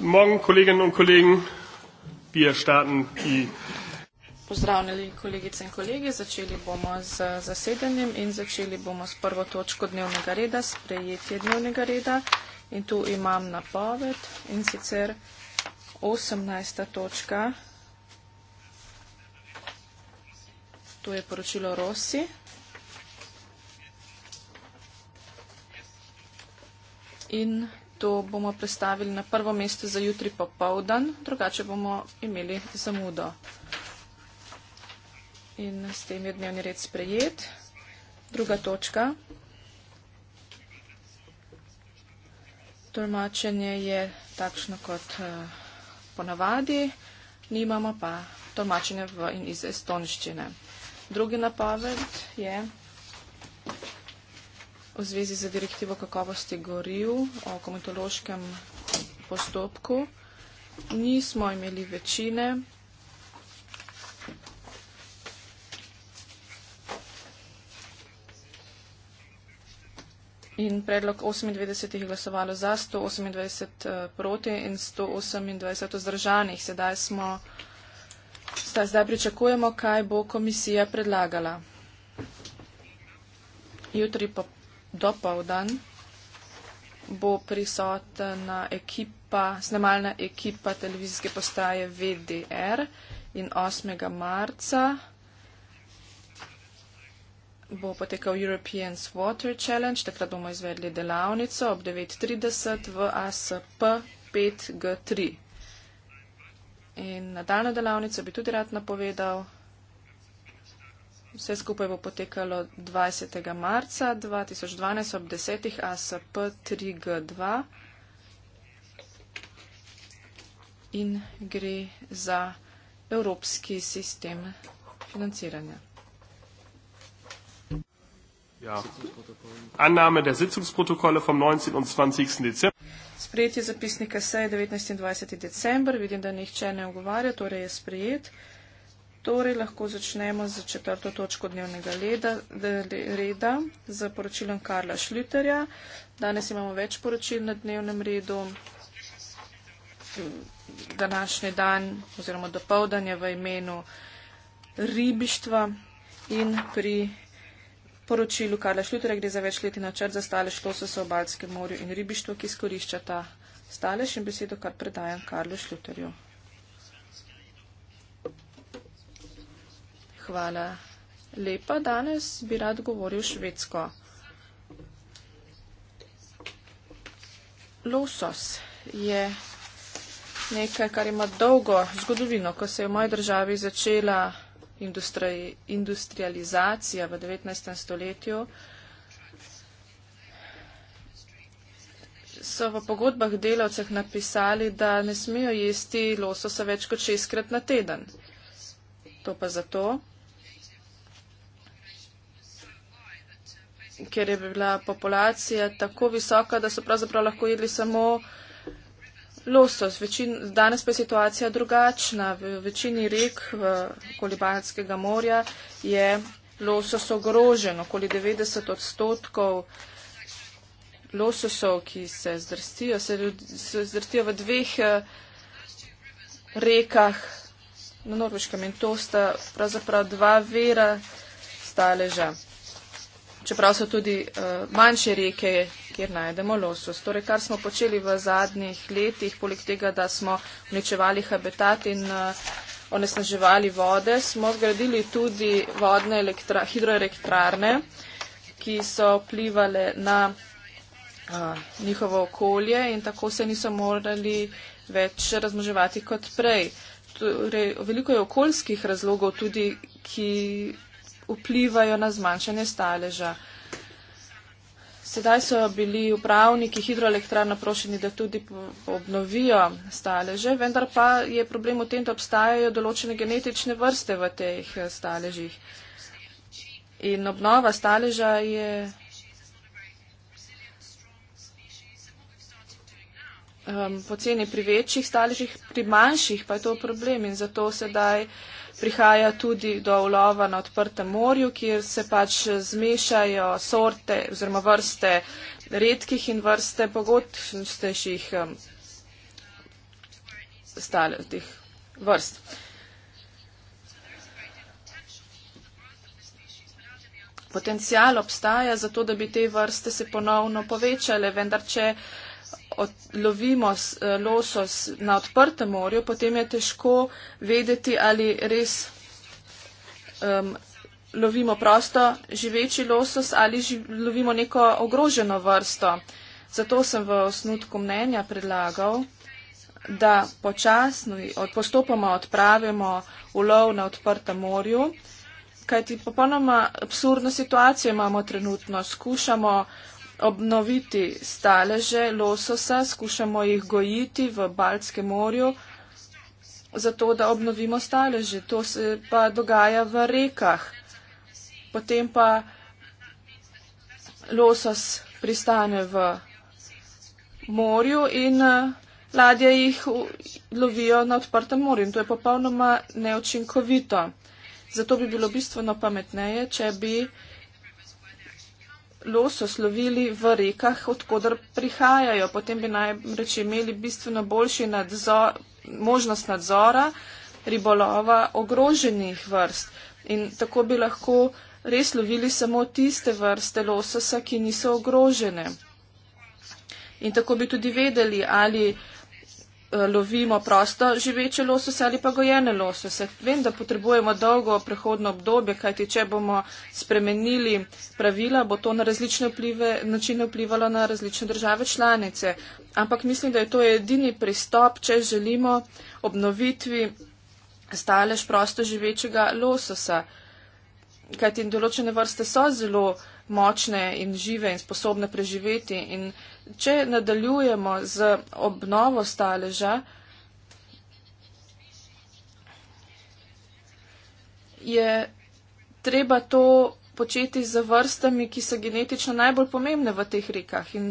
Guten Morgen, Kolleginnen und Kollegen. Wir starten die. Pozdravljeni kolegice in kolege, začeli bomo z zasedanjem in začeli bomo s prvo točko dnevnega reda, sprejetje dnevnega reda. In tu imam napoved in sicer 18. točka. To je poročilo Rosi. In to bomo predstavili na prvo mesto za jutri popovdan, drugače bomo imeli zamudo. In s tem je dnevni red sprejet. Druga točka. Tolmačenje je takšno kot eh, ponavadi, nimamo pa tolmačenje v in iz estonščine. Drugi napoved je v zvezi z direktivo kakovosti goril o komitološkem postopku. Nismo imeli večine. In predlog 98 jih glasovalo za, 128 eh, proti in 128 vzdržanih. Sedaj smo, zdaj pričakujemo, kaj bo komisija predlagala. Jutri pa dopoldan bo prisotna ekipa, snemalna ekipa televizijske postaje VDR in 8. marca bo potekal European Water Challenge, takrat bomo izvedli delavnico ob 9.30 v ASP 5G3. In nadaljno delavnico bi tudi rad napovedal. Vse skupaj bo potekalo 20. marca 2012 ob 10. ASP 3G2 in gre za evropski sistem financiranja. Ja. Annahme der Sitzungsprotokolle vom 19. und 20. Dezember. Sprejetje zapisnika seje 19. in 20. december. Vidim, da nihče ne ogovarja, torej je sprejet. Torej lahko začnemo z četrto točko dnevnega leda, reda z poročilom Karla Šliterja. Danes imamo več poročil na dnevnem redu. Današnji dan oziroma dopovdanje v imenu ribištva in pri poročilu Karla Šliterja gre za večletni načrt za stale šlose v Baltskem morju in ribištvo, ki skorišča ta stalež in besedo, kar predajam Karlu Šliterju. hvala. Lepa, danes bi rad govoril švedsko. Losos je nekaj, kar ima dolgo zgodovino, ko se je v moji državi začela industrializacija v 19. stoletju. So v pogodbah delavcev napisali, da ne smejo jesti lososa več kot šestkrat na teden. To pa zato, ker je bila populacija tako visoka, da so pravzaprav lahko jedli samo losos. Večin, danes pa je situacija drugačna. V večini rek v Kolibanskega morja je losos ogrožen. Okoli 90 odstotkov lososov, ki se zdrstijo, se, se zdrstijo v dveh eh, rekah na Norveškem in to sta pravzaprav dva vera staleža čeprav so tudi uh, manjše reke, kjer najdemo losos. Torej, kar smo počeli v zadnjih letih, poleg tega, da smo uničevali habitat in uh, onesnaževali vode, smo zgradili tudi vodne hidroelektrarne, ki so vplivale na uh, njihovo okolje in tako se niso morali več razmoževati kot prej. Torej, veliko je okoljskih razlogov tudi, ki vplivajo na zmanjšanje staleža. Sedaj so bili upravniki hidroelektrana prošeni, da tudi obnovijo staleže, vendar pa je problem v tem, da obstajajo določene genetične vrste v teh staležih. In obnova staleža je um, poceni pri večjih staležih, pri manjših pa je to problem in zato sedaj prihaja tudi do ulova na odprtem morju, kjer se pač zmešajo sorte oziroma vrste redkih in vrste pogostejših um, vrst. Potencial obstaja za to, da bi te vrste se ponovno povečale, vendar če uh, lovimo eh, losos na odprtem morju, potem je težko vedeti, ali res um, lovimo prosto živeči losos ali ži, lovimo neko ogroženo vrsto. Zato sem v osnutku mnenja predlagal, da počasno od, postopoma odpravimo ulov na odprtem morju, kajti popolnoma absurdno situacijo imamo trenutno. Skušamo obnoviti staleže lososa, skušamo jih gojiti v Baltskem morju, zato da obnovimo staleže. To se pa dogaja v rekah. Potem pa losos pristane v morju in eh, ladje jih lovijo na odprtem morju. In to je popolnoma neočinkovito. Zato bi bilo bistveno pametneje, če bi loso slovili v rekah, odkudar prihajajo. Potem bi najreč imeli bistveno boljši nadzor, možnost nadzora ribolova ogroženih vrst. In tako bi lahko res lovili samo tiste vrste lososa, ki niso ogrožene. In tako bi tudi vedeli, ali Eh, lovimo prosto živeče losose ali pa gojene losose. Vem, da potrebujemo dolgo prehodno obdobje, kajti če bomo spremenili pravila, bo to na različne vplive, načine vplivalo na različne države članice. Ampak mislim, da je to edini pristop, če želimo obnovitvi stalež prosto živečega lososa. Kajti določene vrste so zelo močne in žive in sposobne preživeti. In če nadaljujemo z obnovo staleža, je treba to početi z vrstami, ki so genetično najbolj pomembne v teh rekah. In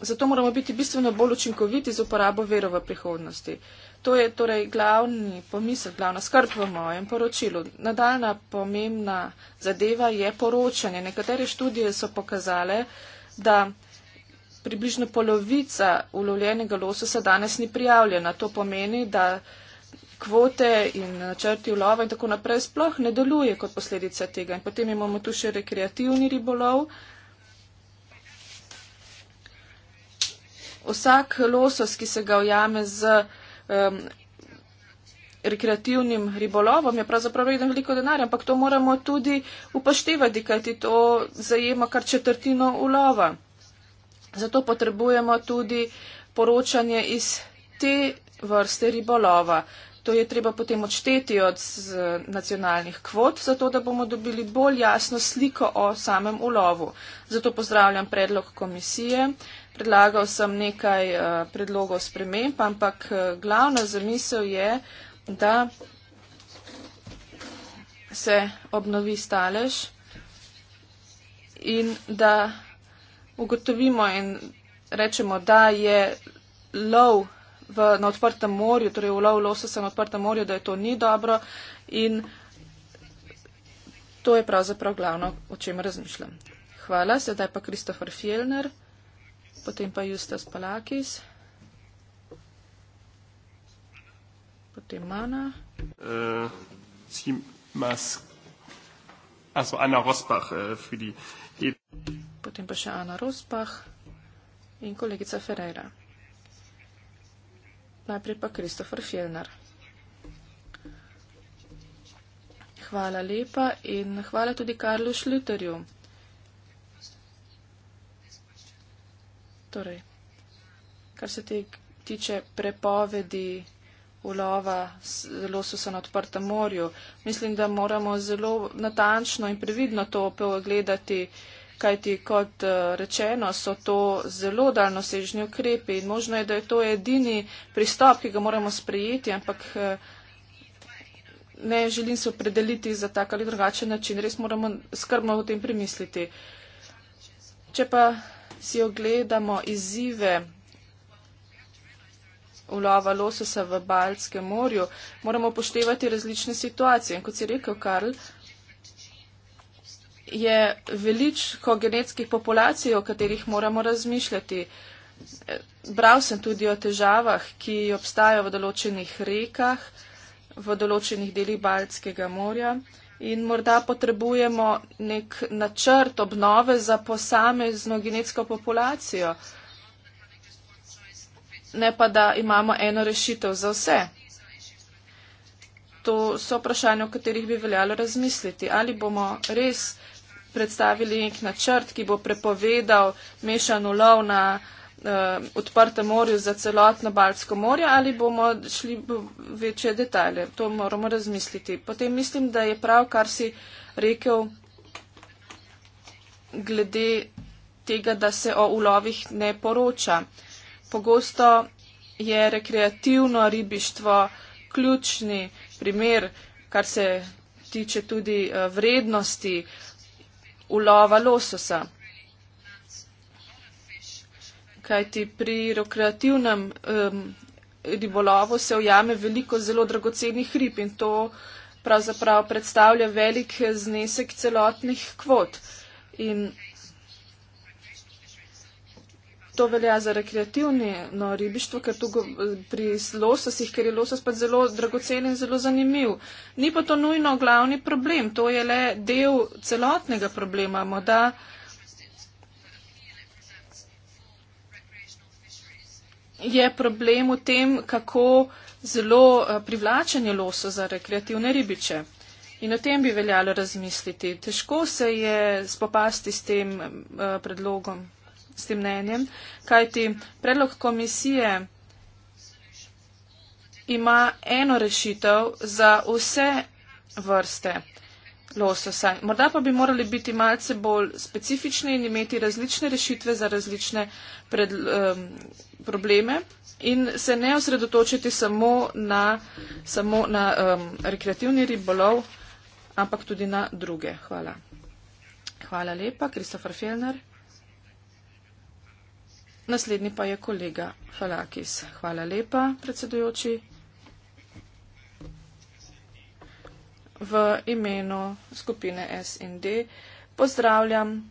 zato moramo biti bistveno bolj učinkoviti z uporabo vero v prihodnosti. Uh, To je torej glavni pomisel, glavna skrb v mojem poročilu. Nadaljna pomembna zadeva je poročanje. Nekatere študije so pokazale, da približno polovica ulovljenega lososa danes ni prijavljena. To pomeni, da kvote in načrti ulova in tako naprej sploh ne deluje kot posledica tega. In potem imamo tu še rekreativni ribolov. Vsak losos, ki se ga ujame z um, rekreativnim ribolovom je pravzaprav vreden veliko denarja, ampak to moramo tudi upoštevati, kajti to zajema kar četrtino ulova. Zato potrebujemo tudi poročanje iz te vrste ribolova. To je treba potem odšteti od nacionalnih kvot, zato da bomo dobili bolj jasno sliko o samem ulovu. Zato pozdravljam predlog komisije, predlagal sem nekaj uh, predlogov sprememb, ampak eh, glavna zamisel je, da se obnovi stalež in da ugotovimo in rečemo, da je lov v, na odprtem morju, torej ulov lososa na odprtem morju, da je to ni dobro in to je pravzaprav glavno, o čem razmišljam. Hvala, sedaj pa Kristofer Fjellner potem pa Justas Palakis, potem Mana. Äh, also Anna Rosbach, äh, für die e- potem pa še Ana Rosbach in kolegica Ferreira. Najprej pa Kristofer Fjellner. Hvala lepa in hvala tudi Karlu Šluterju. Torej, kar se te, tiče prepovedi ulova, zelo so se na odprtem morju. Mislim, da moramo zelo natančno in previdno to gledati, kajti kot eh, rečeno, so to zelo daljnosežni ukrepi in možno je, da je to edini pristop, ki ga moramo sprejeti, ampak. Eh, ne želim se opredeliti za tak ali drugačen način, res moramo skrbno o tem premisliti. Če pa si ogledamo izzive ulova lososa v Baltskem morju, moramo poštevati različne situacije. In kot si rekel, Karl, je veliko genetskih populacij, o katerih moramo razmišljati. Bral sem tudi o težavah, ki obstajajo v določenih rekah, v določenih delih Baltskega morja in morda potrebujemo nek načrt obnove za posamezno genetsko populacijo, ne pa da imamo eno rešitev za vse. To so vprašanja, o katerih bi veljalo razmisliti. Ali bomo res predstavili nek načrt, ki bo prepovedal mešan ulov na uh, odprtem morju za celotno Balsko morje ali bomo šli v večje detalje. To moramo razmisliti. Potem mislim, da je prav, kar si rekel glede tega, da se o ulovih ne poroča. Pogosto je rekreativno ribištvo ključni primer, kar se tiče tudi eh, vrednosti ulova lososa kajti pri rekreativnem um, ribolovu se ujame veliko zelo dragocenih rib in to pravzaprav predstavlja velik znesek celotnih kvot. In to velja za rekreativno no, ribištvo, ker tu pri lososih, ker je losos pa zelo dragocen in zelo zanimiv. Ni pa to nujno glavni problem, to je le del celotnega problema. Moda, uh, je problem v tem, kako zelo eh, privlačen je loso za rekreativne ribiče. In o tem bi veljalo razmisliti. Težko se je spopasti s tem eh, predlogom, s tem mnenjem, kajti predlog komisije ima eno rešitev za vse vrste lososa. Morda pa bi morali biti malce bolj specifični in imeti različne rešitve za različne predloge. Um, probleme in se ne osredotočiti samo na, samo na um, rekreativni ribolov, ampak tudi na druge. Hvala. Hvala lepa, Kristofer Fjellner. Naslednji pa je kolega Falakis. Hvala lepa, predsedujoči. V imenu skupine SND pozdravljam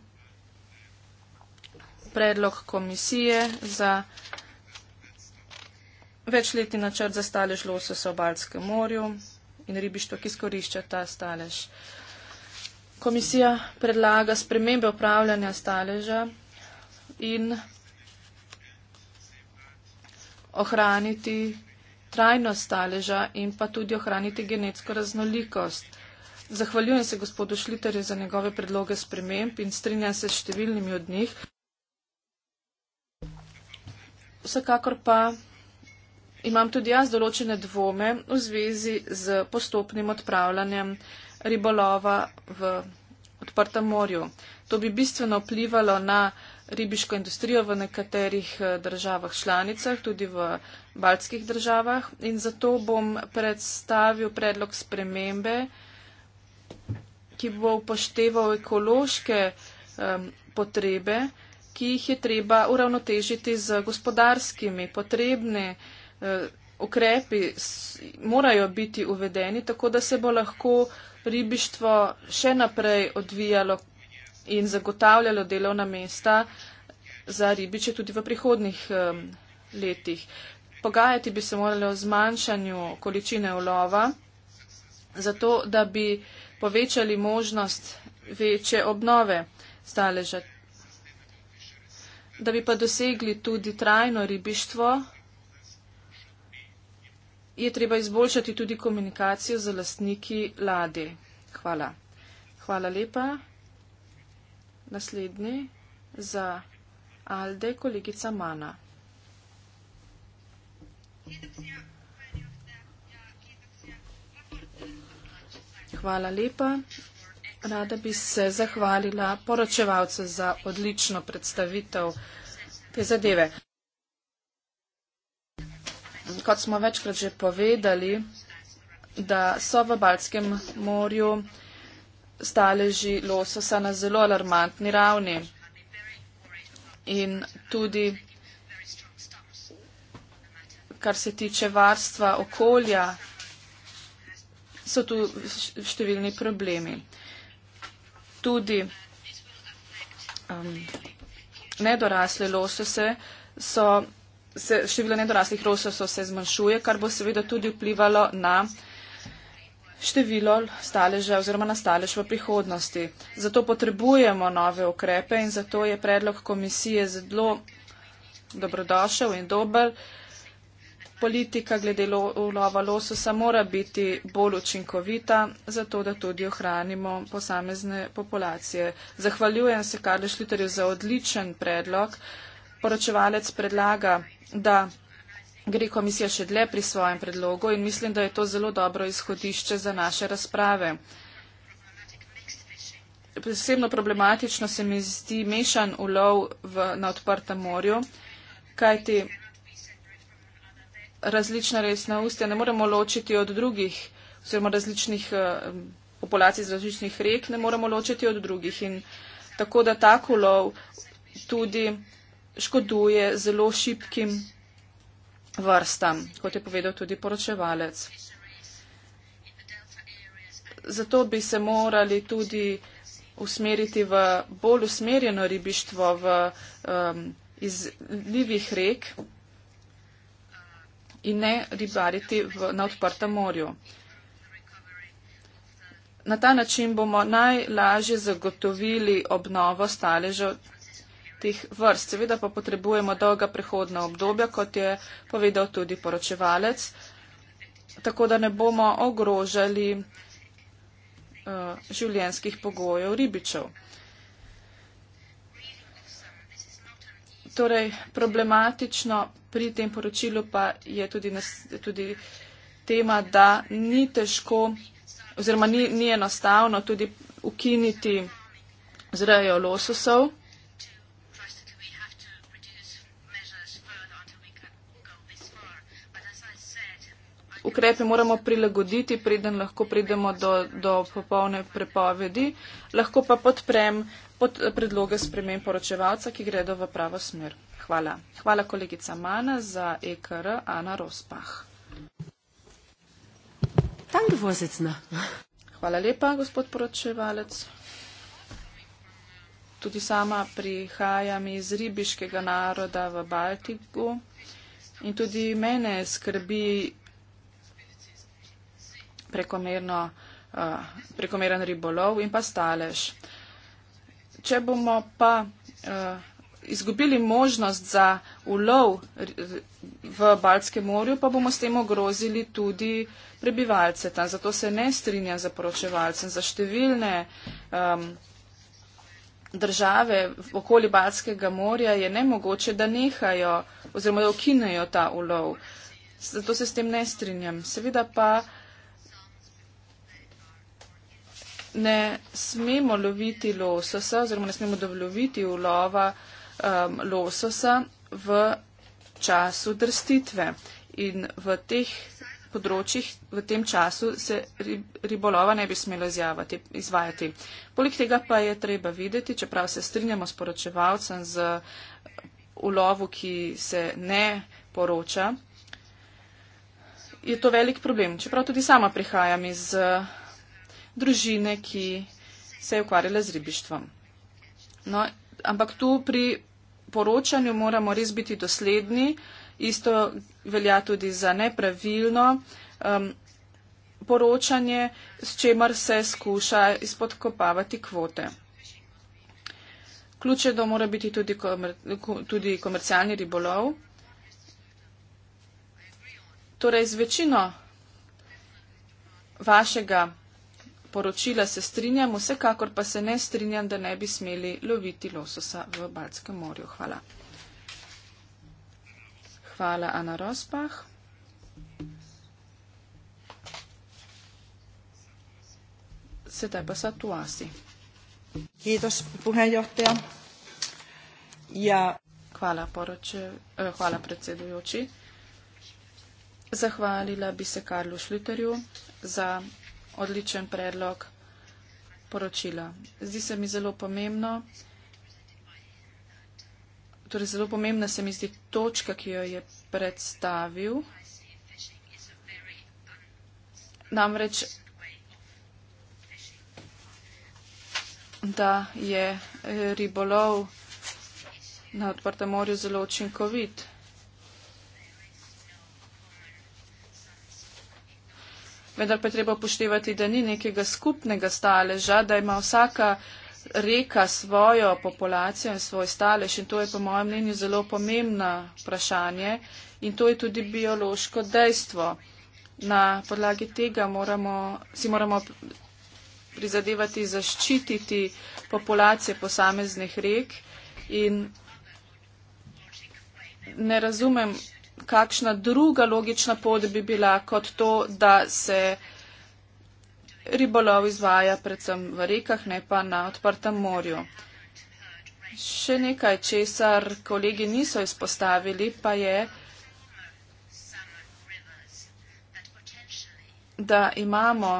predlog komisije za večletni načrt za stalež lososa v Baltskem morju in ribištvo, ki skorišča ta stalež. Komisija predlaga spremembe upravljanja staleža in ohraniti trajnost staleža in pa tudi ohraniti genetsko raznolikost. Zahvaljujem se gospodu Šliterju za njegove predloge sprememb in strinjam se s številnimi od njih. Vsekakor pa imam tudi jaz določene dvome v zvezi z postopnim odpravljanjem ribolova v odprtem morju. To bi bistveno vplivalo na ribiško industrijo v nekaterih eh, državah članicah, tudi v baltskih državah. In zato bom predstavil predlog spremembe, ki bo upošteval ekološke um, potrebe, ki jih je treba uravnotežiti z gospodarskimi potrebnimi. Eh, ukrepi morajo biti uvedeni, tako da se bo lahko ribištvo še naprej odvijalo in zagotavljalo delovna mesta za ribiče tudi v prihodnih letih. Pogajati bi se morali o zmanjšanju količine ulova, zato da bi povečali možnost večje obnove staleža, da bi pa dosegli tudi trajno ribištvo je treba izboljšati tudi komunikacijo z lastniki lade. Hvala. Hvala lepa. Naslednji za Alde, kolegica Mana. Hvala lepa. Rada bi se zahvalila poročevalcu za odlično predstavitev te zadeve. Kot smo večkrat že povedali, da so v Balskem morju staleži lososa na zelo alarmantni ravni in tudi, kar se tiče varstva okolja, so tu številni problemi. Tudi um, nedorasle losose so se, število nedoraslih rososov se zmanjšuje, kar bo seveda tudi vplivalo na število staleže oziroma na stalež v prihodnosti. Zato potrebujemo nove ukrepe in zato je predlog komisije zelo dobrodošel in dober. Politika glede ulova lososa mora biti bolj učinkovita, zato da tudi ohranimo posamezne populacije. Zahvaljujem se Karlo Šliterju za odličen predlog. Poročevalec predlaga da gre komisija še dlje pri svojem predlogu in mislim, da je to zelo dobro izhodišče za naše razprave. Posebno problematično se mi zdi mešan ulov v, na odprtem morju, kajti različna resna ustja ne moremo ločiti od drugih oziroma različnih eh, populacij iz različnih rek ne moremo ločiti od drugih. In tako da tak ulov tudi škoduje zelo šipkim vrstam, kot je povedal tudi poročevalec. Zato bi se morali tudi usmeriti v bolj usmerjeno ribištvo v um, izlivih rek in ne ribariti v, na odprtem morju. Na ta način bomo najlažje zagotovili obnovo staležev teh vrst. Seveda pa potrebujemo dolga prehodna obdobja, kot je povedal tudi poročevalec, tako da ne bomo ogrožali uh, eh, življenskih pogojev ribičev. Torej, problematično pri tem poročilu pa je tudi, nas, tudi tema, da ni težko oziroma ni, ni enostavno tudi ukiniti zrejo lososov. ukrepe moramo prilagoditi, preden lahko pridemo do, do popolne prepovedi. Lahko pa podprem pod predloge spremen poročevalca, ki gredo v pravo smer. Hvala. Hvala kolegica Mana za EKR Ana Rospah. Hvala lepa, gospod poročevalec. Tudi sama prihajam iz ribiškega naroda v Baltiku in tudi mene skrbi prekomerno, uh, prekomeren ribolov in pa stalež. Če bomo pa uh, izgubili možnost za ulov eh, v Baltskem morju, pa bomo s tem ogrozili tudi prebivalce tam. Zato se ne strinjam za poročevalce, za številne. Um, države okoli Balskega morja je nemogoče, da nehajo oziroma da okinejo ta ulov. Zato se s tem ne strinjam. Seveda pa uh, ne smemo loviti lososa oziroma ne smemo dovloviti ulova um, lososa v času drstitve. In v teh področjih, v tem času se ribolova ne bi smelo izvajati. Poleg tega pa je treba videti, čeprav se strinjamo s poročevalcem z ulovu, ki se ne poroča, je to velik problem. Čeprav tudi sama prihajam iz družine, ki se je ukvarjala z ribištvom. No, ampak tu pri poročanju moramo res biti dosledni, isto velja tudi za nepravilno um, poročanje, s čemer se skuša izpodkopavati kvote. Ključe, da mora biti tudi, komer, tudi komercialni ribolov. Torej, z večino vašega poročila se strinjam, vsekakor pa se ne strinjam, da ne bi smeli loviti lososa v Baltskem morju. Hvala. Hvala, Ana Rospah. Sedaj pa Satu Asi. Ja. Hvala, poroče, eh, hvala, predsedujoči. Zahvalila bi se Karlu Šliterju za odličen predlog poročila. Zdi se mi zelo pomembno, torej zelo pomembna se mi zdi točka, ki jo je predstavil. Namreč, da je ribolov na odprtem morju zelo učinkovit. vendar pa je treba upoštevati, da ni nekega skupnega staleža, da ima vsaka reka svojo populacijo in svoj stalež in to je po mojem mnenju zelo pomembno vprašanje in to je tudi biološko dejstvo. Na podlagi tega moramo, si moramo prizadevati zaščititi populacije posameznih rek in ne razumem, kakšna druga logična pot bi bila kot to, da se ribolov izvaja predvsem v rekah, ne pa na odprtem morju. Še nekaj, česar kolegi niso izpostavili, pa je, da imamo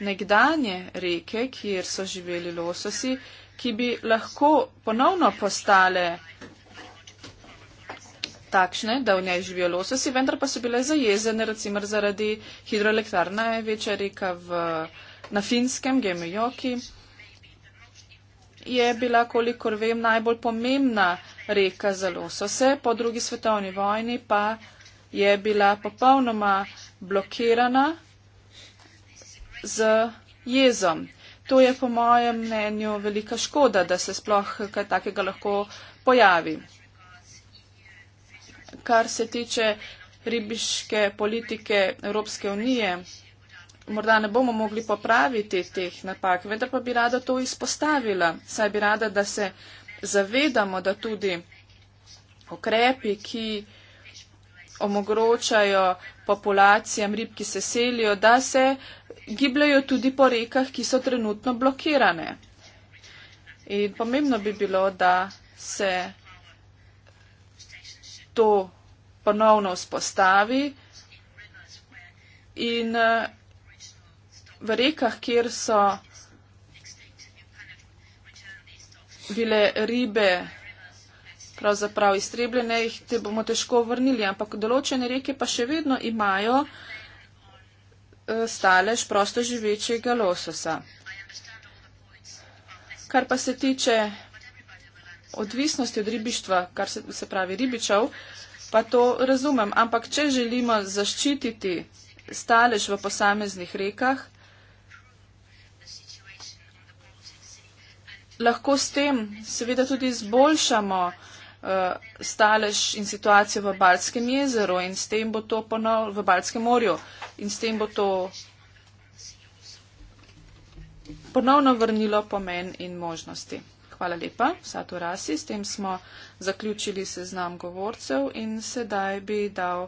nekdanje reke, kjer so živeli lososi, ki bi lahko ponovno postale takšne, da v njej živijo lososi, vendar pa so bile zajezene recimo zaradi hidroelektrarna največja reka v, na finskem Gemijoki. Je bila, kolikor vem, najbolj pomembna reka za losose, po drugi svetovni vojni pa je bila popolnoma blokirana z jezom. To je po mojem mnenju velika škoda, da se sploh kaj takega lahko pojavi kar se tiče ribiške politike Evropske unije. Morda ne bomo mogli popraviti teh napak, vendar pa bi rada to izpostavila, saj bi rada, da se zavedamo, da tudi okrepi, ki omogočajo populacijam rib, ki se selijo, da se gibljajo tudi po rekah, ki so trenutno blokirane. In pomembno bi bilo, da se to ponovno vzpostavi in eh, v rekah, kjer so bile ribe pravzaprav iztrebljene, jih te bomo težko vrnili, ampak določene reke pa še vedno imajo eh, stalež prosto živečega lososa. Kar pa se tiče odvisnosti od ribištva, kar se, se pravi ribičev, pa to razumem. Ampak, če želimo zaščititi stalež v posameznih rekah, lahko s tem seveda tudi izboljšamo uh, stalež in situacijo v Balskem jezeru in s tem bo to ponovno v Balskem morju in s tem bo to ponovno vrnilo pomen in možnosti. Hvala lepa, Sato Rasi. S tem smo zaključili seznam govorcev in sedaj bi dal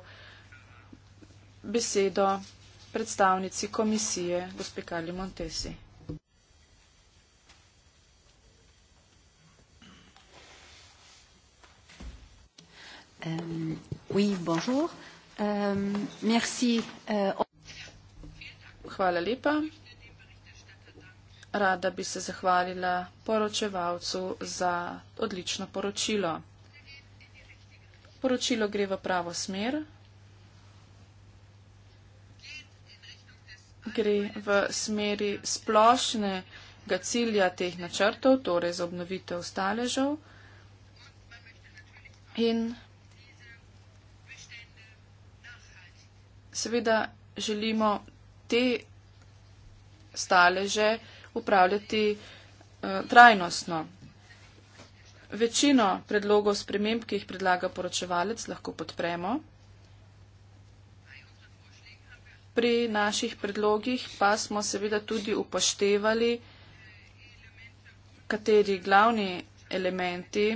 besedo predstavnici komisije, gospe Karli Montesi. Euh, euh, euh, Hvala lepa rada bi se zahvalila poročevalcu za odlično poročilo. Poročilo gre v pravo smer. Gre v smeri splošnega cilja teh načrtov, torej za obnovitev staležev. In seveda želimo te staleže, upravljati uh, trajnostno. Večino predlogov sprememb, ki jih predlaga poročevalec, lahko podpremo. Pri naših predlogih pa smo seveda tudi upoštevali, kateri glavni elementi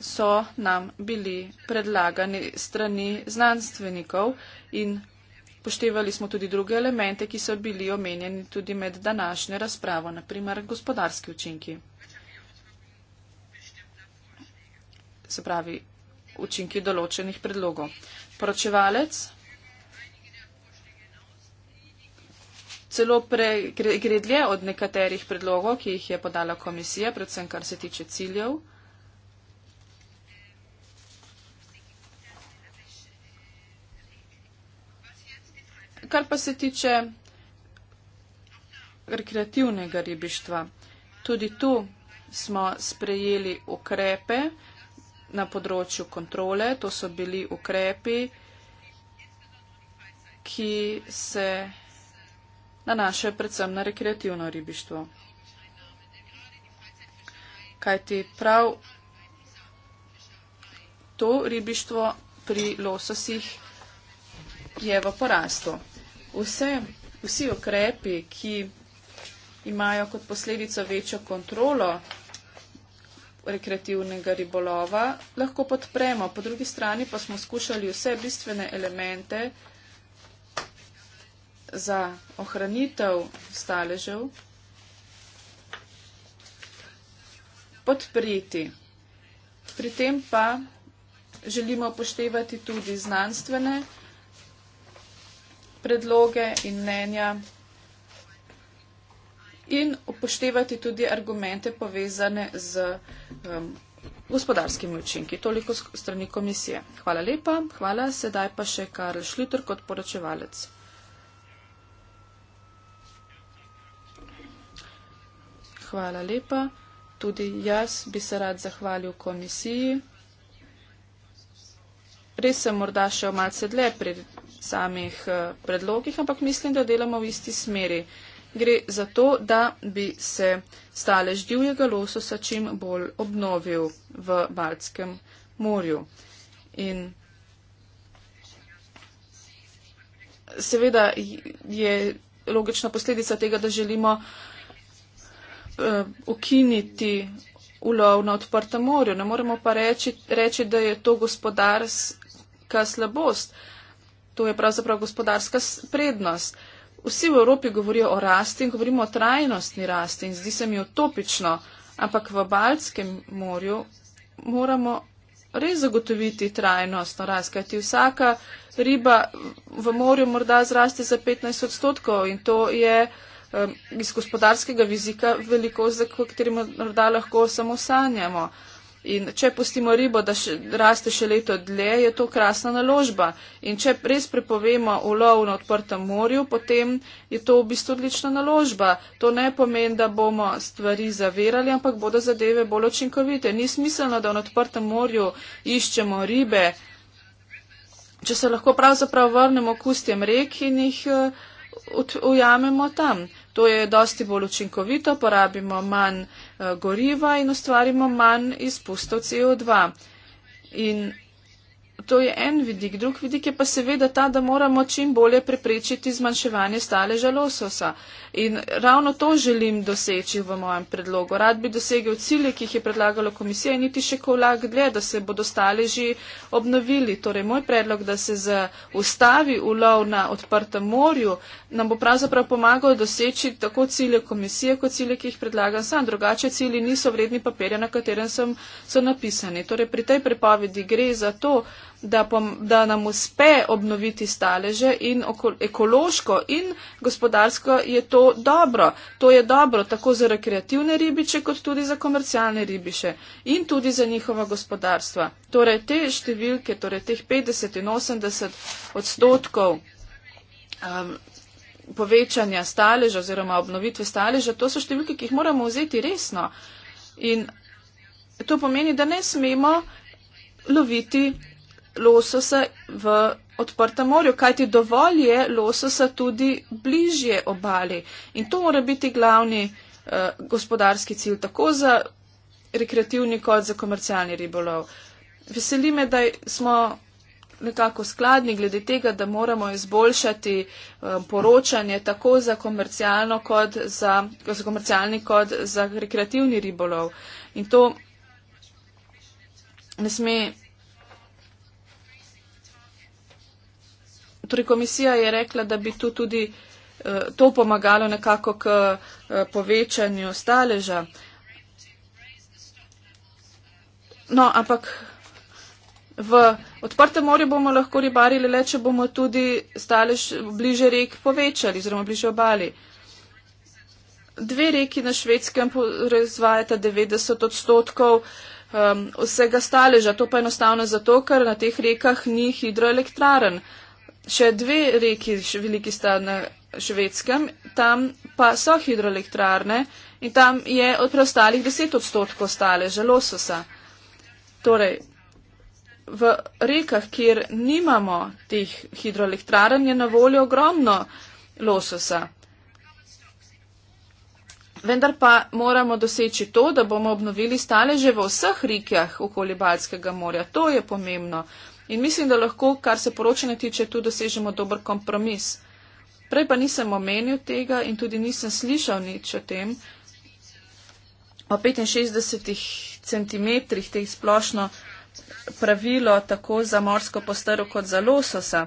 so nam bili predlagani strani znanstvenikov in Upoštevali smo tudi druge elemente, ki so bili omenjeni tudi med današnjo razpravo, naprimer gospodarski učinki. Se pravi, učinki določenih predlogov. Poročevalec celo pre, gre, gre dlje od nekaterih predlogov, ki jih je podala komisija, predvsem kar se tiče ciljev. kar pa se tiče rekreativnega ribištva, tudi tu smo sprejeli ukrepe na področju kontrole. To so bili ukrepi, ki se nanašajo predvsem na rekreativno ribištvo. Kajti prav to ribištvo pri lososih je v porastu vse, vsi okrepi, ki imajo kot posledico večjo kontrolo rekreativnega ribolova, lahko podpremo. Po drugi strani pa smo skušali vse bistvene elemente za ohranitev staležev podpriti. Pri tem pa želimo upoštevati tudi znanstvene predloge in mnenja in upoštevati tudi argumente povezane z um, gospodarskimi učinki. Toliko strani komisije. Hvala lepa. Hvala. Sedaj pa še Karl Šliter kot poročevalec. Hvala lepa. Tudi jaz bi se rad zahvalil komisiji. Res sem morda še malce dlje samih eh, predlogih, ampak mislim, da delamo v isti smeri. Gre za to, da bi se stalež divjega lososa čim bolj obnovil v Baltskem morju. In seveda je logična posledica tega, da želimo eh, ukiniti ulov na odprtem morju. Ne moremo pa reči, reči da je to gospodarska slabost. To je pravzaprav gospodarska prednost. Vsi v Evropi govorijo o rasti in govorimo o trajnostni rasti in zdi se mi utopično, ampak v Baltskem morju moramo res zagotoviti trajnostno rast, kajti vsaka riba v morju morda zraste za 15 odstotkov in to je eh, iz gospodarskega vizika veliko, za katerim morda lahko samo sanjamo. In če pustimo ribo, da še, raste še leto dlje, je to krasna naložba. In če res prepovemo ulov na odprtem morju, potem je to v bistvu odlična naložba. To ne pomeni, da bomo stvari zavirali, ampak bodo zadeve bolj očinkovite. Ni smiselno, da na odprtem morju iščemo ribe, če se lahko pravzaprav vrnemo k ustjem rek in jih uh, ujamemo tam. To je dosti bolj učinkovito, porabimo manj goriva in ustvarimo manj izpustov CO2. In To je en vidik. Drugi vidik je pa seveda ta, da moramo čim bolje preprečiti zmanjševanje staleža lososa. In ravno to želim doseči v mojem predlogu. Rad bi dosegel cilje, ki jih je predlagalo komisija in niti še kolak dlje, da se bodo staleži obnovili. Torej, moj predlog, da se ustavi ulov na odprtem morju, nam bo pravzaprav pomagal doseči tako cilje komisije, kot cilje, ki jih predlagam sam. Drugače cilji niso vredni papirja, na katerem sem, so napisani. Torej, pri tej prepovedi gre za to, da, pom, da nam uspe obnoviti staleže in oko, ekološko in gospodarsko je to dobro. To je dobro tako za rekreativne ribiče, kot tudi za komercialne ribiše in tudi za njihova gospodarstva. Torej te številke, torej teh 50 in 80 odstotkov um, povečanja staleža oziroma obnovitve staleža, to so številke, ki jih moramo vzeti resno. In to pomeni, da ne smemo loviti losose v odprtem morju, kajti dovolj je losose tudi bližje obali. In to mora biti glavni eh, gospodarski cilj, tako za rekreativni kot za komercialni ribolov. Veseli me, da smo nekako skladni glede tega, da moramo izboljšati um, poročanje tako za, kot za, za komercialni kot za rekreativni ribolov. In to ne sme Torej, komisija je rekla, da bi tu tudi eh, to pomagalo nekako k eh, povečanju staleža. No, ampak v odprtem morju bomo lahko ribarili le, če bomo tudi stalež bliže rek povečali, oziroma bliže obali. Dve reki na švedskem proizvajata 90 odstotkov um, vsega staleža. To pa enostavno zato, ker na teh rekah ni hidroelektraren. Uh, še dve reki, še veliki sta na švedskem, tam pa so hidroelektrarne in tam je od preostalih 10 odstotkov stale želososa. Torej, v rekah, kjer nimamo teh hidroelektrarn, je na voljo ogromno lososa. Vendar pa moramo doseči to, da bomo obnovili staleže v vseh rikah okoli Balskega morja. To je pomembno. In mislim, da lahko, kar se poročanja tiče, tu dosežemo dober kompromis. Prej pa nisem omenil tega in tudi nisem slišal nič o tem, o 65 centimetrih teh splošno pravilo tako za morsko postrv kot za lososa.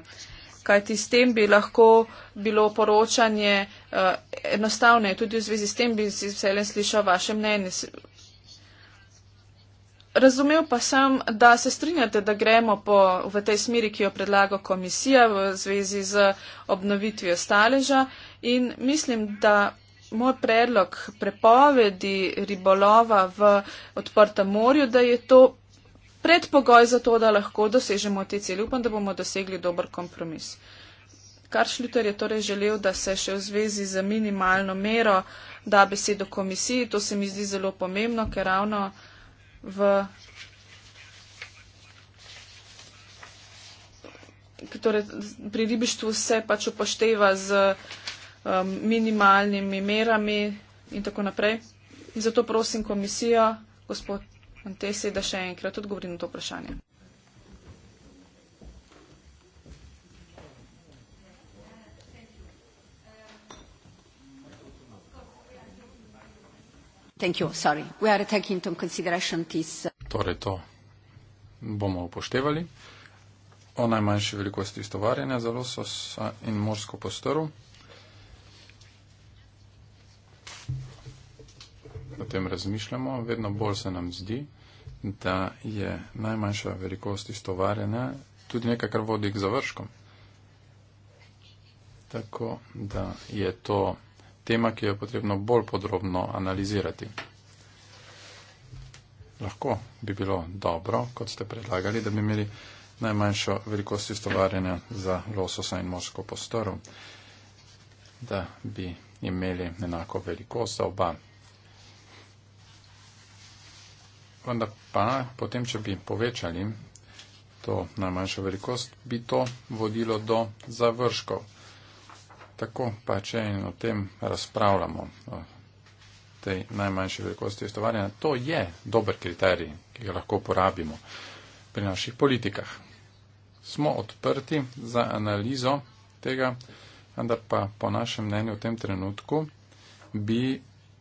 Kajti s tem bi lahko bilo poročanje uh, eh, enostavne. Tudi v zvezi s tem bi se veselim slišal vaše mnenje. Razumel pa sem, da se strinjate, da gremo po, v tej smeri, ki jo predlaga komisija v zvezi z obnovitvijo staleža in mislim, da moj predlog prepovedi ribolova v odprtem morju, da je to predpogoj za to, da lahko dosežemo te cilje. Upam, da bomo dosegli dober kompromis. Kar Šluter je torej želel, da se še v zvezi z minimalno mero da besedo komisiji, to se mi zdi zelo pomembno, ker ravno v. Torej, pri ribištvu se pač upošteva z um, minimalnimi merami in tako naprej. In zato prosim komisijo, gospod Antesi, da še enkrat odgovori na to vprašanje. Thank you, sorry. We are taking into consideration this. Uh, torej to bomo upoštevali. O najmanjši velikosti istovarjanja za lososa in morsko postoru. O tem razmišljamo. Vedno bolj se nam zdi, da je najmanjša velikost istovarjanja tudi nekaj, kar vodi k završkom. Tako da je to tema, ki jo je potrebno bolj podrobno analizirati. Lahko bi bilo dobro, kot ste predlagali, da bi imeli najmanjšo velikost istovarjanja za lososa in morsko postoro, da bi imeli enako velikost za oba. Vendar pa potem, če bi povečali to najmanjšo velikost, bi to vodilo do završkov. Tako pa če in o tem razpravljamo, o tej najmanjši velikosti testovanja, to je dober kriterij, ki ga lahko uporabimo pri naših politikah. Smo odprti za analizo tega, vendar pa po našem mnenju v tem trenutku bi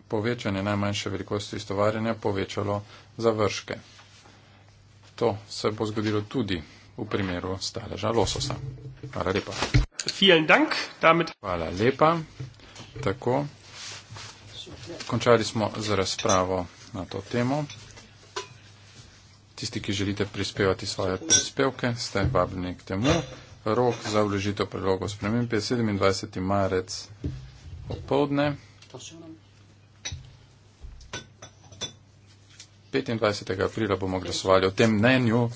povečanje najmanjše velikosti istovarjanja povečalo završke. To se bo zgodilo tudi v primeru staleža lososa. Hvala lepa vielen Dank. Damit Hvala lepa. Tako. Končali smo z razpravo na to temo. Tisti, ki želite prispevati svoje prispevke, ste vabljeni k temu. Rok za vložitev predlogov sprememb je 27. marec popovdne. 25. aprila bomo glasovali o tem mnenju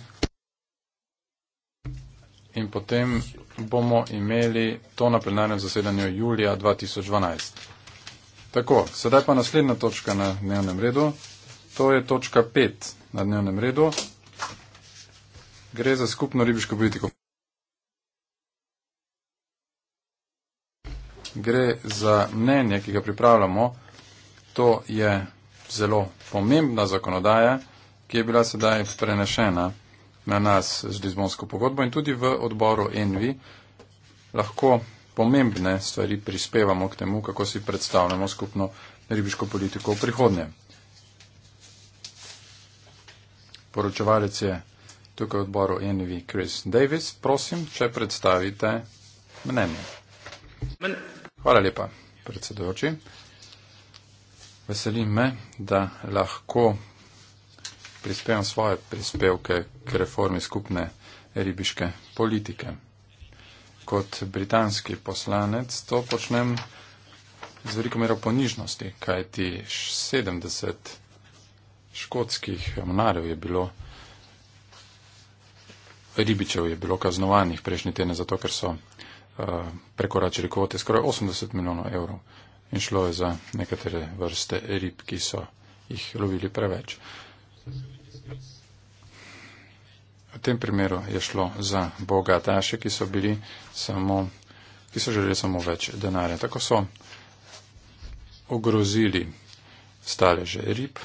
in potem bomo imeli to na plenarnem zasedanju julija 2012. Tako, sedaj pa naslednja točka na dnevnem redu. To je točka 5 na dnevnem redu. Gre za skupno ribiško politiko. Gre za mnenje, ki ga pripravljamo. To je zelo pomembna zakonodaja, ki je bila sedaj prenešena na nas z Lizbonsko pogodbo in tudi v odboru Envi lahko pomembne stvari prispevamo k temu, kako si predstavljamo skupno ribiško politiko v prihodnje. Poročevalec je tukaj v odboru Envi Chris Davis. Prosim, če predstavite mnenje. Hvala lepa, predsedujoči. Veselim me, da lahko prispevam svoje prispevke k reformi skupne ribiške politike. Kot britanski poslanec to počnem z veliko mero ponižnosti, kajti 70 škotskih mnarjev je bilo, ribičev je bilo kaznovanih prejšnji teden zato, ker so uh, prekoračili kvote skoraj 80 milijonov evrov in šlo je za nekatere vrste rib, ki so jih lovili preveč. Uh, V tem primeru je šlo za bogataše, ki so, bili samo, ki so želeli samo več denarja. Tako so ogrozili staleže rib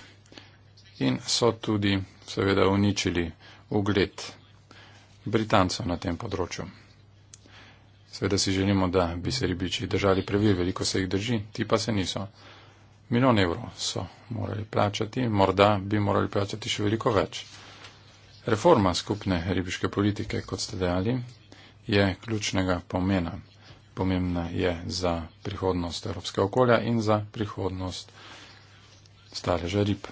in so tudi seveda uničili ugled Britancev na tem področju. Seveda si želimo, da bi se ribiči držali pravil, veliko se jih drži, ti pa se niso. Milijon evrov so morali plačati, morda bi morali plačati še veliko več. Reforma skupne ribiške politike, kot ste dejali, je ključnega pomena. Pomembna je za prihodnost evropske okolja in za prihodnost staleža rib.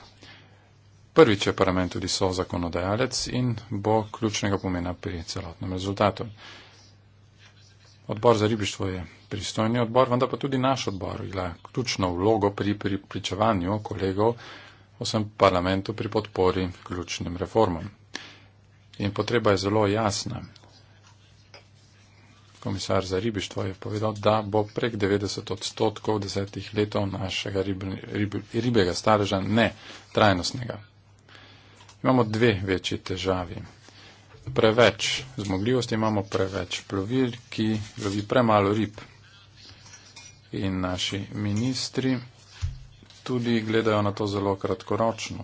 Prvič je parlament tudi so zakonodajalec in bo ključnega pomena pri celotnem rezultatu. Odbor za ribištvo je pristojni odbor, vendar pa tudi naš odbor igra ključno vlogo pri pripričevanju kolegov vsem parlamentu pri podpori ključnim reformam. In potreba je zelo jasna. Komisar za ribištvo je povedal, da bo prek 90 odstotkov desetih letov našega rib, rib, ribega stareža ne trajnostnega. Imamo dve večji težavi preveč zmogljivosti, imamo preveč plovil, ki lovi premalo rib. In naši ministri tudi gledajo na to zelo kratkoročno.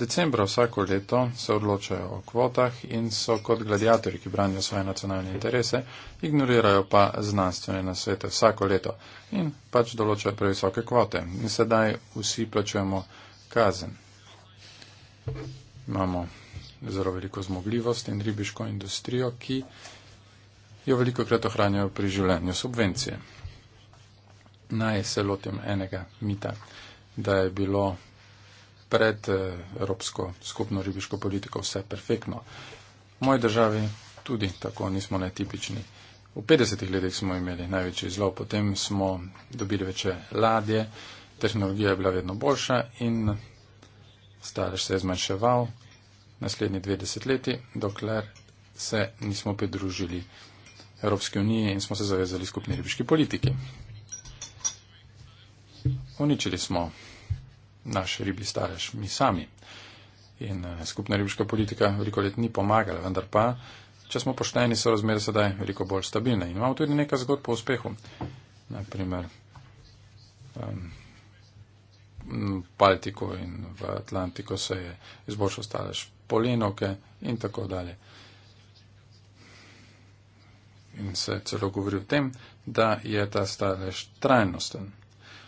Decembra vsako leto se odločajo o kvotah in so kot gladiatorji, ki branijo svoje nacionalne interese, ignorirajo pa znanstvene nasvete vsako leto in pač določajo previsoke kvote. In sedaj vsi plačujemo kazen. Imamo zelo veliko zmogljivost in ribiško industrijo, ki jo veliko krat ohranjajo pri življenju subvencije. Naj se lotim enega mita, da je bilo pred eh, Evropsko skupno ribiško politiko vse perfektno. V moji državi tudi tako nismo netipični. V 50-ih letih smo imeli največji zlo, potem smo dobili večje ladje, tehnologija je bila vedno boljša in stalež se je zmanjševal, naslednji dve desetleti, dokler se nismo pridružili Evropske unije in smo se zavezali skupni ribiški politiki. Uničili smo naš ribi starež mi sami in eh, skupna ribiška politika veliko let ni pomagala, vendar pa, če smo pošteni, so razmere sedaj veliko bolj stabilne in imamo tudi nekaj zgodb po uspehu. Naprimer, um, v Baltiku in v Atlantiku se je izboljšal starež polenoke in tako dalje. In se celo govori o tem, da je ta stalež trajnosten.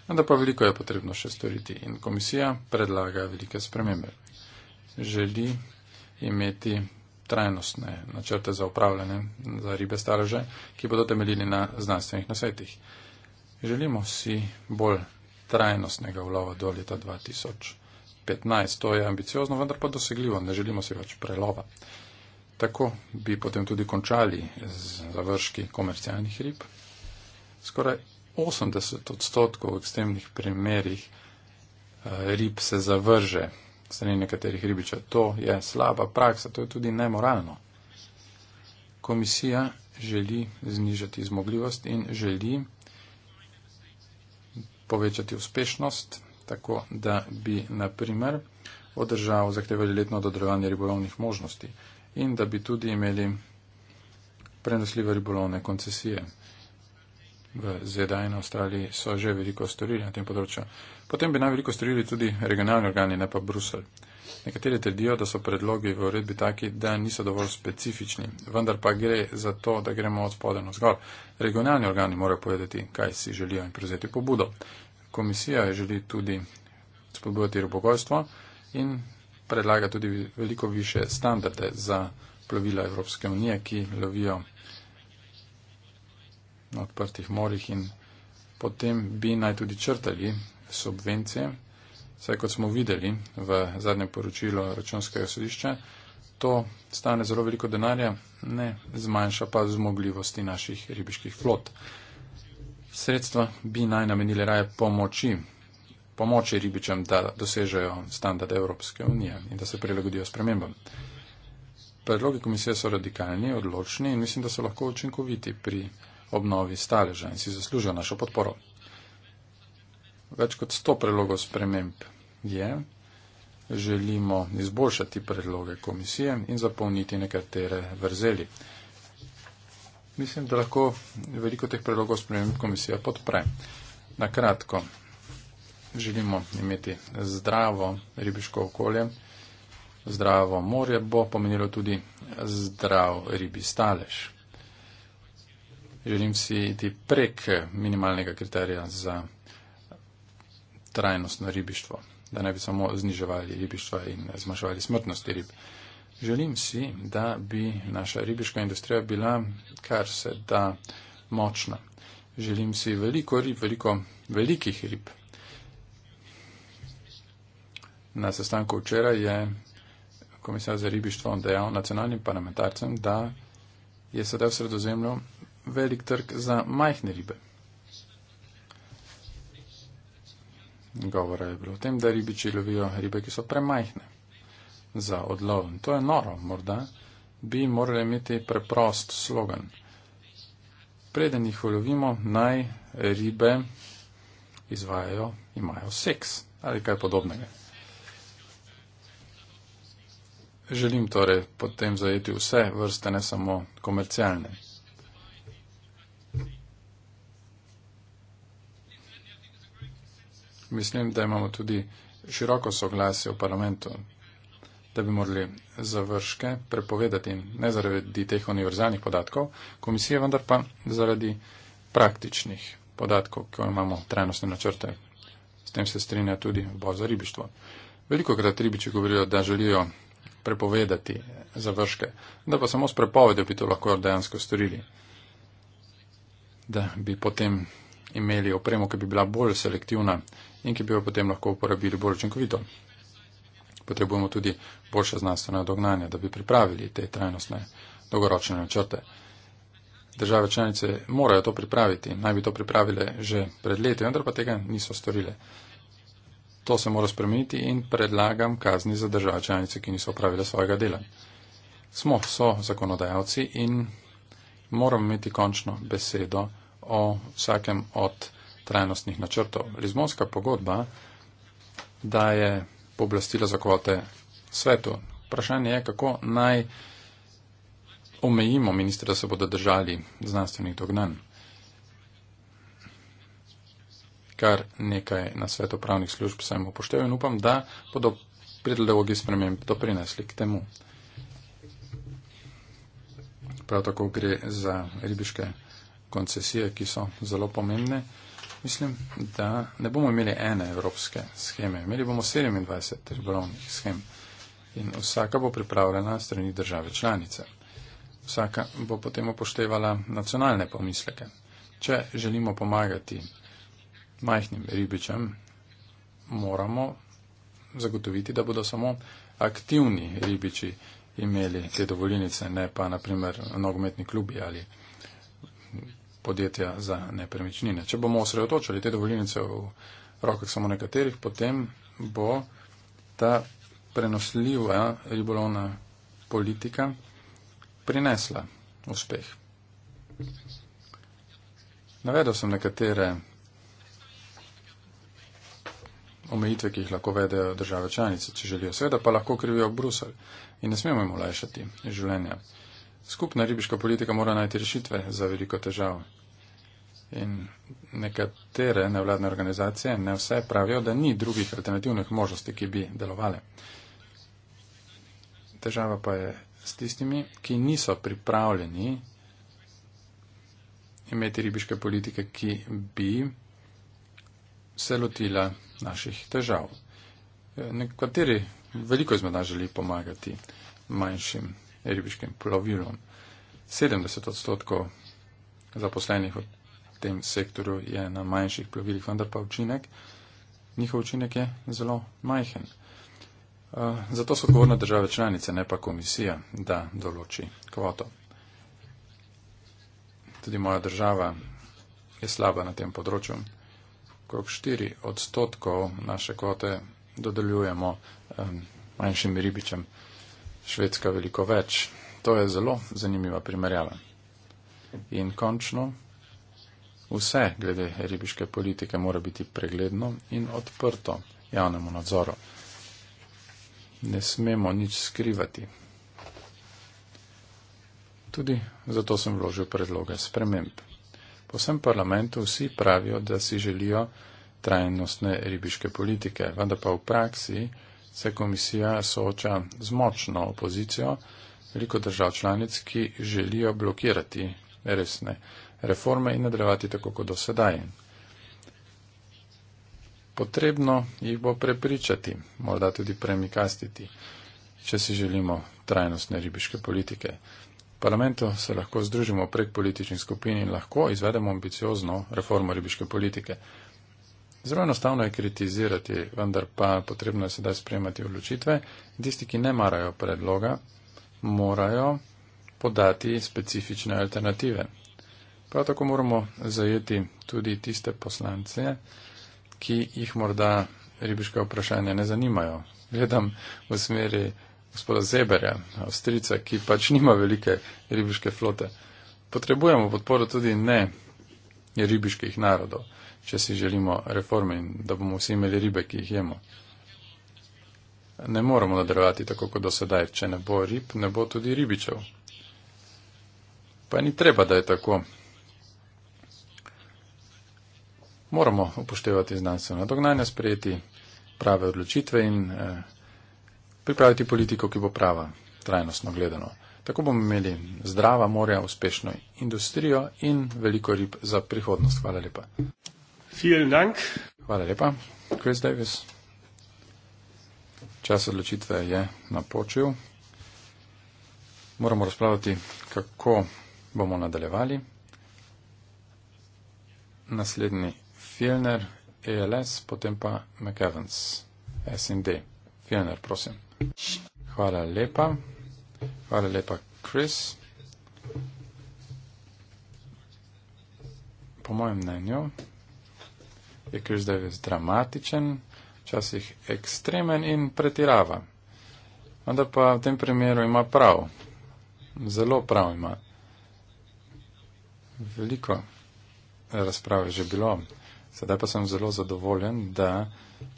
Vendar pa veliko je potrebno še storiti in komisija predlaga velike spremembe. Želi imeti trajnostne načrte za upravljanje za ribe staleže, ki bodo temeljili na znanstvenih nasvetih. Želimo si bolj trajnostnega vlova do leta 2000. 15, to je ambiciozno, vendar pa dosegljivo, ne želimo si več prelova. Tako bi potem tudi končali z završki komercialnih rib. Skoraj 80 odstotkov v ekstremnih primerjih eh, rib se zavrže strani nekaterih ribiča. To je slaba praksa, to je tudi nemoralno. Komisija želi znižati zmogljivost in želi povečati uspešnost tako da bi na primer od držav zahtevali letno dodrovanje ribolovnih možnosti in da bi tudi imeli prenosljive ribolovne koncesije. V ZDA in Avstraliji so že veliko storili na tem področju. Potem bi naj veliko storili tudi regionalni organi, ne pa Brusel. Nekateri trdijo, da so predlogi v uredbi taki, da niso dovolj specifični, vendar pa gre za to, da gremo od spodaj na zgor. Regionalni organi morajo povedati, kaj si želijo in prevzeti pobudo. Komisija želi tudi spodbujati ribogojstvo in predlaga tudi veliko više standarde za plovila Evropske unije, ki lovijo na odprtih morjih in potem bi naj tudi črtali subvencije. Saj kot smo videli v zadnjem poročilu računskega sodišča, to stane zelo veliko denarja, ne zmanjša pa zmogljivosti naših ribiških flot. Sredstva bi naj namenili raje pomoči, pomoči ribičem, da dosežejo standard Evropske unije in da se prilagodijo spremembam. Predlogi komisije so radikalni, odločni in mislim, da so lahko učinkoviti pri obnovi staleža in si zaslužijo našo podporo. Več kot 100 predlogov sprememb je. Želimo izboljšati predloge komisije in zapolniti nekatere vrzeli. Mislim, da lahko veliko teh predlogov spremenim komisija podpre. Na kratko, želimo imeti zdravo ribiško okolje, zdravo morje bo pomenilo tudi zdrav ribi stalež. Želim si iti prek minimalnega kriterija za trajnostno ribištvo, da ne bi samo zniževali ribištva in zmanjševali smrtnosti ribištva. Želim si, da bi naša ribiška industrija bila kar se da močna. Želim si veliko rib, veliko velikih rib. Na sestanku včeraj je komisar za ribištvo dejal nacionalnim parlamentarcem, da je sedaj v sredozemlju velik trg za majhne ribe. Govora je bilo o tem, da ribiči lovijo ribe, ki so premajhne za odlov. To je noro, morda bi morali imeti preprost slogan. Preden jih ulovimo, naj ribe izvajajo, imajo seks ali kaj podobnega. Želim torej potem zajeti vse vrste, ne samo komercialne. Mislim, da imamo tudi široko soglasje v parlamentu da bi morali završke prepovedati ne zaradi teh univerzalnih podatkov komisije, vendar pa zaradi praktičnih podatkov, ki imamo trajnostne načrte. S tem se strinja tudi boj za ribištvo. Veliko krat ribiči govorijo, da želijo prepovedati završke, da pa samo s prepovedjo bi to lahko dejansko storili, da bi potem imeli opremo, ki bi bila bolj selektivna in ki bi jo potem lahko uporabili bolj učinkovito potrebujemo tudi boljše znanstvene dognanje, da bi pripravili te trajnostne dogoročne načrte. Države članice morajo to pripraviti in naj bi to pripravile že pred leti, vendar pa tega niso storile. To se mora spremeniti in predlagam kazni za države članice, ki niso opravile svojega dela. Smo so zakonodajalci in moramo imeti končno besedo o vsakem od trajnostnih načrtov. Lizbonska pogodba daje pooblastila za kvote svetu. Vprašanje je, kako naj omejimo ministra, da se bodo držali znanstvenih dognanj. Kar nekaj na svetu pravnih služb sem upošteval in upam, da bodo predlogi sprememb doprinesli k temu. Prav tako gre za ribiške koncesije, ki so zelo pomembne. Mislim, da ne bomo imeli ene evropske scheme, imeli bomo 27 ribolovnih schem in vsaka bo pripravljena strani države članice. Vsaka bo potem upoštevala nacionalne pomisleke. Če želimo pomagati majhnim ribičem, moramo zagotoviti, da bodo samo aktivni ribiči imeli te dovoljenice, ne pa naprimer nogometni klubi ali podjetja za nepremičnine. Če bomo osredotočili te dovoljenice v rokah samo nekaterih, potem bo ta prenosljiva ribolovna politika prinesla uspeh. Navedel sem nekatere omejitve, ki jih lahko vedejo države članice, če želijo. Seveda pa lahko krivijo Brusel in ne smemo jim olajšati življenja skupna ribiška politika mora najti rešitve za veliko težav. In nekatere nevladne organizacije, ne vse, pravijo, da ni drugih alternativnih možnosti, ki bi delovale. Težava pa je s tistimi, ki niso pripravljeni imeti ribiške politike, ki bi se lotila naših težav. E, nekateri veliko izmed nas želi pomagati manjšim ribiškim plovilom. 70 odstotkov zaposlenih v tem sektorju je na manjših plovilih, vendar pa učinek, njihov učinek je zelo majhen. Eh, zato so odgovorne države članice, ne pa komisija, da določi kvoto. Tudi moja država je slaba na tem področju. Krok 4 odstotkov naše kvote dodeljujemo eh, manjšim ribičem. Švedska veliko več. To je zelo zanimiva primerjava. In končno, vse glede ribiške politike mora biti pregledno in odprto javnemu nadzoru. Ne smemo nič skrivati. Tudi zato sem vložil predloge sprememb. Po vsem parlamentu vsi pravijo, da si želijo trajnostne ribiške politike, vendar pa v praksi se komisija sooča z močno opozicijo, veliko držav članic, ki želijo blokirati resne reforme in nadaljevati tako kot do sedaj. Potrebno jih bo prepričati, morda tudi premikastiti, če si želimo trajnostne ribiške politike. V parlamentu se lahko združimo prek političnih skupin in lahko izvedemo ambiciozno reformo ribiške politike. Zelo enostavno je kritizirati, vendar pa potrebno je sedaj sprejemati odločitve. Tisti, ki ne marajo predloga, morajo podati specifične alternative. Prav tako moramo zajeti tudi tiste poslance, ki jih morda ribiške vprašanja ne zanimajo. Gledam v smeri gospoda Zeberja, avstrica, ki pač nima velike ribiške flote. Potrebujemo podporo tudi ne ribiških narodov če si želimo reforme in da bomo vsi imeli ribe, ki jih jemo. Ne moramo nadaljevati tako kot do sedaj. Če ne bo rib, ne bo tudi ribičev. Pa ni treba, da je tako. Moramo upoštevati znanstveno dognanje, sprejeti prave odločitve in eh, pripraviti politiko, ki bo prava, trajnostno gledano. Tako bomo imeli zdrava morja, uspešno industrijo in veliko rib za prihodnost. Hvala lepa. Vielen Dank. Hvala lepa, Chris Davis. Čas odločitve je napočil. Moramo razpravljati, kako bomo nadaljevali. Naslednji Filner, ALS, potem pa McEvans, SND. Filner, prosim. Hvala lepa. Hvala lepa, Chris. Po mojem mnenju, je križdevec dramatičen, včasih ekstremen in pretirava. Vendar pa v tem primeru ima prav. Zelo prav ima. Veliko razprave že bilo. Sedaj pa sem zelo zadovoljen, da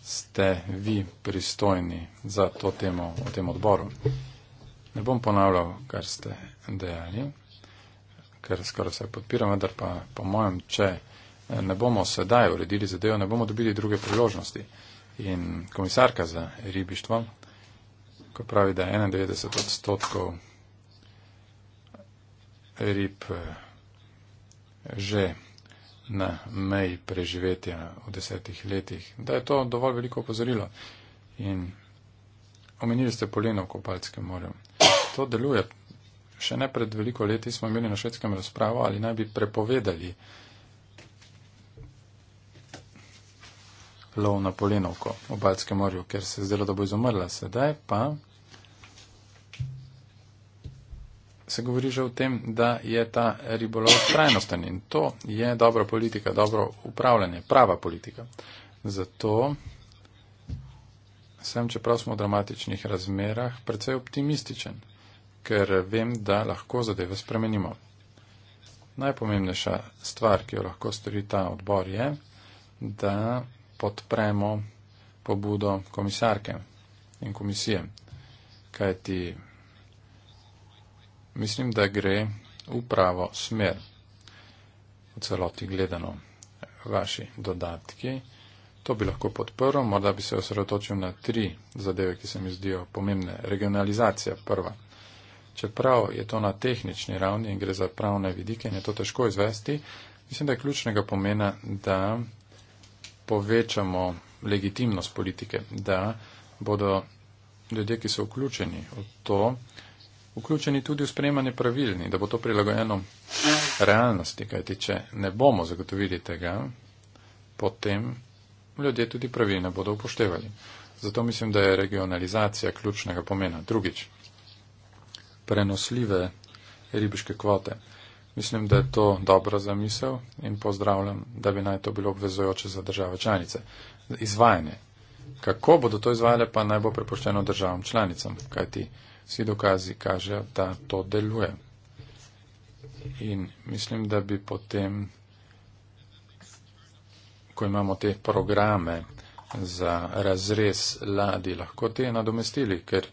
ste vi pristojni za to temo v tem odboru. Ne bom ponavljal, kar ste dejali, ker skoraj vse podpiram, vendar pa po mojem, če ne bomo sedaj uredili zadevo, ne bomo dobili druge priložnosti. In komisarka za ribištvo, ko pravi, da 91 odstotkov rib eh, že na meji preživetja v desetih letih, da je to dovolj veliko opozorilo. In omenili ste Polino v Kopalskem morju. To deluje. Še ne pred veliko leti smo imeli na švedskem razpravo, ali naj bi prepovedali uh, lov na polenovko v Baltskem morju, ker se je zdelo, da bo izumrla. Sedaj pa se govori že o tem, da je ta ribolov trajnosten in to je dobra politika, dobro upravljanje, prava politika. Zato sem, čeprav smo v dramatičnih razmerah, predvsej optimističen, ker vem, da lahko zadeve spremenimo. Najpomembnejša stvar, ki jo lahko stori ta odbor, je, da podpremo pobudo komisarke in komisije. Kaj ti mislim, da gre v pravo smer, v celoti gledano, vaši dodatki. To bi lahko podprl, morda bi se osredotočil na tri zadeve, ki se mi zdijo pomembne. Regionalizacija prva. Čeprav je to na tehnični ravni in gre za pravne vidike in je to težko izvesti, mislim, da je ključnega pomena, da povečamo legitimnost politike, da bodo ljudje, ki so vključeni v to, vključeni tudi v sprejemanje pravilni, da bo to prilagojeno realnosti, kajti če ne bomo zagotovili tega, potem ljudje tudi pravilne bodo upoštevali. Zato mislim, da je regionalizacija ključnega pomena. Drugič, prenosljive ribiške kvote. Mislim, da je to dobra zamisel in pozdravljam, da bi naj to bilo obvezojoče za države članice. Izvajanje. Kako bodo to izvajale, pa naj bo prepoščeno državam članicam, kajti vsi dokazi kažejo, da to deluje. In mislim, da bi potem, ko imamo te programe za razrez ladi, lahko te nadomestili, ker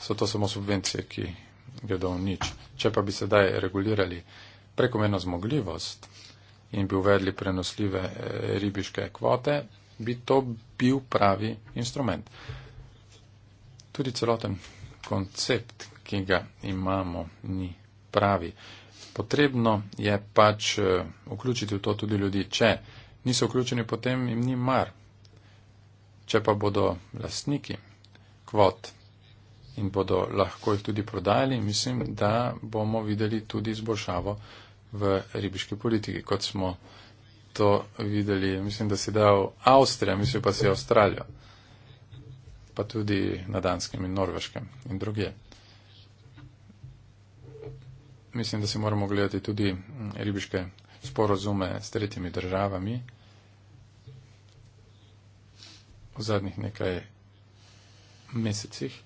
so to samo subvencije, ki gredo v nič. Če pa bi sedaj regulirali prekomerno zmogljivost in bi uvedli prenosljive eh, ribiške kvote, bi to bil pravi instrument. Tudi celoten koncept, ki ga imamo, ni pravi. Potrebno je pač eh, vključiti v to tudi ljudi. Če niso vključeni, potem jim ni mar. Če pa bodo lastniki kvot in bodo lahko jih tudi prodajali, mislim, da bomo videli tudi izboljšavo v ribiški politiki, kot smo to videli, mislim, da si dal Avstrija, mislim pa si Avstralijo, pa tudi na Danskem in Norveškem in druge. Mislim, da si moramo gledati tudi mm, ribiške sporozume s tretjimi državami. V zadnjih nekaj mesecih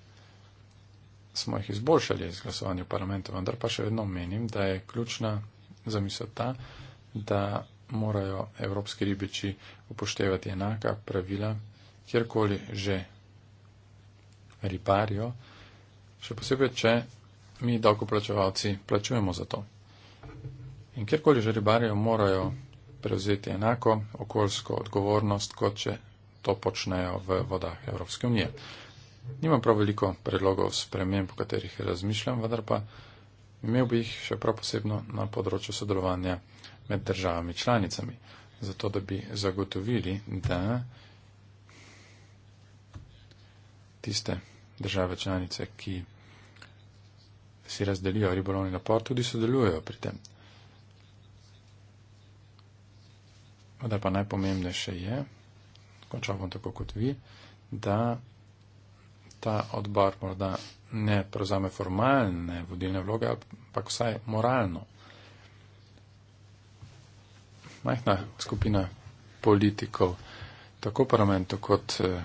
smo jih izboljšali z glasovanjem v parlamentu, vendar pa še vedno menim, da je ključna zamisel ta, da morajo evropski ribiči upoštevati enaka pravila, kjerkoli že riparijo, še posebej, če mi davkoplačevalci plačujemo za to. In kjerkoli že ribarijo, morajo prevzeti enako okoljsko odgovornost, kot če to počnejo v vodah Evropske unije. Nimam prav veliko predlogov sprememb, o katerih razmišljam, vendar pa Imel bi jih še prav posebno na področju sodelovanja med državami članicami, zato da bi zagotovili, da tiste države članice, ki si razdelijo ribolovni napor, tudi sodelujejo pri tem. Vendar pa najpomembnejše je, končal bom tako kot vi, da ta odbor morda ne prevzame formalne vodilne vloge, ampak vsaj moralno. Majhna skupina politikov, tako parlamentu kot eh,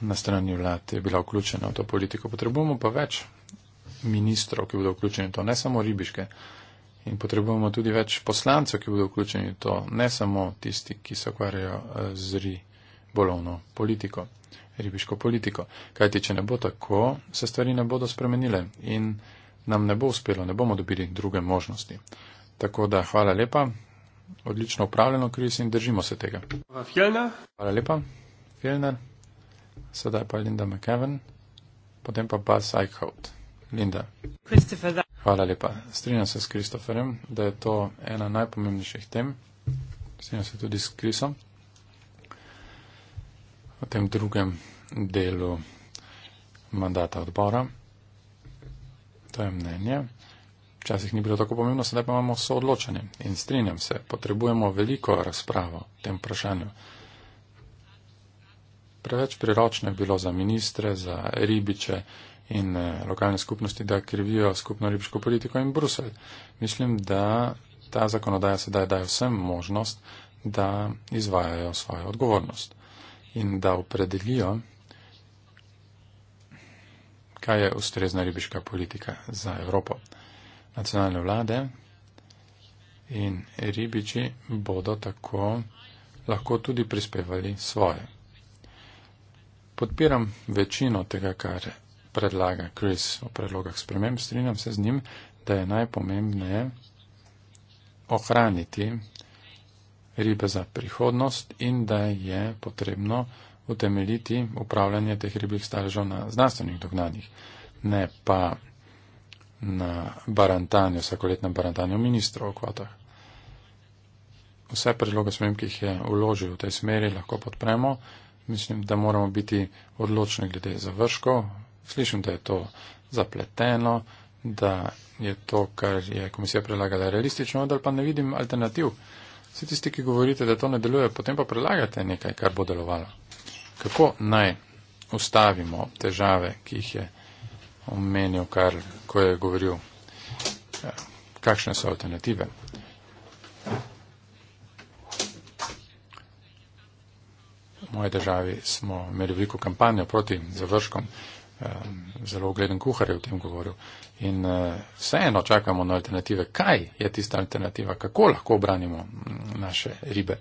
na strani vlade, je bila vključena v to politiko. Potrebujemo pa več ministrov, ki bodo vključeni v to, ne samo ribiške. In potrebujemo tudi več poslancev, ki bodo vključeni v to, ne samo tisti, ki se ukvarjajo eh, z ribolovno politiko ribiško politiko. Kajti, če ne bo tako, se stvari ne bodo spremenile in nam ne bo uspelo, ne bomo dobili druge možnosti. Tako da hvala lepa, odlično upravljeno kriz in držimo se tega. Fjellner. Hvala lepa, Fjellner. Sedaj pa Linda McKeven, potem pa Buzz Eichhout. Linda. Hvala lepa. Strinjam se s Kristoferem, da je to ena najpomembnejših tem. Strinjam se tudi s Krisom v tem drugem delu mandata odbora. To je mnenje. Včasih ni bilo tako pomembno, sedaj pa imamo soodločanje. In strinjam se, potrebujemo veliko razpravo o tem vprašanju. Preveč priročno je bilo za ministre, za ribiče in eh, lokalne skupnosti, da krivijo skupno ribiško politiko in Bruselj. Mislim, da ta zakonodaja sedaj daje vsem možnost, da izvajajo svojo odgovornost in da opredelijo, kaj je ustrezna ribiška politika za Evropo. Nacionalne vlade in ribiči bodo tako lahko tudi prispevali svoje. Podpiram večino tega, kar predlaga Chris o predlogah sprememb, strinjam se z njim, da je najpomembneje ohraniti ribe za prihodnost in da je potrebno utemeljiti upravljanje teh ribih staležev na znanstvenih dognanjih, ne pa na barantanju, vsakoletnem barantanju ministrov o kvotah. Vse predloge smem, ki jih je uložil v tej smeri, lahko podpremo. Mislim, da moramo biti odločni glede završkov. Slišim, da je to zapleteno, da je to, kar je komisija predlagala, realistično, vendar pa ne vidim alternativ. Vsi tisti, ki govorite, da to ne deluje, potem pa predlagate nekaj, kar bo delovalo. Kako naj ustavimo težave, ki jih je omenil, kar, ko je govoril, eh, kakšne so alternative? V moji državi smo imeli veliko kampanjo proti završkom. Eh, zelo ogleden kuhar je o tem govoril. In eh, vseeno čakamo na alternative. Kaj je tista alternativa? Kako lahko obranimo mm, naše ribe?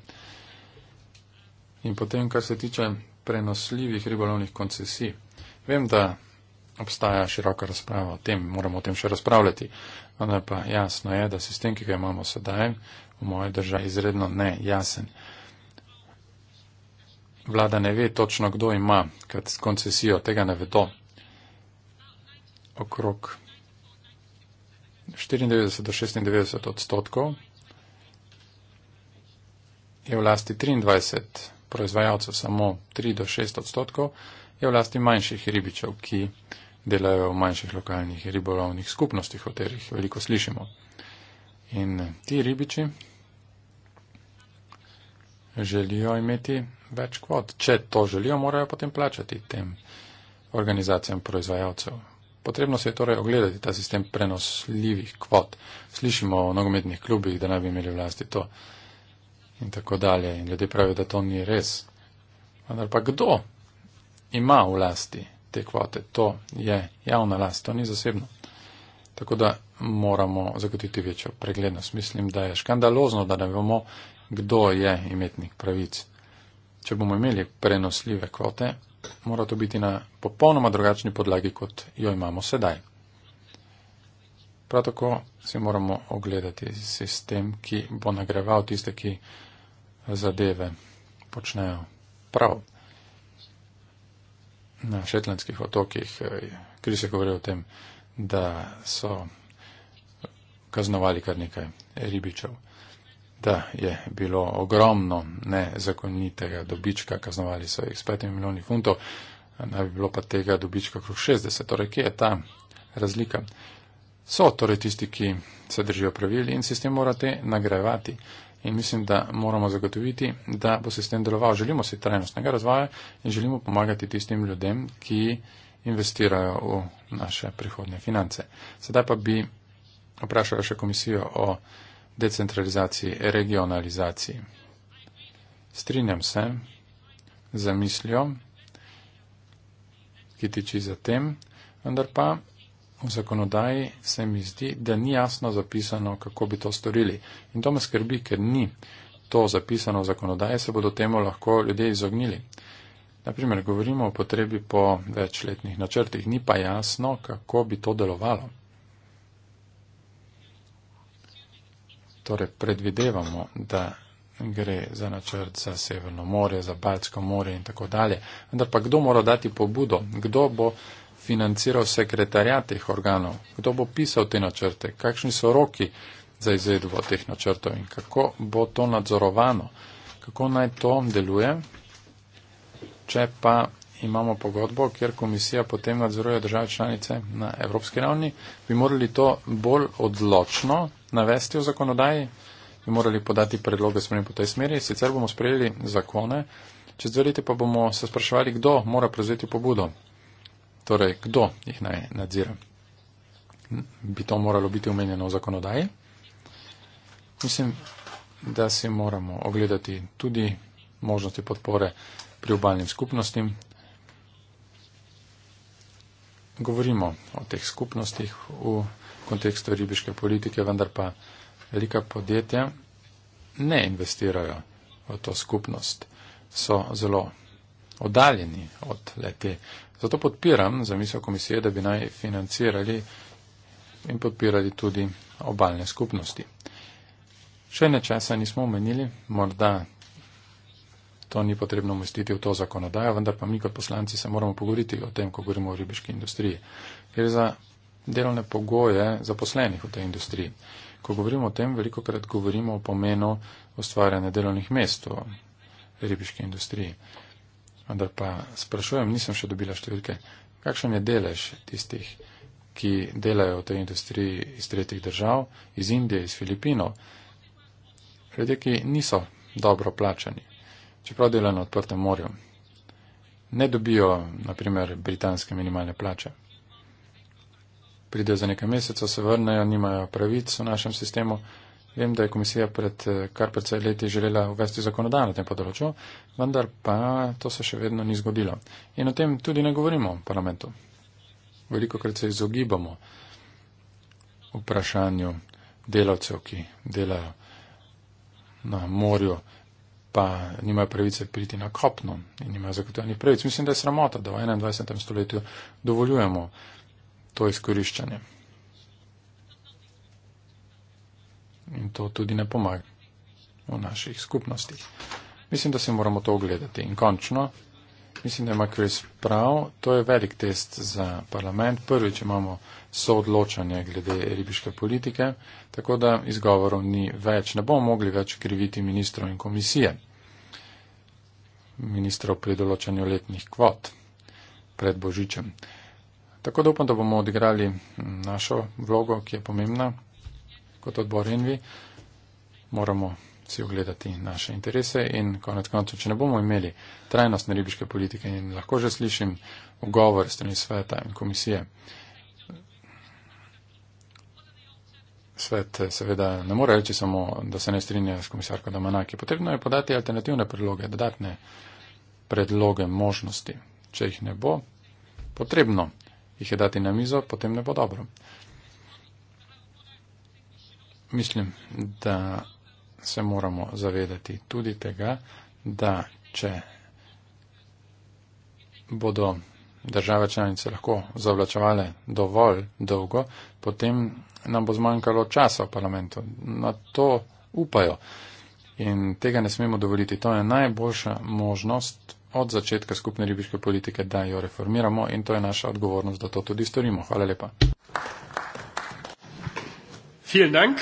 In potem, kar se tiče prenosljivih ribolovnih koncesij. Vem, da obstaja široka razprava o tem, moramo o tem še razpravljati. Vendar pa jasno je, da sistem, ki ga imamo sedaj, v moje državi izredno ne jasen. Vlada ne ve točno, kdo ima koncesijo, tega ne vedo okrog 94 do 96 odstotkov je v lasti 23 proizvajalcev, samo 3 do 6 odstotkov je v lasti manjših ribičev, ki delajo v manjših lokalnih ribolovnih skupnostih, o katerih veliko slišimo. In ti ribiči želijo imeti več kvot. Če to želijo, morajo potem plačati tem organizacijam proizvajalcev Potrebno se je torej ogledati ta sistem prenosljivih kvot. Slišimo o nogometnih klubih, da naj bi imeli vlasti to in tako dalje. In ljudje pravijo, da to ni res. Vendar pa kdo ima vlasti te kvote? To je javna last, to ni zasebno. Tako da moramo zagotoviti večjo preglednost. Mislim, da je škandalozno, da ne vemo, kdo je imetnik pravic. Če bomo imeli prenosljive kvote, mora to biti na popolnoma drugačni podlagi, kot jo imamo sedaj. Prav tako si moramo ogledati sistem, ki bo nagreval tiste, ki zadeve počnejo prav. Na šetlanskih otokih, eh, kri se govori o tem, da so kaznovali kar nekaj ribičev da je bilo ogromno nezakonitega dobička, kaznovali so jih s 5 milijoni funtov, naj bi bilo pa tega dobička krok 60. Torej, kje je ta razlika? So torej tisti, ki se držijo pravil in sistem morate nagrajevati. In mislim, da moramo zagotoviti, da bo sistem deloval. Želimo si trajnostnega razvoja in želimo pomagati tistim ljudem, ki investirajo v naše prihodne finance. Sedaj pa bi vprašala še komisijo o decentralizaciji, regionalizaciji. Strinjam se za mislijo, ki tiči za tem, vendar pa v zakonodaji se mi zdi, da ni jasno zapisano, kako bi to storili. In to me skrbi, ker ni to zapisano v zakonodaji, se bodo temu lahko ljudje izognili. Naprimer, govorimo o potrebi po večletnih načrtih, ni pa jasno, kako bi to delovalo. torej predvidevamo, da gre za načrt za Severno more, za Balsko more in tako dalje. Vendar pa kdo mora dati pobudo? Kdo bo financiral sekretarjat teh organov? Kdo bo pisal te načrte? Kakšni so roki za izvedbo teh načrtov in kako bo to nadzorovano? Kako naj to deluje, če pa imamo pogodbo, kjer komisija potem nadzoruje države članice na evropski ravni, bi morali to bolj odločno navesti v zakonodaji in morali podati predloge smeri po tej smeri. Sicer bomo sprejeli zakone, čez dve leti pa bomo se spraševali, kdo mora prevzeti pobudo. Torej, kdo jih naj nadzira. Bi to moralo biti omenjeno v zakonodaji? Mislim, da si moramo ogledati tudi možnosti podpore pri obaljnim skupnostim. Govorimo o teh skupnostih v kontekstu ribiške politike, vendar pa velika podjetja ne investirajo v to skupnost. So zelo oddaljeni od lete. Zato podpiram zamisel komisije, da bi naj financirali in podpirali tudi obaljne skupnosti. Še ne časa nismo omenili, morda to ni potrebno umestiti v to zakonodajo, vendar pa mi kot poslanci se moramo pogovoriti o tem, ko govorimo o ribiški industriji. Ker za delovne pogoje zaposlenih v tej industriji. Ko govorimo o tem, veliko krat govorimo o pomenu ustvarjanja delovnih mest v ribiški industriji. Vendar pa sprašujem, nisem še dobila številke, kakšen je delež tistih, ki delajo v tej industriji iz tretjih držav, iz Indije, iz Filipino. Ljudje, ki niso dobro plačani, čeprav delajo na odprtem morju, ne dobijo, naprimer, britanske minimalne plače pridejo za nekaj mesecev, se vrnejo, nimajo pravic v našem sistemu. Vem, da je komisija pred eh, kar precej leti želela uvesti zakonodajo na tem področju, vendar pa to se še vedno ni zgodilo. In o tem tudi ne govorimo v parlamentu. Veliko krat se izogibamo vprašanju delavcev, ki delajo na morju, pa nimajo pravice priti na kopno in nimajo zagotovljenih pravic. Mislim, da je sramota, da v 21. stoletju dovoljujemo to izkoriščanje. In to tudi ne pomaga v naših skupnostih. Mislim, da si moramo to ogledati. In končno, mislim, da ima Chris prav, to je velik test za parlament. Prvič imamo soodločanje glede ribiške politike, tako da izgovorov ni več. Ne bomo mogli več kriviti ministrov in komisije, ministrov pri določanju letnih kvot pred Božičem. Tako da upam, da bomo odigrali našo vlogo, ki je pomembna kot odbor Envi. Moramo si ogledati naše interese in konec koncev, če ne bomo imeli trajnostne ribiške politike in lahko že slišim ogovor strani sveta in komisije. Svet eh, seveda ne more reči samo, da se ne strinja s komisarko Damanaki. Potrebno je podati alternativne predloge, dodatne predloge možnosti. Če jih ne bo, potrebno jih je dati na mizo, potem ne bo dobro. Mislim, da se moramo zavedati tudi tega, da če bodo države članice lahko zavlačevale dovolj dolgo, potem nam bo zmanjkalo časa v parlamentu. Na to upajo. In tega ne smemo dovoliti. To je najboljša možnost od začetka skupne ribiške politike, da jo reformiramo in to je naša odgovornost, da to tudi storimo. Hvala lepa. Äh,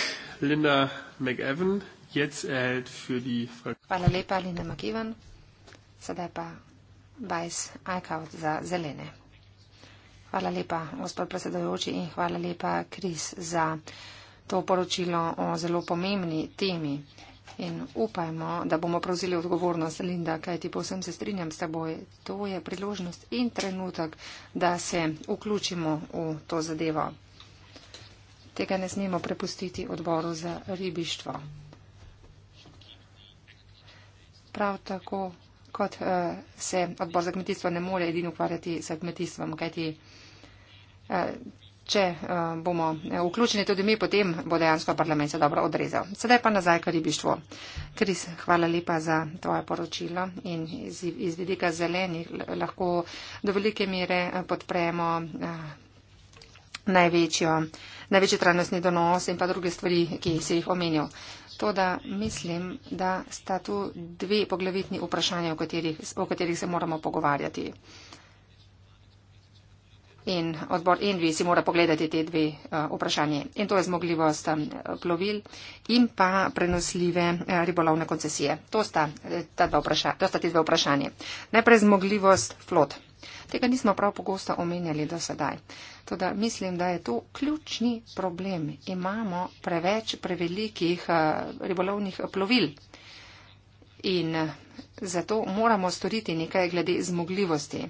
hvala lepa, Linda McEwan. Sedaj pa Bajs Aikaut za zelene. Hvala lepa, gospod predsedojoči in hvala lepa, Kris, za to poročilo o zelo pomembni temi. In upajmo, da bomo prevzeli odgovornost, Linda, kaj ti povsem se strinjam s teboj. To je priložnost in trenutek, da se vključimo v to zadevo. Tega ne smemo prepustiti odboru za ribištvo. Prav tako kot uh, se odbor za kmetijstvo ne more edino ukvarjati s kmetijstvom, kajti uh, če uh, bomo eh, vključeni tudi mi, potem bo dejansko parlament se dobro odrezal. Sedaj pa nazaj k ribištvu. Kris, hvala lepa za tvoje poročilo in iz, iz vidika zelenih lahko do velike mere eh, podpremo uh, največjo, največji trajnostni donos in pa druge stvari, ki si jih omenil. To, da mislim, da sta tu dve poglavitni vprašanja, o katerih, o katerih se moramo pogovarjati. Uh, in odbor Envi si mora pogledati te dve eh, vprašanje. In to je zmogljivost eh, plovil in pa prenosljive eh, ribolovne koncesije. To sta, ta dva vprašanje, to sta te dve vprašanje. Najprej zmogljivost flot. Tega nismo prav pogosto omenjali do sedaj. Toda mislim, da je to ključni problem. Imamo preveč prevelikih ribolovnih plovil. In zato moramo storiti nekaj glede zmogljivosti.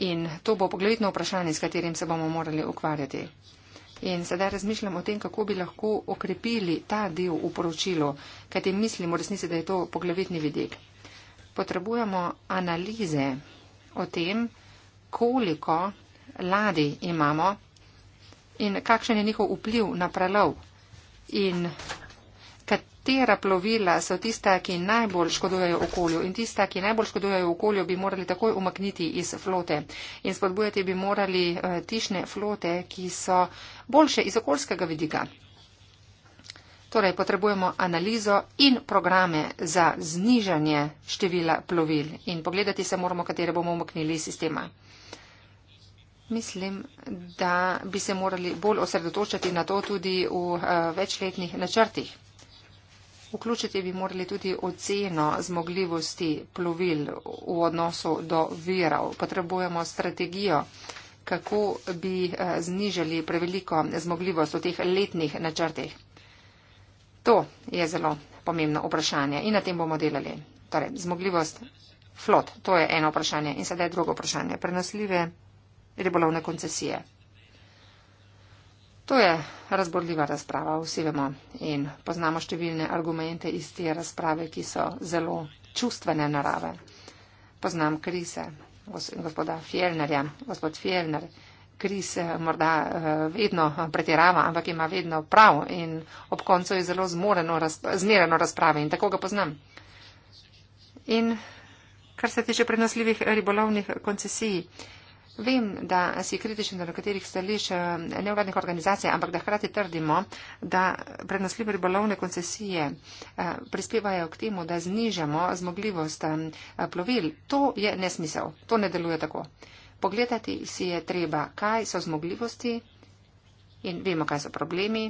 In to bo pogledno vprašanje, s katerim se bomo morali ukvarjati. In sedaj razmišljam o tem, kako bi lahko okrepili ta del v poročilu, kajti mislim v resnici, da je to poglavitni vidik. Potrebujemo analize o tem, koliko ladi imamo in kakšen je njihov vpliv na prelov in katera plovila so tista, ki najbolj škodujejo okolju in tista, ki najbolj škodujejo okolju, bi morali takoj umakniti iz flote in spodbujati bi morali eh, tišne flote, ki so boljše iz okoljskega vidika. Torej, potrebujemo analizo in programe za znižanje števila plovil in pogledati se moramo, katere bomo umaknili iz sistema. Mislim, da bi se morali bolj osredotočati na to tudi v eh, večletnih načrtih. Vključiti bi morali tudi oceno zmogljivosti plovil v odnosu do virov. Potrebujemo strategijo, kako bi eh, znižali preveliko zmogljivost v teh letnih načrtih. To je zelo pomembno vprašanje in na tem bomo delali. Torej, zmogljivost flot, to je eno vprašanje in sedaj drugo vprašanje. Prenosljive ribolovne koncesije. To je razborljiva razprava, vsi vemo in poznamo številne argumente iz te razprave, ki so zelo čustvene narave. Poznam krise gospoda Fjellnerja. Gospod Fjellner, kris eh, morda eh, vedno pretirava, ampak ima vedno prav in ob koncu je zelo zmereno razprave in tako ga poznam. In kar se tiče prenosljivih ribolovnih koncesij. Vem, da si kritičen do nekaterih stališč eh, nevladnih organizacij, ampak da hkrati trdimo, da prenosljive ribolovne koncesije eh, prispevajo k temu, da znižamo zmogljivost eh, plovil. To je nesmisel. To ne deluje tako. Pogledati si je treba, kaj so zmogljivosti in vemo, kaj so problemi.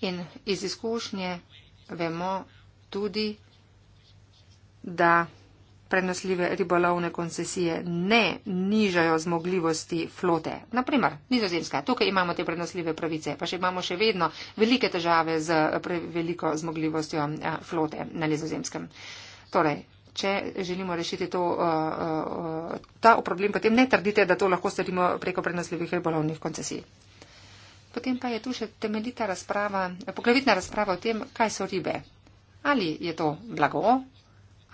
In iz izkušnje vemo tudi, da prenosljive ribolovne koncesije ne nižajo zmogljivosti flote. Naprimer, nizozemska, tukaj imamo te prenosljive pravice, pa še imamo še vedno velike težave z preveliko zmogljivostjo eh, flote na nizozemskem. Torej, če želimo rešiti to, eh, eh, ta problem, potem ne trdite, da to lahko storimo preko prenosljivih ribolovnih koncesij. Potem pa je tu še temeljita razprava, poglavitna razprava o tem, kaj so ribe. Ali je to blago,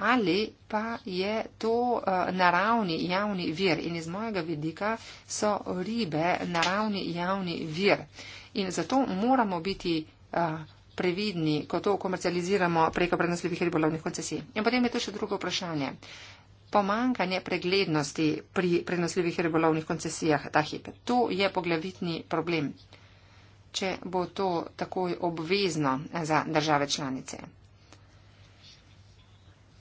ali pa je to eh, naravni javni vir. In iz mojega vidika so ribe naravni javni vir. In zato moramo biti eh, previdni, ko to komercializiramo preko prednostljivih ribolovnih koncesij. In potem je to še drugo vprašanje. Pomankanje preglednosti pri prednostljivih ribolovnih koncesijah ta hip. To je poglavitni problem, če bo to takoj obvezno za države članice.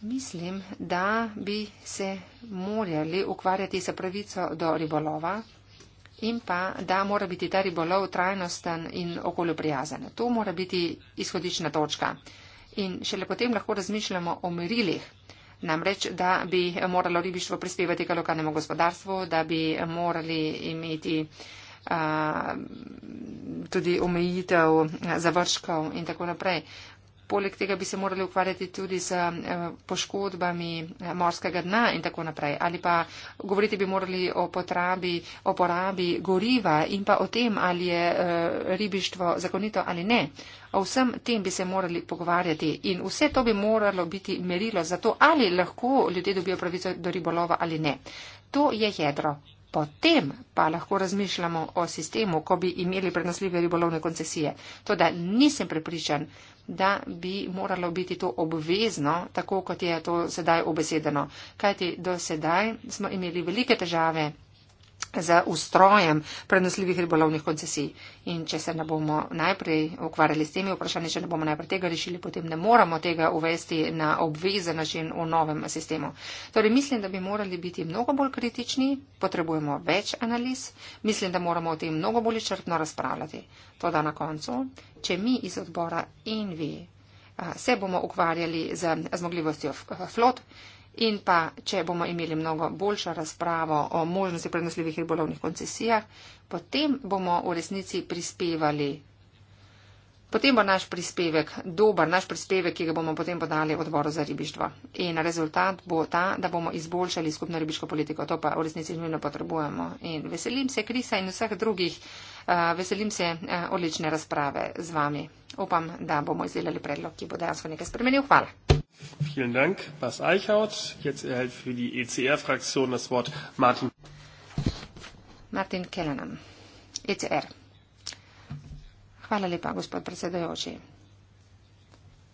Mislim, da bi se morali ukvarjati sa pravico do ribolova in pa, da mora biti ta ribolov trajnosten in okoljoprijazen. To mora biti izhodična točka. In šele potem lahko razmišljamo o merilih. Namreč, da bi moralo ribištvo prispevati k lokalnemu gospodarstvu, da bi morali imeti a, tudi omejitev završkov in tako naprej. Poleg tega bi se morali ukvarjati tudi z eh, poškodbami eh, morskega dna in tako naprej. Ali pa govoriti bi morali o potrabi, o porabi goriva in pa o tem, ali je eh, ribištvo zakonito ali ne. O vsem tem bi se morali pogovarjati in vse to bi moralo biti merilo za to, ali lahko ljudje dobijo pravico do ribolova ali ne. To je jedro. Potem pa lahko razmišljamo o sistemu, ko bi imeli prenosljive ribolovne koncesije. Toda nisem prepričan, da bi moralo biti to obvezno, tako kot je to sedaj obesedeno. Kajti do sedaj smo imeli velike težave z ustrojem prenosljivih ribolovnih koncesij. In če se ne bomo najprej ukvarjali s temi vprašanji, če ne bomo najprej tega rešili, potem ne moramo tega uvesti na obvezen način v novem sistemu. Torej, mislim, da bi morali biti mnogo bolj kritični, potrebujemo več analiz, mislim, da moramo o tem mnogo bolj črpno razpravljati. To da na koncu, če mi iz odbora in vi se bomo ukvarjali z zmogljivostjo flot, In pa, če bomo imeli mnogo boljšo razpravo o možnosti prenosljivih ribolovnih koncesijah, potem bomo v resnici prispevali. Potem bo naš prispevek dober, naš prispevek, ki ga bomo potem podali odboru za ribištvo. In rezultat bo ta, da bomo izboljšali skupno ribiško politiko. To pa v resnici nujno potrebujemo. In veselim se Krisa in vseh drugih, eh, veselim se eh, odlične razprave z vami. Upam, da bomo izdelali predlog, ki bo dejansko nekaj spremenil. Hvala. Vielen Dank, Bas Eichhaut. Jetzt erhält für die ECR-Fraktion das Wort Martin. Martin Kellenan, ECR. Hvala lepa, gospod predsedajoči.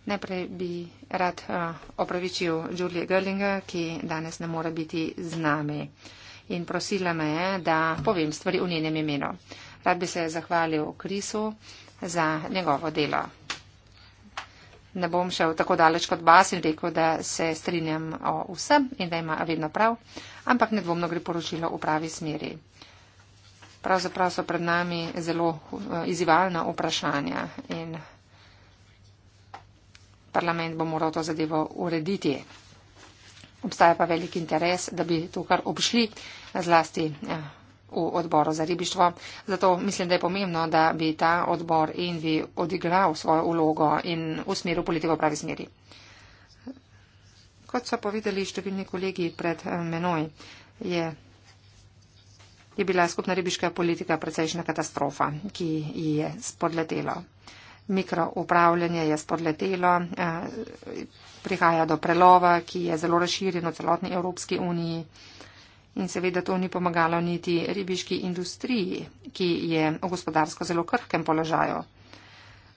Najprej bi rad eh, opravičil Julie Gerlinga, ki danes ne more biti z nami. In prosila me je, da povem stvari v njenem imenu. Rad bi se zahvalil Krisu za njegovo delo ne bom šel tako daleč kot Bas in rekel, da se strinjam o vsem in da ima vedno prav, ampak nedvomno gre poročilo v pravi smeri. Pravzaprav so pred nami zelo eh, izzivalna vprašanja in parlament bo moral to zadevo urediti. Obstaja pa velik interes, da bi to kar obšli, zlasti. Ja, v odboru za ribištvo. Zato mislim, da je pomembno, da bi ta odbor in vi odigral svojo ulogo in usmeril politiko v pravi smeri. Kot so povedali številni kolegi pred eh, menoj, je, je bila skupna ribiška politika precejšnja katastrofa, ki ji je spodletelo. Mikroupravljanje je spodletelo, eh, prihaja do prelova, ki je zelo razširjen v celotni Evropski uniji. In seveda to ni pomagalo niti ribiški industriji, ki je v gospodarsko zelo krhkem položaju.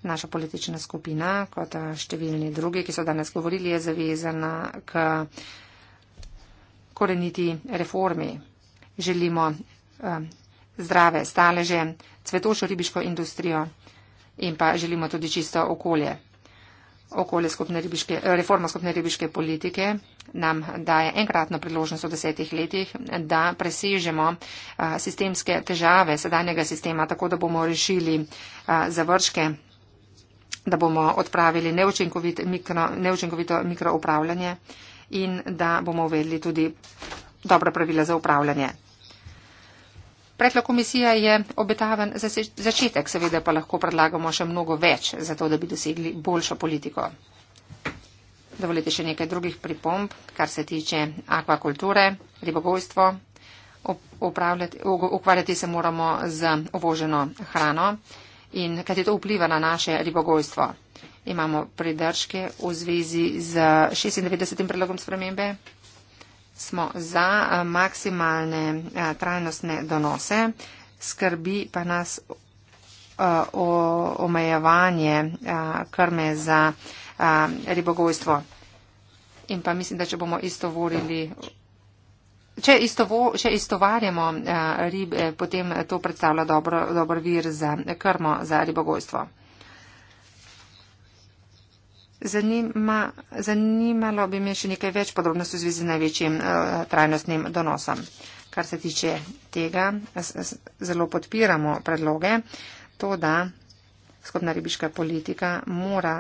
Naša politična skupina, kot številni drugi, ki so danes govorili, je zavezana k koreniti reformi. Želimo eh, zdrave staleže, cvetočo ribiško industrijo in pa želimo tudi čisto okolje. okolje skupne ribiške, eh, reforma skupne ribiške politike nam daje enkratno priložnost v desetih letih, da presežemo sistemske težave sedanjega sistema, tako da bomo rešili završke da bomo odpravili neučinkovit mikro, neučinkovito mikroupravljanje in da bomo uvedli tudi dobra pravila za upravljanje. Predlog komisija je obetaven začetek, seveda pa lahko predlagamo še mnogo več, zato da bi dosegli boljšo politiko. Dovolite še nekaj drugih pripomb, kar se tiče akvakulture, ribogojstvo. Ukvarjati se moramo z uvoženo hrano in kaj to vpliva na naše ribogojstvo. Imamo pridržke v zvezi z 96. predlogom spremembe. Smo za eh, maksimalne eh, trajnostne donose, skrbi pa nas eh, omejevanje krme za a, ribogojstvo. In pa mislim, da če bomo isto volili. Če, istovo, če istovarjamo uh, ribe, eh, potem to predstavlja dobro, dober vir za krmo, za ribogojstvo. Zanima, zanimalo bi me še nekaj več podrobnosti v zvezi z največjim uh, trajnostnim donosom. Kar se tiče tega, zelo podpiramo predloge, to, da skupna ribiška politika mora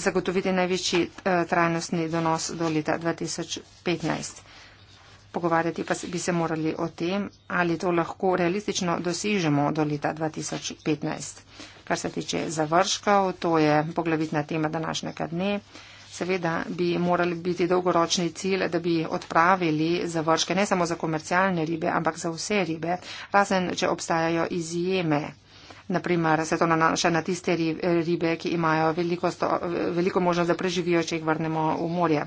zagotoviti največji eh, trajnostni donos do leta 2015. Pogovarjati pa bi se morali o tem, ali to lahko realistično dosežemo do leta 2015. Kar se tiče završkov, to je poglavitna tema današnjega dne. Seveda bi morali biti dolgoročni cilj, da bi odpravili završke ne samo za komercialne ribe, ampak za vse ribe, razen če obstajajo izjeme. Naprimer, se to nanaša na tiste ribe, ki imajo veliko, sto, veliko možnost, da preživijo, če jih vrnemo v morje.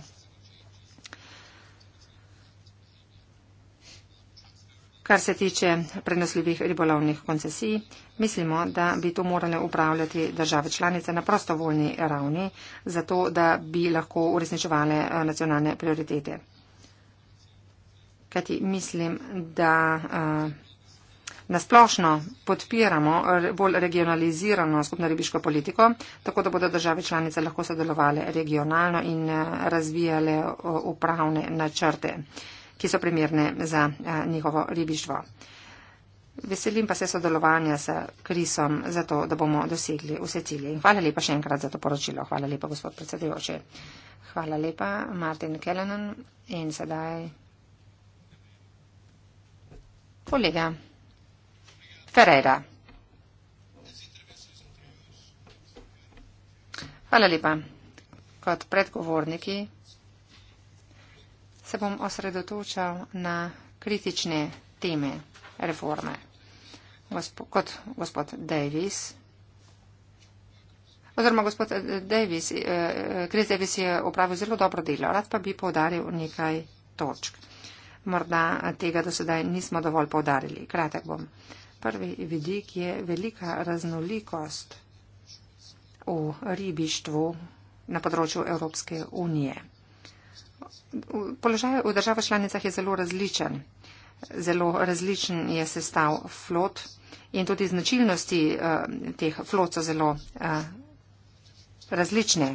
Kar se tiče prenosljivih ribolovnih koncesij, mislimo, da bi to morale upravljati države članice na prostovoljni ravni, zato da bi lahko uresničevale eh, nacionalne prioritete. Kajti mislim, da uh, nasplošno podpiramo bolj regionalizirano skupno ribiško politiko, tako da bodo države članice lahko sodelovali regionalno in eh, razvijale upravne načrte, ki so primerne za eh, njihovo ribištvo. Veselim pa se sodelovanja s Krisom, zato da bomo dosegli vse cilje. In hvala lepa še enkrat za to poročilo. Hvala lepa, gospod predsedujoči. Hvala lepa, Martin Kellenen. In sedaj. Kolega. Ferreira. Hvala lepa. Kot predgovorniki se bom osredotočal na kritične teme reforme. Gospod, kot gospod Davis, oziroma gospod eh, Davis, eh, eh, Chris Davis je opravil zelo dobro delo, rad pa bi povdaril nekaj točk. Morda tega do sedaj nismo dovolj povdarili. Kratek bom prvi vidik je velika raznolikost v ribištvu na področju Evropske unije. Položaj v državah članicah je zelo različen. Zelo različen je sestav flot in tudi značilnosti eh, teh flot so zelo eh, različne.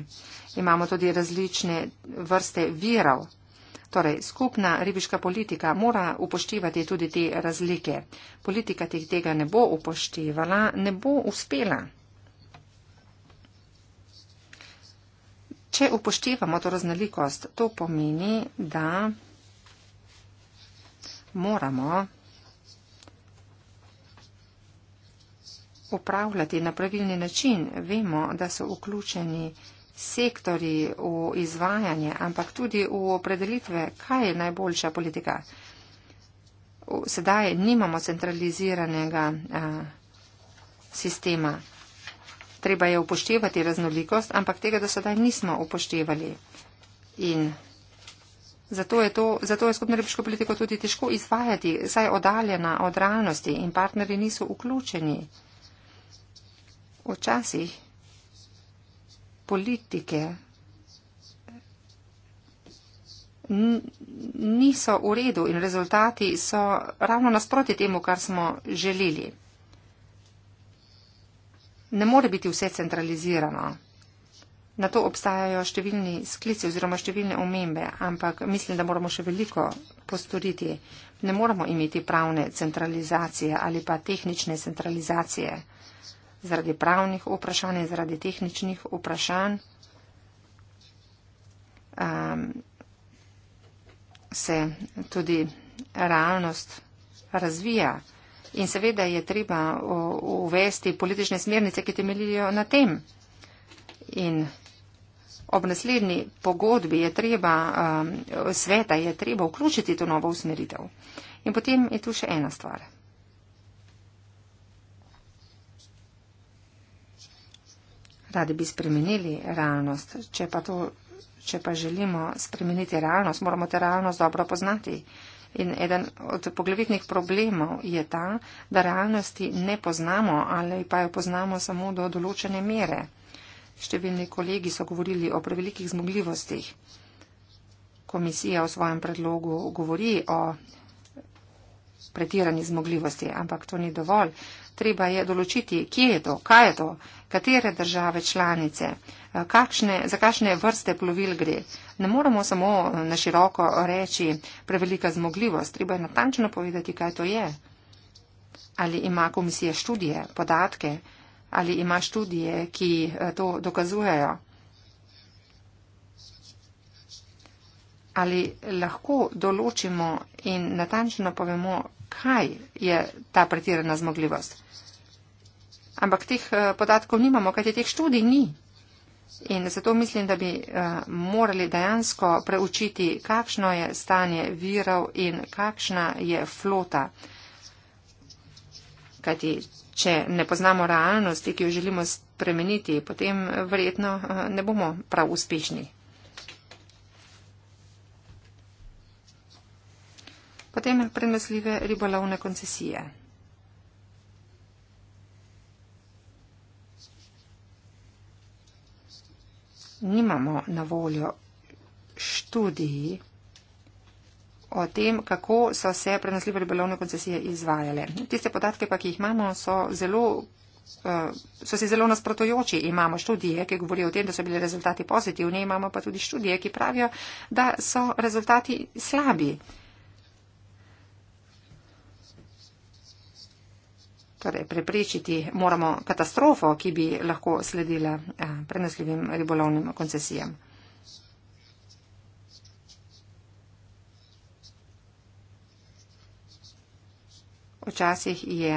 Imamo tudi različne vrste virov. Torej, skupna ribiška politika mora upoštevati tudi te razlike. Politika teh tega ne bo upoštevala, ne bo uspela. Če upoštevamo to raznolikost, to pomeni, da moramo upravljati na pravilni način. Vemo, da so vključeni sektori v izvajanje, ampak tudi v opredelitve, kaj je najboljša politika. Sedaj nimamo centraliziranega a, sistema. Treba je upoštevati raznolikost, ampak tega do sedaj nismo upoštevali. In zato je, to, zato je skupno ribiško politiko tudi težko izvajati, saj odaljena od realnosti in partnerji niso vključeni. Včasih politike niso v redu in rezultati so ravno nasproti temu, kar smo želeli. Ne more biti vse centralizirano. Na to obstajajo številni sklici oziroma številne omembe, ampak mislim, da moramo še veliko postoriti. Ne moramo imeti pravne centralizacije ali pa tehnične centralizacije zaradi pravnih vprašanj in zaradi tehničnih vprašanj um, se tudi realnost razvija. In seveda je treba uvesti politične smernice, ki temeljijo na tem. In ob naslednji pogodbi je treba, um, sveta je treba vključiti to novo usmeritev. In potem je tu še ena stvar. radi bi spremenili realnost. Če pa, to, če pa želimo spremeniti realnost, moramo te realnost dobro poznati. In eden od poglavitnih problemov je ta, da realnosti ne poznamo ali pa jo poznamo samo do določene mere. Številni kolegi so govorili o prevelikih zmogljivostih. Komisija v svojem predlogu govori o pretirani zmogljivosti, ampak to ni dovolj treba je določiti, kje je to, kaj je to, katere države članice, eh, kakšne, za kakšne vrste plovil gre. Ne moramo samo eh, na široko reči prevelika zmogljivost, treba je natančno povedati, kaj to je. Ali ima komisija študije, podatke, ali ima študije, ki eh, to dokazujejo. Ali lahko določimo in natančno povemo, kaj je ta pretirana zmogljivost ampak teh eh, podatkov nimamo, kajti teh študij ni. In zato mislim, da bi eh, morali dejansko preučiti, kakšno je stanje virov in kakšna je flota. Kajti, če ne poznamo realnosti, ki jo želimo spremeniti, potem eh, verjetno ne bomo prav uspešni. Potem premesljive ribolovne koncesije. nimamo na voljo študij o tem, kako so se prenosljive ribolovne koncesije izvajale. Tiste podatke, pa, ki jih imamo, so zelo. Eh, so si zelo nasprotujoči. Imamo študije, ki govorijo o tem, da so bili rezultati pozitivni, imamo pa tudi študije, ki pravijo, da so rezultati slabi. torej preprečiti moramo katastrofo, ki bi lahko sledila eh, prenosljivim ribolovnim koncesijam. Včasih je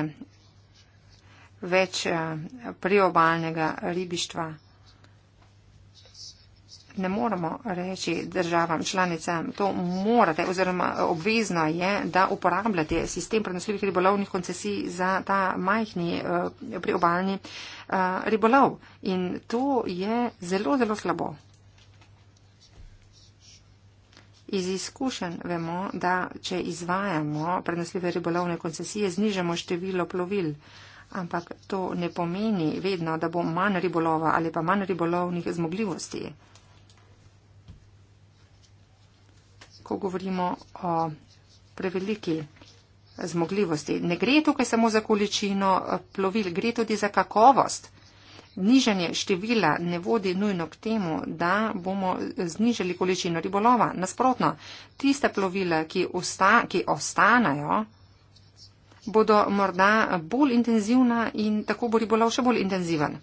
več eh, priobalnega ribištva ne moremo reči državam članicam, to morate oziroma obvezno je, da uporabljate sistem prenosljivih ribolovnih koncesij za ta majhni eh, priobalni eh, ribolov. In to je zelo, zelo slabo. Iz izkušenj vemo, da če izvajamo prenosljive ribolovne koncesije, znižamo število plovil. Ampak to ne pomeni vedno, da bo manj ribolova ali pa manj ribolovnih zmogljivosti. ko govorimo o preveliki zmogljivosti. Ne gre tukaj samo za količino eh, plovil, gre tudi za kakovost. Nižanje števila ne vodi nujno k temu, da bomo znižali količino ribolova. Nasprotno, tista plovila, ki, osta, ki ostanajo, bodo morda bolj intenzivna in tako bo ribolov še bolj intenziven.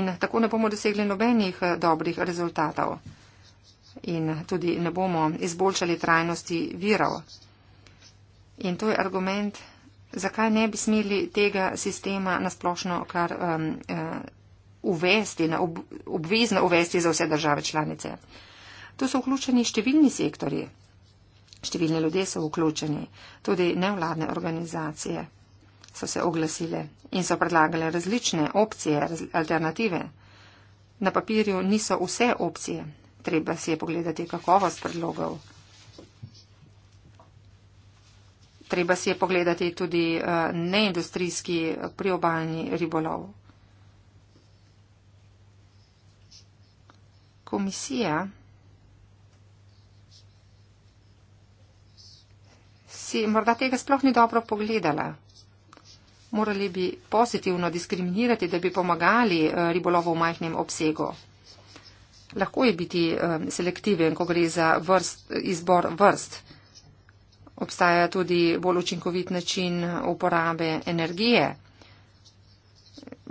In tako ne bomo dosegli nobenih eh, dobrih rezultatov in tudi ne bomo izboljšali trajnosti virov. In to je argument, zakaj ne bi smeli tega sistema nasplošno kar um, uh, uvesti, na ob, obvezno uvesti za vse države članice. Tu so vključeni številni sektori, številni ljudje so vključeni, tudi nevladne organizacije so se oglasile in so predlagale različne opcije, alternative. Na papirju niso vse opcije, treba si je pogledati kakovost predlogov. Treba si je pogledati tudi eh, neindustrijski priobalni ribolov. Komisija si morda tega sploh ni dobro pogledala. Morali bi pozitivno diskriminirati, da bi pomagali eh, ribolovu v majhnem obsegu lahko je biti um, selektiven, ko gre za vrst, izbor vrst. Obstaja tudi bolj učinkovit način uporabe energije.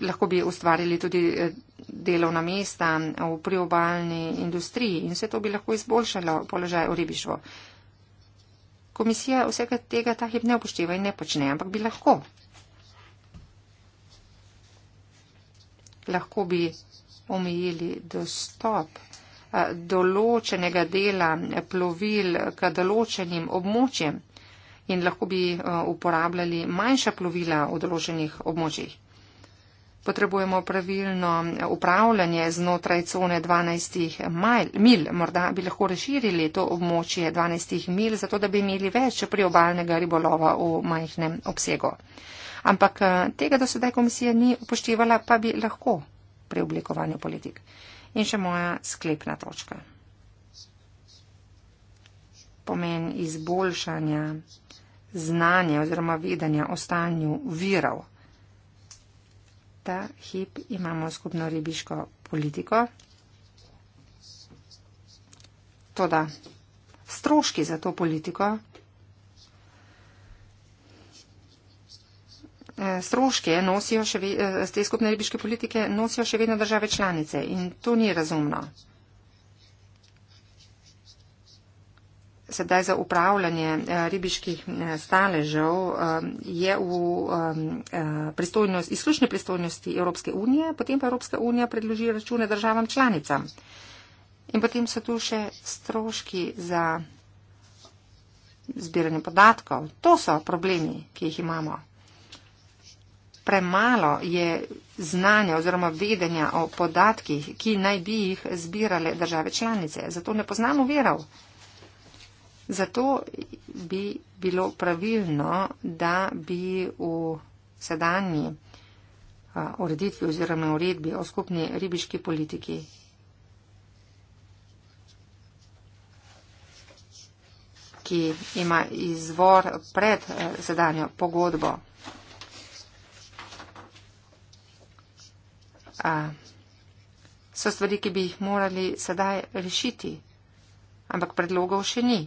Lahko bi ustvarili tudi eh, delovna mesta v priobalni industriji in vse to bi lahko izboljšalo položaj v ribištvu. Komisija vsega tega ta hip ne upošteva in ne počne, ampak bi lahko. Lahko bi omejili dostop eh, določenega dela eh, plovil k določenim območjem in lahko bi eh, uporabljali manjša plovila v določenih območjih. Potrebujemo pravilno upravljanje znotraj cone 12 mil. Morda bi lahko reširili to območje 12 mil, zato da bi imeli več priobalnega ribolova v majhnem obsegu. Ampak tega do sedaj komisija ni upoštevala, pa bi lahko pri oblikovanju politik. In še moja sklepna točka. Pomen izboljšanja znanja oziroma vedanja o stanju virov. Ta hip imamo skupno ribiško politiko. Toda stroški za to politiko Eh, stroške nosijo še vedno, eh, te skupne ribiške politike nosijo še vedno države članice in to ni razumno. Sedaj za upravljanje eh, ribiških staležev je v pristojnost, izključne pristojnosti Evropske unije, potem pa Evropska unija predloži račune državam članicam. In potem so tu še stroški za zbiranje podatkov. To so problemi, ki jih imamo premalo je znanja oziroma vedenja o podatkih, ki naj bi jih zbirale države članice. Zato ne poznamo verov. Zato bi bilo pravilno, da bi v sedanji ureditvi oziroma uredbi o skupni ribiški politiki ki ima izvor pred sedanjo pogodbo so stvari, ki bi jih morali sedaj rešiti, ampak predlogov še ni.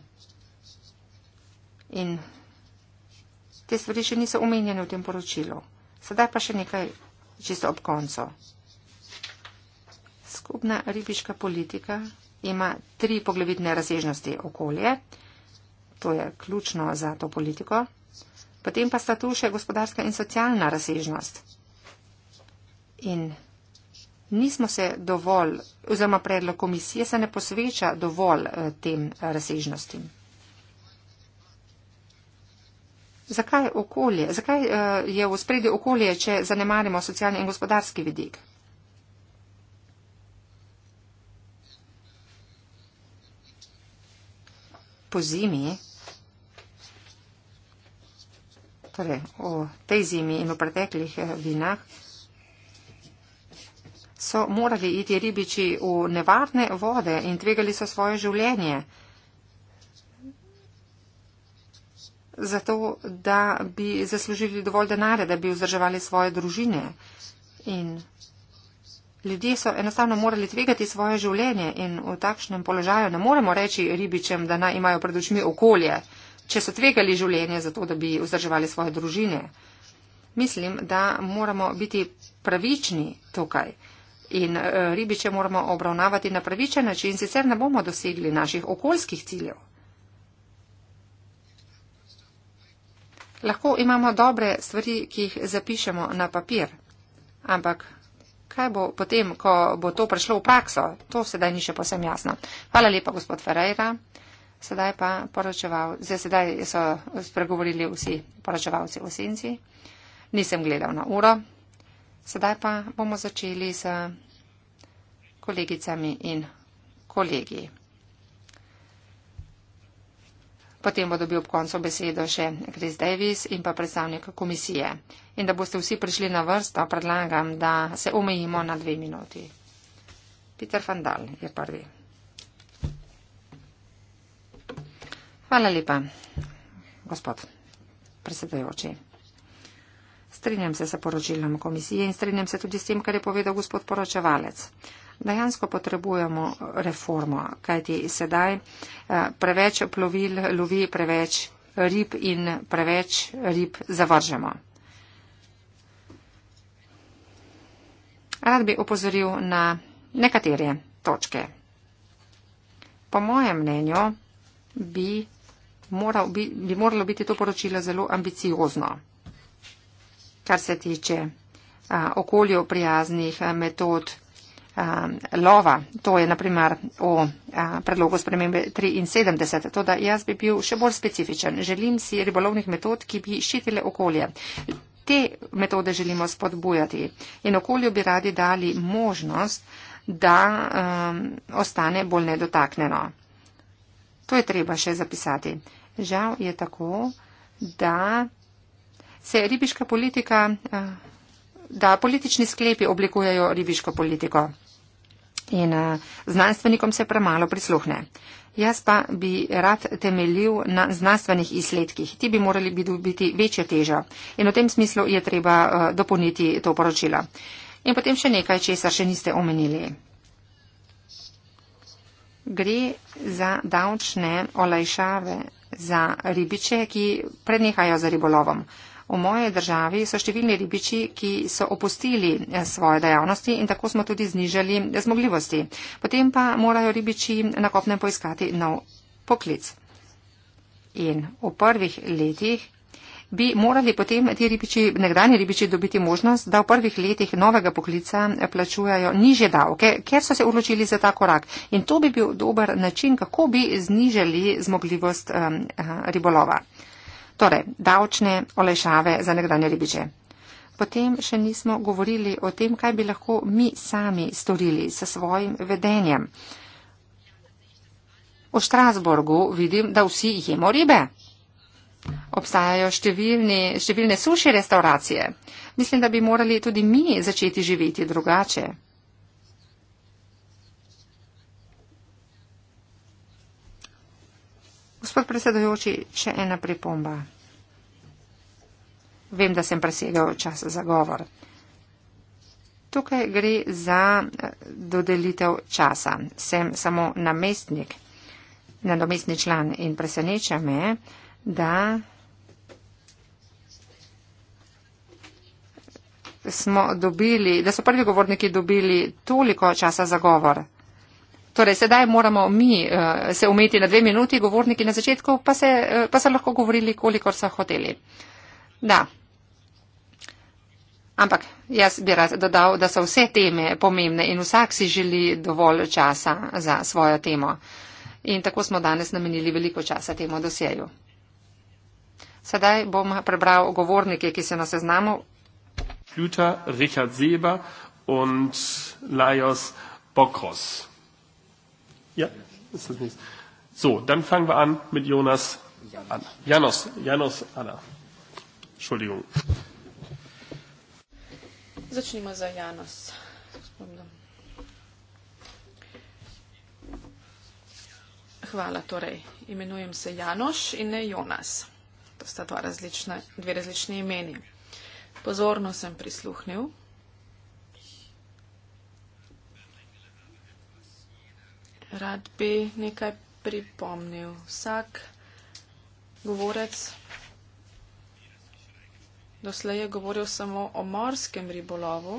In te stvari še niso omenjene v tem poročilu. Sedaj pa še nekaj čisto ob koncu. Skupna ribiška politika ima tri poglavitne razsežnosti okolje, to je ključno za to politiko, potem pa sta tu še gospodarska in socialna razsežnost. In nismo se dovolj, oziroma predlog komisije se ne posveča dovolj eh, tem eh, razsežnostim. Zakaj okolje? Zakaj eh, je v spredju okolje, če zanemarimo socialni in gospodarski vidik? Po zimi, torej o tej zimi in v preteklih vinah, so morali iti ribiči v nevarne vode in tvegali so svoje življenje. Zato, da bi zaslužili dovolj denarja, da bi vzdrževali svoje družine. In ljudje so enostavno morali tvegati svoje življenje in v takšnem položaju ne moremo reči ribičem, da naj imajo pred očmi okolje, če so tvegali življenje zato, da bi vzdrževali svoje družine. Mislim, da moramo biti pravični tukaj. In eh, ribiče moramo obravnavati na pravičen način, sicer ne bomo dosegli naših okoljskih ciljev. Lahko imamo dobre stvari, ki jih zapišemo na papir, ampak kaj bo potem, ko bo to prišlo v prakso, to sedaj ni še posem jasno. Hvala lepa, gospod Ferreira. Sedaj pa poročeval, zdaj sedaj so spregovorili vsi poročevalci v senci. Nisem gledal na uro. Sedaj pa bomo začeli z kolegicami in kolegi. Potem bo dobil ob koncu besedo še Chris Davis in pa predstavnik komisije. In da boste vsi prišli na vrsto, predlagam, da se omejimo na dve minuti. Peter van Dal je prvi. Hvala lepa, gospod predsedujoči. Strinjam se s poročilom komisije in strinjam se tudi s tem, kar je povedal gospod poročevalec. Dejansko potrebujemo reformo, kajti sedaj eh, preveč plovil lovi preveč rib in preveč rib zavržemo. Rad bi opozoril na nekatere točke. Po mojem mnenju bi, moral, bi, bi moralo biti to poročilo zelo ambiciozno kar se tiče a, okolju prijaznih a, metod a, lova. To je naprimer o a, predlogu spremembe 73. Toda jaz bi bil še bolj specifičen. Želim si ribolovnih metod, ki bi ščitile okolje. Te metode želimo spodbujati in okolju bi radi dali možnost, da um, ostane bolj nedotaknjeno. To je treba še zapisati. Žal je tako, da se ribiška politika, eh, da politični sklepi oblikujejo ribiško politiko in eh, znanstvenikom se premalo prisluhne. Jaz pa bi rad temeljil na znanstvenih izsledkih. Ti bi morali biti večja teža in v tem smislu je treba eh, dopolniti to poročilo. In potem še nekaj, česar še niste omenili. Gre za davčne olajšave za ribiče, ki prenehajo za ribolovom. Uh, V moje državi so številni ribiči, ki so opustili eh, svoje dejavnosti in tako smo tudi znižali zmogljivosti. Potem pa morajo ribiči na kopnem poiskati nov poklic. In v prvih letih bi morali potem ti ribiči, nekdani ribiči dobiti možnost, da v prvih letih novega poklica plačujajo niže davke, ker so se odločili za ta korak. In to bi bil dober način, kako bi znižali zmogljivost um, ribolova. Torej, davčne olejšave za nekdanje ribiče. Potem še nismo govorili o tem, kaj bi lahko mi sami storili s svojim vedenjem. V Štrasburgu vidim, da vsi jemo ribe. Obstajajo številni, številne suši restauracije. Mislim, da bi morali tudi mi začeti živeti drugače. Gospod predsedujoči, še ena pripomba. Vem, da sem presegel čas za govor. Tukaj gre za eh, dodelitev časa. Sem samo namestnik, nadomestni član in preseneča me, da smo dobili, da so prvi govorniki dobili toliko časa za govor. Torej, sedaj moramo mi uh, se umeti na dve minuti, govorniki na začetku, pa, se, uh, pa so lahko govorili, kolikor so hoteli. Da. Ampak jaz bi rad dodal, da so vse teme pomembne in vsak si želi dovolj časa za svojo temo. In tako smo danes namenili veliko časa temu dosjeju. Sedaj bom prebral govornike, ki se na seznamu. Ljuta, Richard Seba in Lajos Bokros. Ja, ist das nächste. So, dann fangen wir an mit Jonas. Anna. Janos, Janos, Anna. Entschuldigung. Zacznijmy za Janos. Hvala, torej. Imenujem se Janoš in ne Jonas. To sta dva različna, dve različni imeni. Pozorno sem prisluhnil rad bi nekaj pripomnil. Vsak govorec doslej je govoril samo o morskem ribolovu,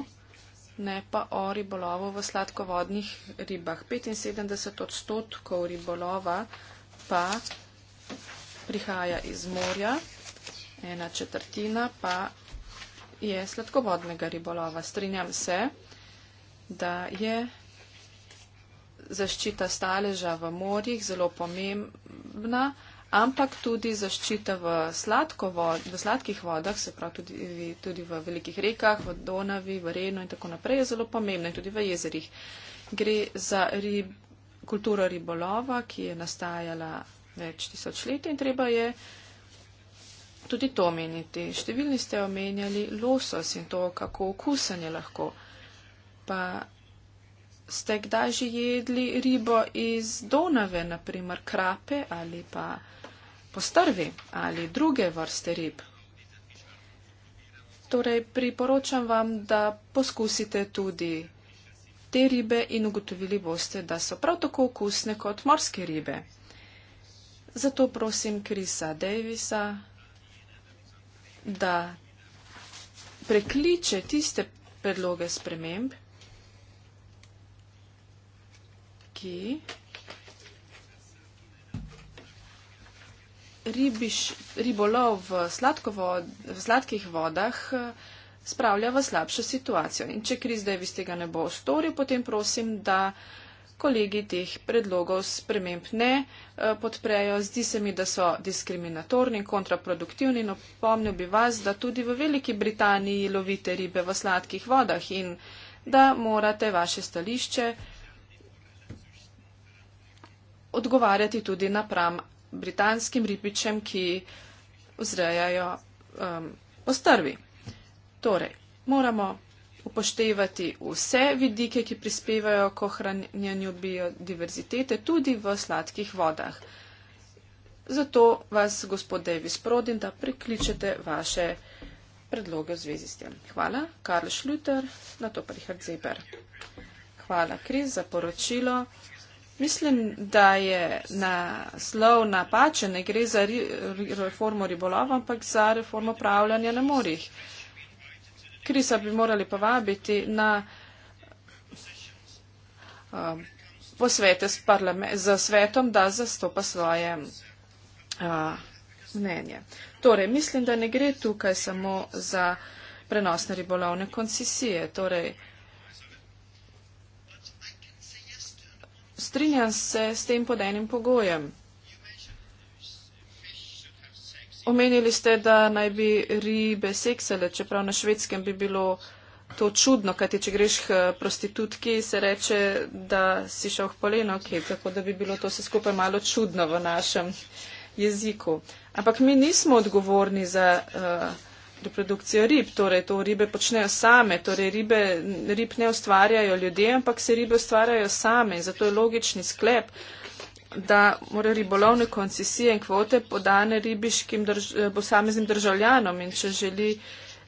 ne pa o ribolovu v sladkovodnih ribah. 75 odstotkov ribolova pa prihaja iz morja, ena četrtina pa je sladkovodnega ribolova. Strinjam se, da je zaščita staleža v morjih zelo pomembna, ampak tudi zaščita v, vod, v sladkih vodah, se pravi tudi, tudi v velikih rekah, v Donavi, v Renu in tako naprej je zelo pomembna in tudi v jezerih. Gre za rib, kulturo ribolova, ki je nastajala več tisoč let in treba je tudi to omeniti. Številni ste omenjali losos in to, kako okusen je lahko. Pa ste kdaj že jedli ribo iz Donave, naprimer krape ali pa postrvi ali druge vrste rib. Torej, priporočam vam, da poskusite tudi te ribe in ugotovili boste, da so prav tako okusne kot morske ribe. Zato prosim Krisa Davisa, da prekliče tiste predloge sprememb, Okay. Ribiš, ribolov v, vod, v sladkih vodah eh, spravlja v slabšo situacijo. In če kriz zdaj iz tega ne bo storil, potem prosim, da kolegi teh predlogov sprememb ne eh, podprejo. Zdi se mi, da so diskriminatorni, kontraproduktivni in no, opomnil bi vas, da tudi v Veliki Britaniji lovite ribe v sladkih vodah in da morate vaše stališče odgovarjati tudi napram britanskim ribičem, ki vzrejajo um, ostrvi. Torej, moramo upoštevati vse vidike, ki prispevajo k ohranjanju biodiverzitete tudi v sladkih vodah. Zato vas, gospod Davis, prodim, da prekličete vaše predloge v zvezi s tem. Hvala, Karl Schluter, na to pa Richard Zeber. Hvala, Kris, za poročilo. Mislim, da je naslov napačen, ne gre za reformo ribolova, ampak za reformo upravljanja na morjih. Krisa bi morali povabiti na um, posvete s za svetom, da zastopa svoje uh, mnenje. Torej, mislim, da ne gre tukaj samo za prenosne ribolovne koncesije. Torej, strinjam se s tem pod enim pogojem. Omenili ste, da naj bi ribe seksale, čeprav na švedskem bi bilo to čudno, kajti če greš k prostitutki, se reče, da si šel v poleno, okay, tako da bi bilo to vse skupaj malo čudno v našem jeziku. Ampak mi nismo odgovorni za uh, reprodukcija rib, torej to ribe počnejo same, torej ribe, rib ne ustvarjajo ljudje, ampak se ribe ustvarjajo same. Zato je logični sklep, da morajo ribolovne koncesije in kvote podane ribiškim drž eh, posameznim državljanom in če želi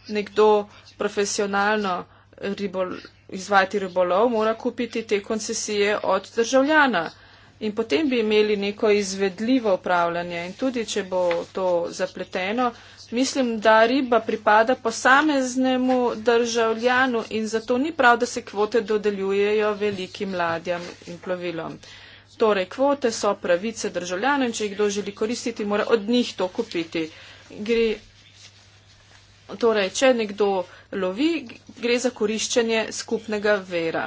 nekdo profesionalno ribol izvajati ribolov, mora kupiti te koncesije od državljana. In potem bi imeli neko izvedljivo upravljanje. In tudi, če bo to zapleteno, mislim, da riba pripada posameznemu državljanu in zato ni prav, da se kvote dodeljujejo velikim ladjam in plovilom. Torej, kvote so pravice državljanov in če jih kdo želi koristiti, mora od njih to kupiti. Gre, torej, če nekdo lovi, gre za koriščenje skupnega vera.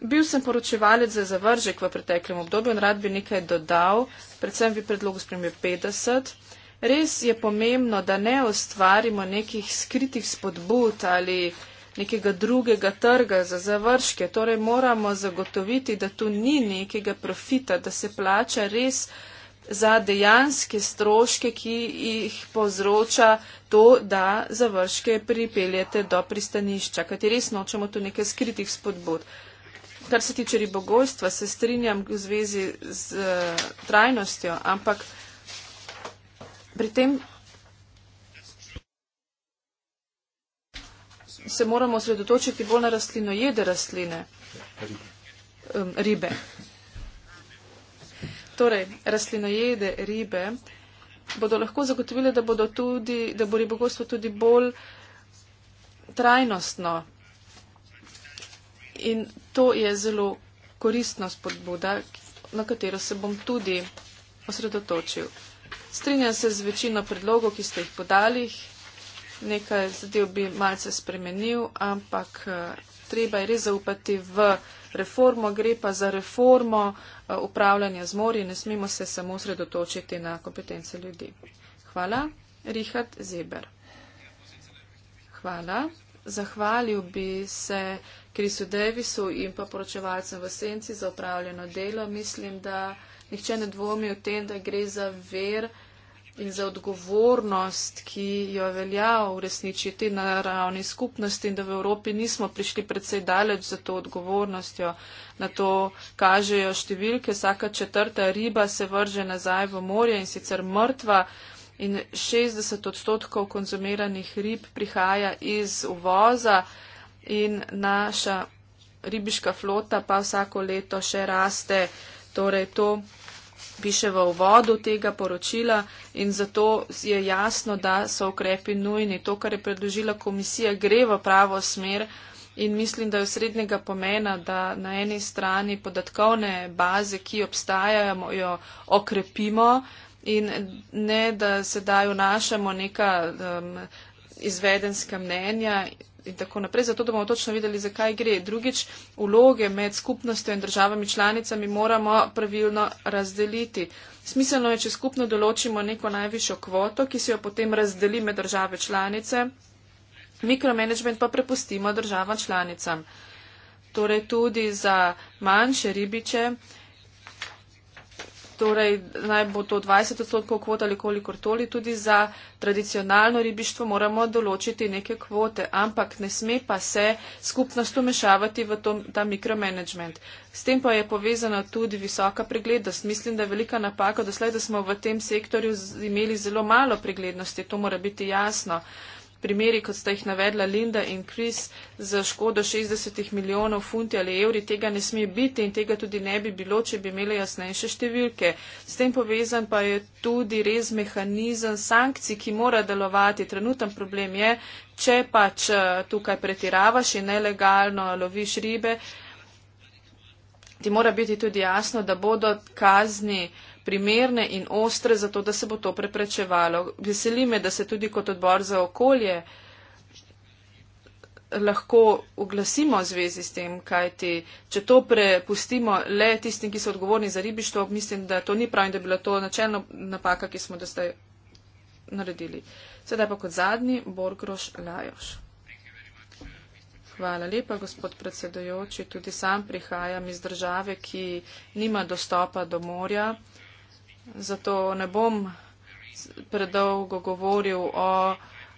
Bil sem poročevalec za zavržek v preteklem obdobju in rad bi nekaj dodal, predvsem bi predlog spremljal 50. Res je pomembno, da ne ustvarimo nekih skritih spodbud ali nekega drugega trga za završke. Torej moramo zagotoviti, da tu ni nekega profita, da se plača res za dejanske stroške, ki jih povzroča to, da završke pripeljete do pristanišča, kateri res nočemo tu nekaj skritih spodbud. Kar se tiče ribogojstva, se strinjam v zvezi z uh, trajnostjo, ampak pri tem se moramo osredotočiti bolj na rastlinojede rastline, um, ribe. Torej, rastlinojede ribe bodo lahko zagotovile, da, tudi, da bo ribogostvo tudi bolj trajnostno. In to je zelo koristna spodbuda, na katero se bom tudi osredotočil. Strinjam se z večino predlogov, ki ste jih podali. Nekaj zadev bi malce spremenil, ampak eh, treba je res zaupati v reformo. Gre pa za reformo eh, upravljanja z morji. Ne smemo se samo sredotočiti na kompetence ljudi. Hvala. Richard Zeber. Hvala. Zahvalil bi se Krisu Davisu in pa poročevalcem v Senci za upravljeno delo. Mislim, da nihče ne dvomi o tem, da gre za ver in za odgovornost, ki jo velja uresničiti na ravni skupnosti in da v Evropi nismo prišli predvsej daleč za to odgovornostjo. Na to kažejo številke, vsaka četrta riba se vrže nazaj v morje in sicer mrtva in 60 odstotkov konzumiranih rib prihaja iz uvoza in naša ribiška flota pa vsako leto še raste. Torej to piše v uvodu tega poročila in zato je jasno, da so ukrepi nujni. To, kar je predložila komisija, gre v pravo smer in mislim, da je srednjega pomena, da na eni strani podatkovne baze, ki obstajajo, jo okrepimo in ne, da sedaj vnašamo neka um, izvedenska mnenja in tako naprej, zato da bomo točno videli, zakaj gre. Drugič, vloge med skupnostjo in državami članicami moramo pravilno razdeliti. Smiselno je, če skupno določimo neko najvišjo kvoto, ki se jo potem razdeli med države članice, mikromanagement pa prepustimo državam članicam. Torej tudi za manjše ribiče torej naj bo to 20 odstotkov kvot ali kolikor toli, tudi za tradicionalno ribištvo moramo določiti neke kvote, ampak ne sme pa se skupnost umešavati v to, ta mikromanagement. S tem pa je povezana tudi visoka preglednost. Mislim, da je velika napaka, doslej, da smo v tem sektorju imeli zelo malo preglednosti, to mora biti jasno. Uh, primeri, kot sta jih navedla Linda in Chris, za škodo 60 milijonov funti ali evri, tega ne sme biti in tega tudi ne bi bilo, če bi imeli jasnejše številke. S tem povezan pa je tudi res mehanizem sankcij, ki mora delovati. Trenutan problem je, če pač eh, tukaj pretiravaš in nelegalno loviš ribe, ti mora biti tudi jasno, da bodo kazni primerne in ostre, zato da se bo to preprečevalo. Veseli me, da se tudi kot odbor za okolje lahko oglasimo v zvezi s tem, kajti če to prepustimo le tistim, ki so odgovorni za ribištvo, mislim, da to ni prav in da je bila to načelno napaka, ki smo do zdaj naredili. Sedaj pa kot zadnji, Borgroš Lajoš. Hvala lepa, gospod predsedojoči. Tudi sam prihajam iz države, ki nima dostopa do morja zato ne bom predolgo govoril o,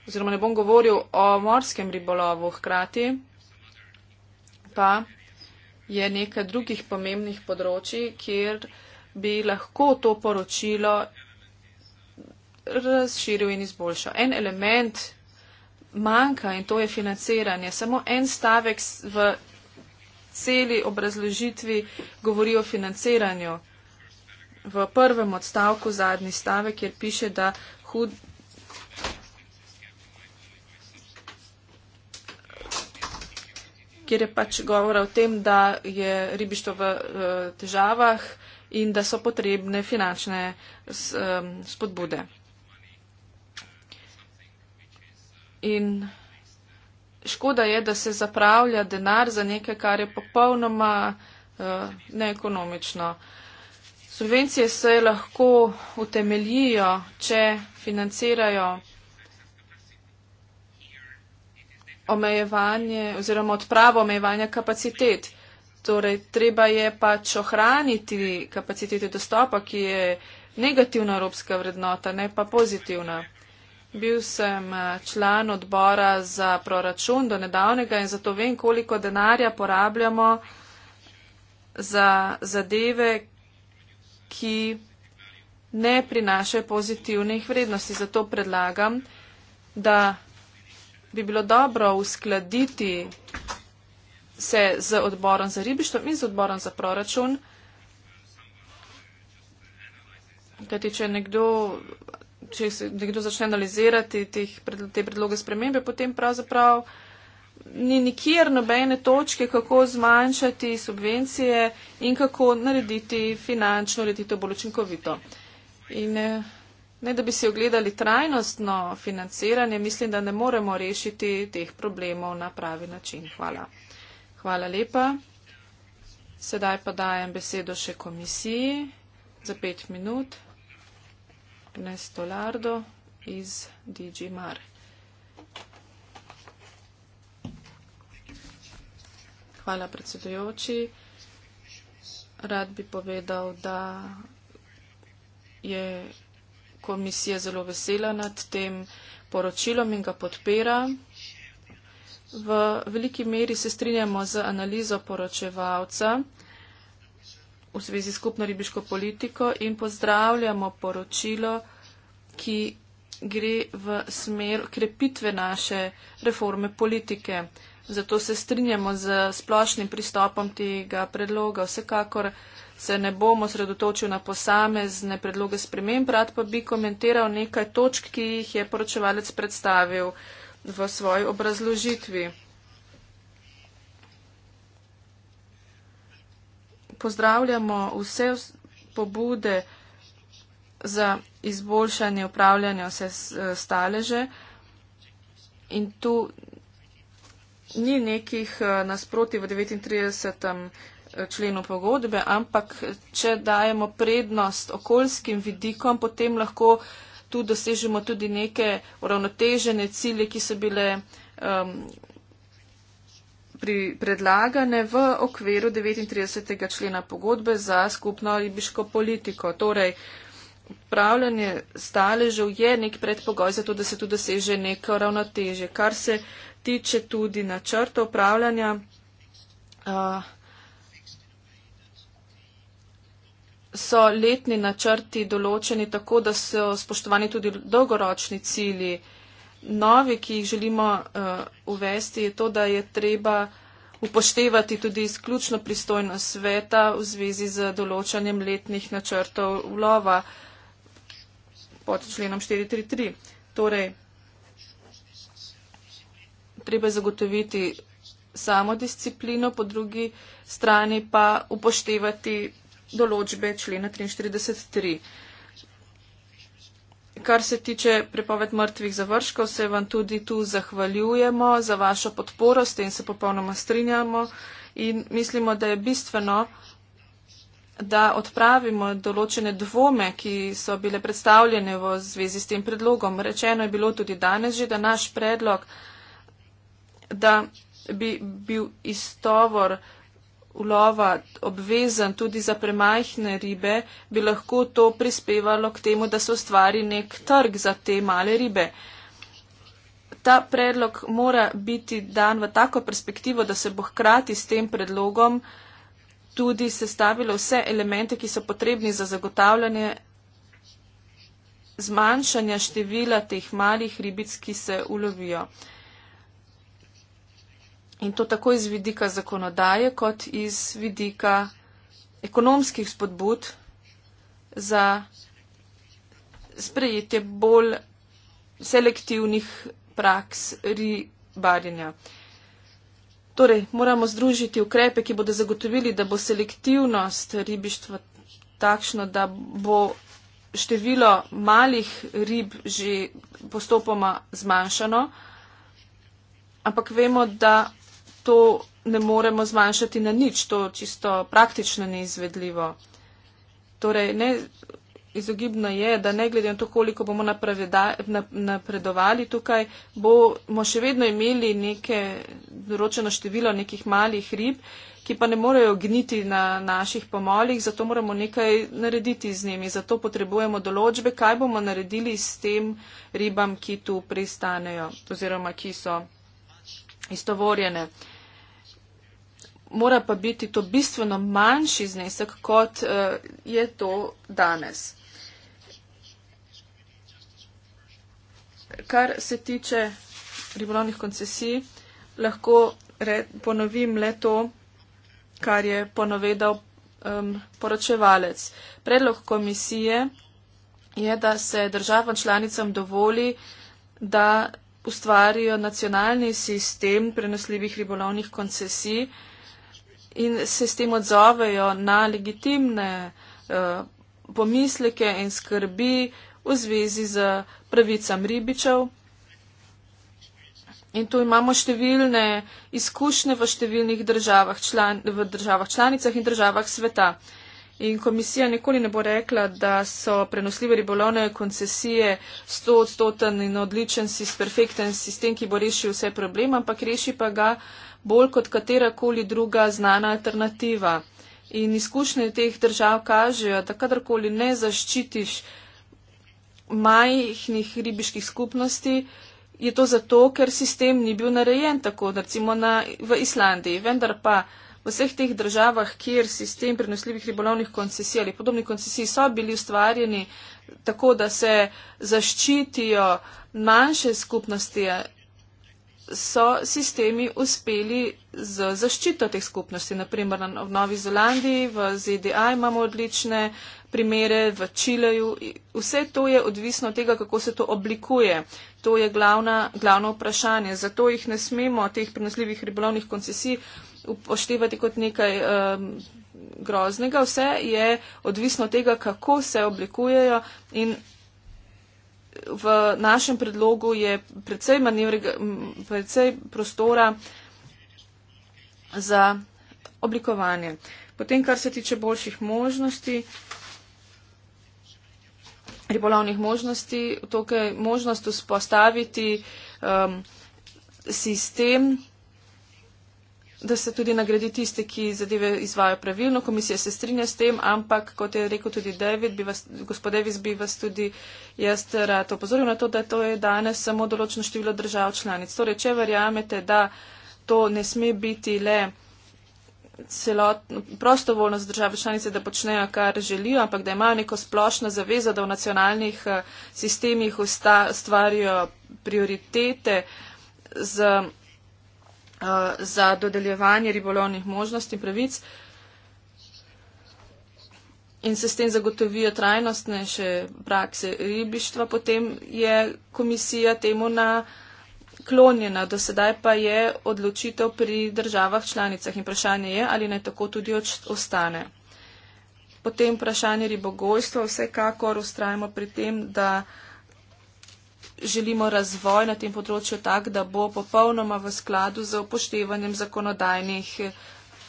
oziroma ne bom govoril o morskem ribolovu. Hkrati pa je nekaj drugih pomembnih področji, kjer bi lahko to poročilo razširil in izboljšal. En element manjka in to je financiranje. Samo en stavek v celi obrazložitvi govori o financiranju v prvem odstavku zadnji stavek, kjer piše, da hud. kjer je pač govora o tem, da je ribištvo v uh, težavah in da so potrebne finančne s, um, spodbude. In škoda je, da se zapravlja denar za nekaj, kar je popolnoma uh, neekonomično. Uh, Subvencije se lahko utemeljijo, če financirajo omejevanje oziroma odpravo omejevanja kapacitet. Torej, treba je pač ohraniti kapacitete dostopa, ki je negativna evropska vrednota, ne pa pozitivna. Bil sem eh, član odbora za proračun do nedavnega in zato vem, koliko denarja porabljamo za zadeve, ki ne prinašajo pozitivnih vrednosti. Zato predlagam, da bi bilo dobro uskladiti se z odborom za ribištvo in z odborom za proračun. Kajti, če nekdo, če nekdo začne analizirati teh, te predloge spremembe, potem pravzaprav ni nikjer nobene točke, kako zmanjšati subvencije in kako narediti finančno ureditev bolj učinkovito. In eh, ne, da bi si ogledali trajnostno financiranje, mislim, da ne moremo rešiti teh problemov na pravi način. Hvala. Hvala lepa. Sedaj pa dajem besedo še komisiji za pet minut. Nestolardo iz DG Mare. Hvala, predsedujoči. Rad bi povedal, da je komisija zelo vesela nad tem poročilom in ga podpira. V veliki meri se strinjamo z analizo poročevalca v zvezi s skupno ribiško politiko in pozdravljamo poročilo, ki gre v smer krepitve naše reforme politike. Zato se strinjamo z splošnim pristopom tega predloga. Vsekakor se ne bomo sredotočili na posamezne predloge sprememb, rad pa bi komentiral nekaj točk, ki jih je poročevalec predstavil v svoji obrazložitvi. Pozdravljamo vse pobude za izboljšanje upravljanja vse staleže. In tu ni nekih eh, nasproti v 39. Eh, členu pogodbe, ampak eh, če dajemo prednost okoljskim vidikom, potem lahko tu dosežemo tudi neke uravnotežene cilje, ki so bile um, pri, predlagane v okviru 39. člena pogodbe za skupno ribiško politiko. Torej, Upravljanje staležev je nek predpogoj za to, da se tu doseže neko ravnoteže, kar se tiče tudi načrta upravljanja. Eh, so letni načrti določeni tako, da so spoštovani tudi dolgoročni cilji. Novi, ki jih želimo uh, uvesti, je to, da je treba upoštevati tudi izključno pristojnost sveta v zvezi z določanjem letnih načrtov ulova pod členom 433. Torej, treba zagotoviti samo disciplino, po drugi strani pa upoštevati določbe člena 43.3. Kar se tiče prepoved mrtvih završkov, se vam tudi tu zahvaljujemo za vašo podporo, s tem se popolnoma strinjamo in mislimo, da je bistveno, da odpravimo določene dvome, ki so bile predstavljene v zvezi s tem predlogom. Rečeno je bilo tudi danes že, da naš predlog da bi bil iztovor ulova obvezen tudi za premajhne ribe, bi lahko to prispevalo k temu, da se ustvari nek trg za te male ribe. Ta predlog mora biti dan v tako perspektivo, da se bo hkrati s tem predlogom tudi sestavilo vse elemente, ki so potrebni za zagotavljanje zmanjšanja števila teh malih ribic, ki se ulovijo in to tako iz vidika zakonodaje, kot iz vidika ekonomskih spodbud za sprejetje bolj selektivnih praks ribarjenja. Torej, moramo združiti ukrepe, ki bodo zagotovili, da bo selektivnost ribištva takšno, da bo število malih rib že postopoma zmanjšano, ampak vemo, da to ne moremo zmanjšati na nič, to čisto praktično neizvedljivo. Torej, ne, izogibno je, da ne glede na to, koliko bomo napredovali tukaj, bomo še vedno imeli neke določeno število nekih malih rib, ki pa ne morejo gniti na naših pomolih, zato moramo nekaj narediti z njimi, zato potrebujemo določbe, kaj bomo naredili s tem ribam, ki tu pristanejo oziroma ki so istovorjene mora pa biti to bistveno manjši znesek, kot eh, je to danes. Kar se tiče ribolovnih koncesij, lahko ponovim le to, kar je ponovedal um, poročevalec. Predlog komisije je, da se državam članicam dovoli, da ustvarijo nacionalni sistem prenosljivih ribolovnih koncesij, in se s tem odzovejo na legitimne eh, pomisleke in skrbi v zvezi z pravicam ribičev. In tu imamo številne izkušnje v številnih državah, član, v državah članicah in državah sveta. In komisija nikoli ne bo rekla, da so prenosljive ribolovne koncesije 100 odstoten in odličen, perfekten sistem, ki bo rešil vse probleme, ampak reši pa ga bolj kot katerakoli druga znana alternativa. In izkušnje teh držav kažejo, da kadarkoli ne zaščitiš majhnih ribiških skupnosti, je to zato, ker sistem ni bil narejen tako, recimo na, v Islandiji. Vendar pa v vseh teh državah, kjer sistem prenosljivih ribolovnih koncesij ali podobnih koncesij so bili ustvarjeni tako, da se zaščitijo manjše skupnosti so sistemi uspeli z zaščito teh skupnosti. Naprimer, v Novi Zelandiji, v ZDA imamo odlične primere, v Čileju. Vse to je odvisno od tega, kako se to oblikuje. To je glavna, glavno vprašanje. Zato jih ne smemo, teh prenosljivih ribolovnih koncesij, upoštevati kot nekaj. Um, groznega, vse je odvisno od tega, kako se oblikujejo in v našem predlogu je predvsej, predvsej prostora za oblikovanje. Potem, kar se tiče boljših možnosti, ribolovnih možnosti, tukaj je možnost vzpostaviti um, sistem, da se tudi nagradi tiste, ki zadeve izvajo pravilno. Komisija se strinja s tem, ampak kot je rekel tudi David, bi vas, gospod Davis, bi vas tudi jaz rad opozoril na to, da to je danes samo določeno število držav članic. Torej, če verjamete, da to ne sme biti le celotno prostovoljno za države članice, da počnejo, kar želijo, ampak da imajo neko splošno zavezo, da v nacionalnih eh, sistemih ustvarijo prioritete z Eh, za dodeljevanje ribolovnih možnosti in pravic in se s tem zagotovijo trajnostnejše prakse ribištva, potem je komisija temu naklonjena. Do sedaj pa je odločitev pri državah članicah in vprašanje je, ali naj tako tudi ostane. Potem vprašanje ribogojstva. Vsekakor ustrajamo pri tem, da uh, želimo razvoj na tem področju tak, da bo popolnoma v skladu z upoštevanjem zakonodajnih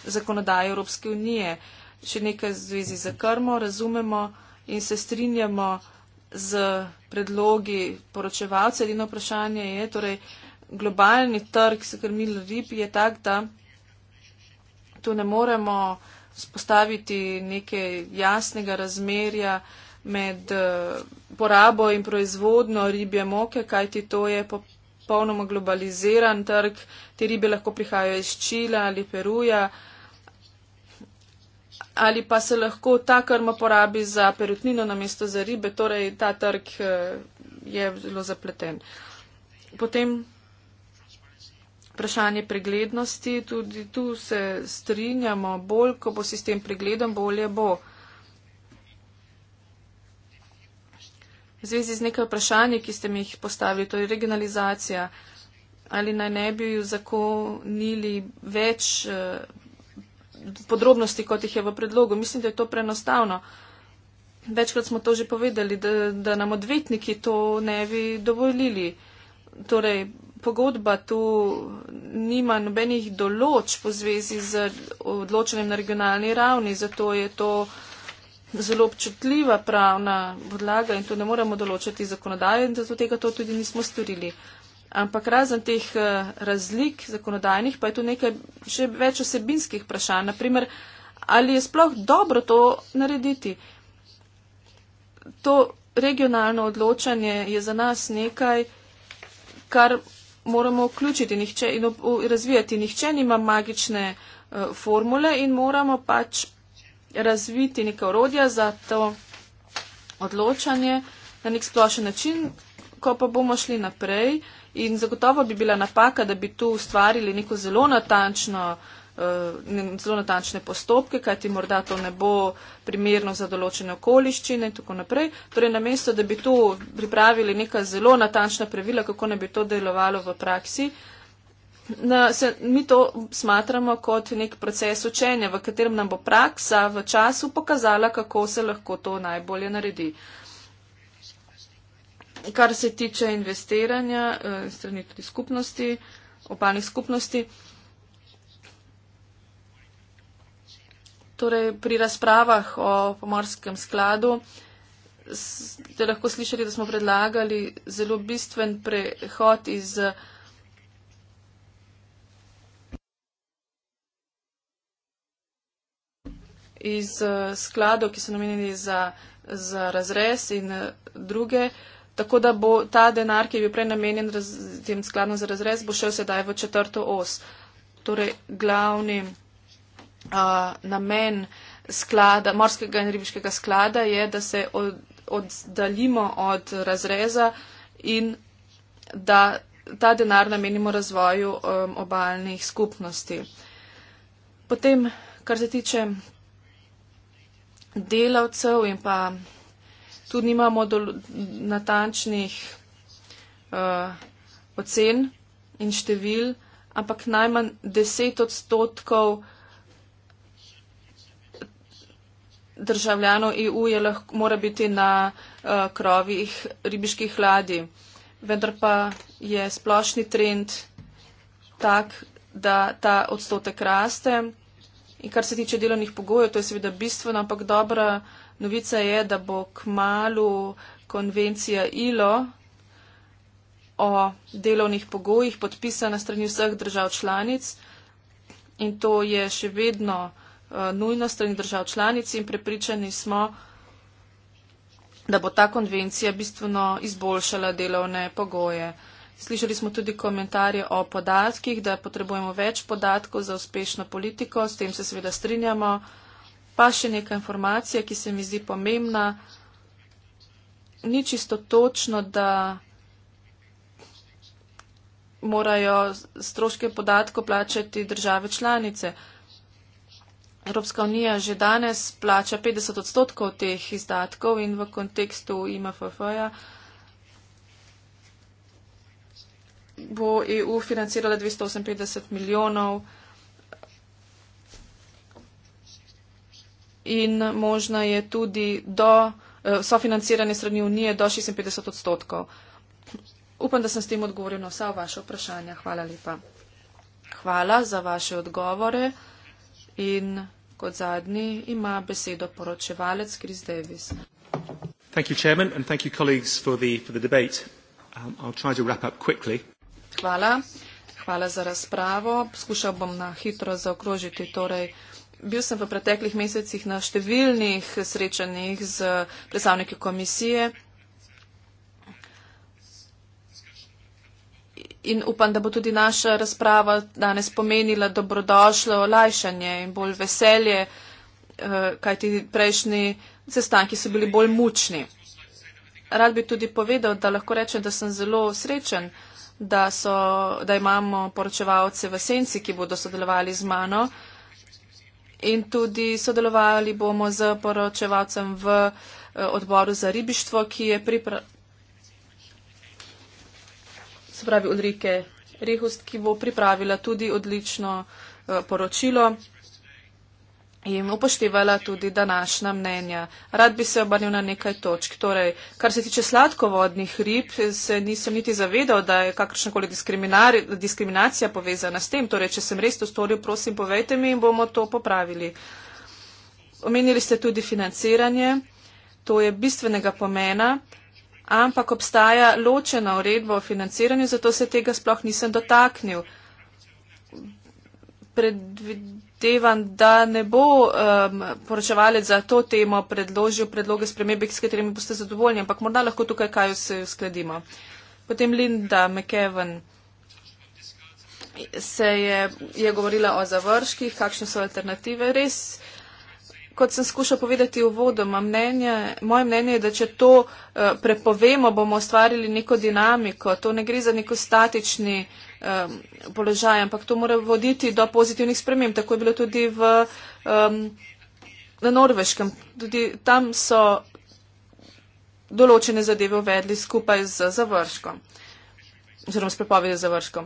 zakonodaje Evropske unije. Še nekaj v zvezi z krmo, razumemo in se strinjamo z predlogi poročevalcev. Edino vprašanje je, torej globalni trg s krmil rib je tak, da tu ne moremo spostaviti neke jasnega razmerja, med eh, porabo in proizvodno ribje moke, kajti to je popolnoma globaliziran trg. Te ribe lahko prihajajo iz Čila ali Peruja. Ali pa se lahko ta krma porabi za perutnino namesto za ribe, torej ta trg eh, je zelo zapleten. Potem vprašanje preglednosti, tudi tu se strinjamo, bolj ko bo sistem pregledan, bolje bo. Uh, v zvezi z nekaj vprašanji, ki ste mi jih postavili, to torej je regionalizacija, ali naj ne bi zakonili več eh, podrobnosti, kot jih je v predlogu. Mislim, da je to prenostavno. Večkrat smo to že povedali, da, da nam odvetniki to ne bi dovolili. Torej, pogodba tu nima nobenih določ po zvezi z odločenjem na regionalni ravni, zato je to zelo občutljiva pravna podlaga in to ne moremo določiti zakonodaje in zato tega to tudi nismo storili. Ampak razen teh eh, razlik zakonodajnih pa je tu nekaj še več osebinskih vprašanj. Naprimer, ali je sploh dobro to narediti? To regionalno odločanje je za nas nekaj, kar moramo vključiti nihče, in razvijati. Nihče nima magične uh, formule in moramo pač razviti neke orodja za to odločanje na nek splošen način, ko pa bomo šli naprej. In zagotovo bi bila napaka, da bi tu ustvarili neko zelo natančno. Eh, zelo natančne postopke, kajti morda to ne bo primerno za določene okoliščine, in tako naprej. Torej, namesto da bi tu pripravili neka zelo natančna pravila, kako ne bi to delovalo v praksi, uh, na, se, mi to smatramo kot nek proces učenja, v katerem nam bo praksa v času pokazala, kako se lahko to najbolje naredi. Kar se tiče investiranja eh, strani tudi skupnosti, opalnih skupnosti. Torej, pri razpravah o pomorskem skladu ste lahko slišali, da smo predlagali zelo bistven prehod iz. Eh, iz uh, skladov, ki so namenjeni za, za razrez in uh, druge. Tako da bo ta denar, ki je bil prej namenjen raz, tem skladom za razrez, bo šel sedaj v četrto os. Torej, glavni uh, namen sklada, morskega in ribiškega sklada je, da se od, oddaljimo od razreza in da ta denar namenimo razvoju um, obaljnih skupnosti. Potem, kar se tiče delavcev in pa tudi nimamo natančnih uh, ocen in števil, ampak najmanj 10 odstotkov državljanov EU je lahko, mora biti na uh, krovih ribiških ladij. Vendar pa je splošni trend tak, da ta odstotek raste. In kar se tiče delovnih pogojev, to je seveda bistveno, ampak dobra novica je, da bo k malu konvencija ILO o delovnih pogojih podpisana strani vseh držav članic in to je še vedno uh, nujno strani držav članic in prepričani smo, da bo ta konvencija bistveno izboljšala delovne pogoje. Slišali smo tudi komentarje o podatkih, da potrebujemo več podatkov za uspešno politiko, s tem se seveda strinjamo. Pa še neka informacija, ki se mi zdi pomembna. Ni čisto točno, da morajo stroške podatkov plačati države članice. Evropska unija že danes plača 50 odstotkov teh izdatkov in v kontekstu IMFF-ja. -ja, bo EU financirala 258 milijonov in možno je tudi do, eh, so financiranje strani unije do 56 odstotkov. Upam, da sem s tem odgovoril na vsa vaša vprašanja. Hvala lepa. Hvala za vaše odgovore in kot zadnji ima besedo poročevalec Chris Davis. Thank you, Chairman, and thank you, colleagues, for the, for the debate. Um, I'll try to wrap up quickly. Hvala. Hvala za razpravo. Skušal bom na hitro zaokrožiti. Torej, bil sem v preteklih mesecih na številnih srečanjih z predstavniki komisije. In upam, da bo tudi naša razprava danes pomenila dobrodošlo olajšanje in bolj veselje, eh, kajti prejšnji sestanki so bili bolj mučni. Rad bi tudi povedal, da lahko rečem, da sem zelo srečen da, so, da imamo poročevalce v senci, ki bodo sodelovali z mano in tudi sodelovali bomo z poročevalcem v eh, odboru za ribištvo, ki je pripravila, se pravi Ulrike Rihust, ki bo pripravila tudi odlično eh, poročilo in upoštevala tudi današnja mnenja. Rad bi se obrnil na nekaj točk. Torej, kar se tiče sladkovodnih rib, se nisem niti zavedal, da je kakršnakoli diskriminacija povezana s tem. Torej, če sem res to storil, prosim, povejte mi in bomo to popravili. Omenili ste tudi financiranje. To je bistvenega pomena, ampak obstaja ločena uredba o financiranju, zato se tega sploh nisem dotaknil. Predvid Domnevam, da ne bo um, poročevalec za to temo predložil predloge spremembe, s katerimi boste zadovoljni, ampak morda lahko tukaj kaj se uskladimo. Potem Linda McKeven se je, je govorila o završkih, kakšne so alternative. Res, kot sem skušal povedati v vodoma, mnenje, moje mnenje je, da če to uh, prepovemo, bomo ustvarili neko dinamiko. To ne gre za neko statični. Uh, um, položaj, ampak to mora voditi do pozitivnih sprememb. Tako je bilo tudi v, um, na Norveškem. Tudi tam so določene zadeve uvedli skupaj z završkom oziroma s prepovedjo završkom.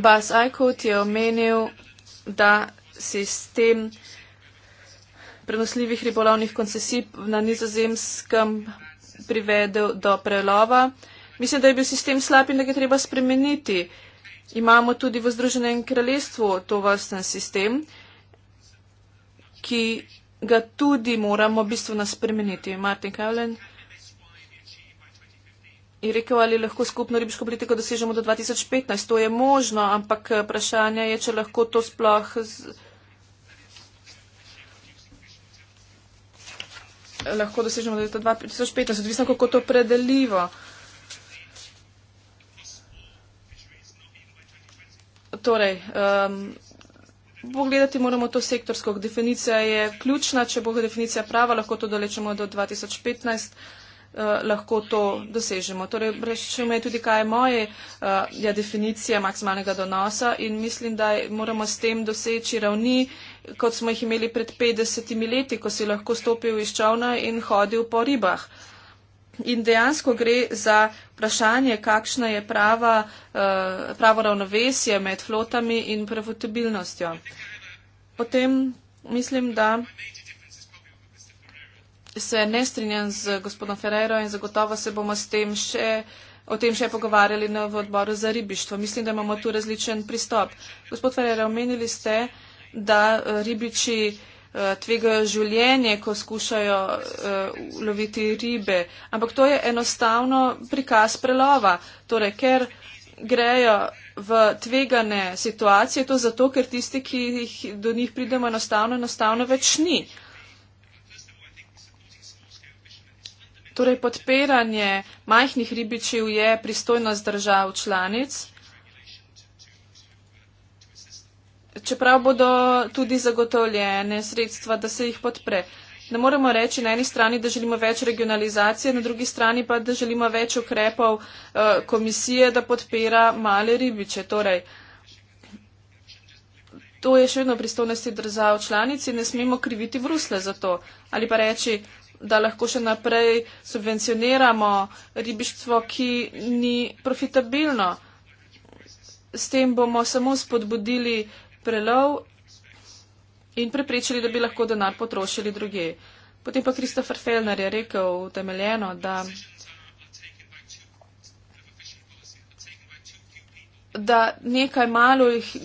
Bas Aikot je omenil, da sistem prenosljivih ribolovnih koncesij na nizozemskem privedel do prelova. Mislim, da je bil sistem slab in da ga treba spremeniti. Imamo tudi v Združenem kraljestvu to vrsten sistem, ki ga tudi moramo bistveno spremeniti. Martin Kavlen je rekel, ali lahko skupno ribiško politiko dosežemo do 2015. To je možno, ampak eh, vprašanje je, če lahko to sploh. Z... lahko dosežemo do leta 2015, odvisno kako to predeljivo. Torej, um, pogledati moramo to sektorsko. Definicija je ključna. Če bo definicija prava, lahko to dolečemo do 2015, uh, lahko to dosežemo. Torej, rečemo je tudi, kaj je moje uh, ja, definicija maksimalnega donosa in mislim, da moramo s tem doseči ravni, kot smo jih imeli pred 50 leti, ko si lahko stopil iz čovna in hodil po ribah. Uh, In dejansko gre za vprašanje, kakšna je prava, eh, pravo ravnovesje med flotami in prevotibilnostjo. Potem mislim, da se ne strinjam z gospodom Ferrero in zagotovo se bomo s tem še, o tem še pogovarjali v odboru za ribištvo. Mislim, da imamo tu različen pristop. Gospod Ferrero, omenili ste, da eh, ribiči. Eh, tvegajo življenje, ko skušajo uh, eh, loviti ribe. Ampak to je enostavno prikaz prelova. Torej, ker grejo v tvegane situacije, to zato, ker tisti, ki jih, do njih pridemo enostavno, enostavno več ni. Torej, podpiranje majhnih ribičev je pristojnost držav članic. čeprav bodo tudi zagotovljene sredstva, da se jih podpre. Ne moremo reči na eni strani, da želimo več regionalizacije, na drugi strani pa, da želimo več ukrepov uh, komisije, da podpira male ribiče. Torej, to je še vedno pristojnosti držav članici, ne smemo kriviti Brusle za to. Ali pa reči, da lahko še naprej subvencioniramo ribištvo, ki ni profitabilno. S tem bomo samo spodbudili uh, prelov in preprečili, da bi lahko denar potrošili druge. Potem pa Kristofer Fellner je rekel utemeljeno, da, da nekaj malo,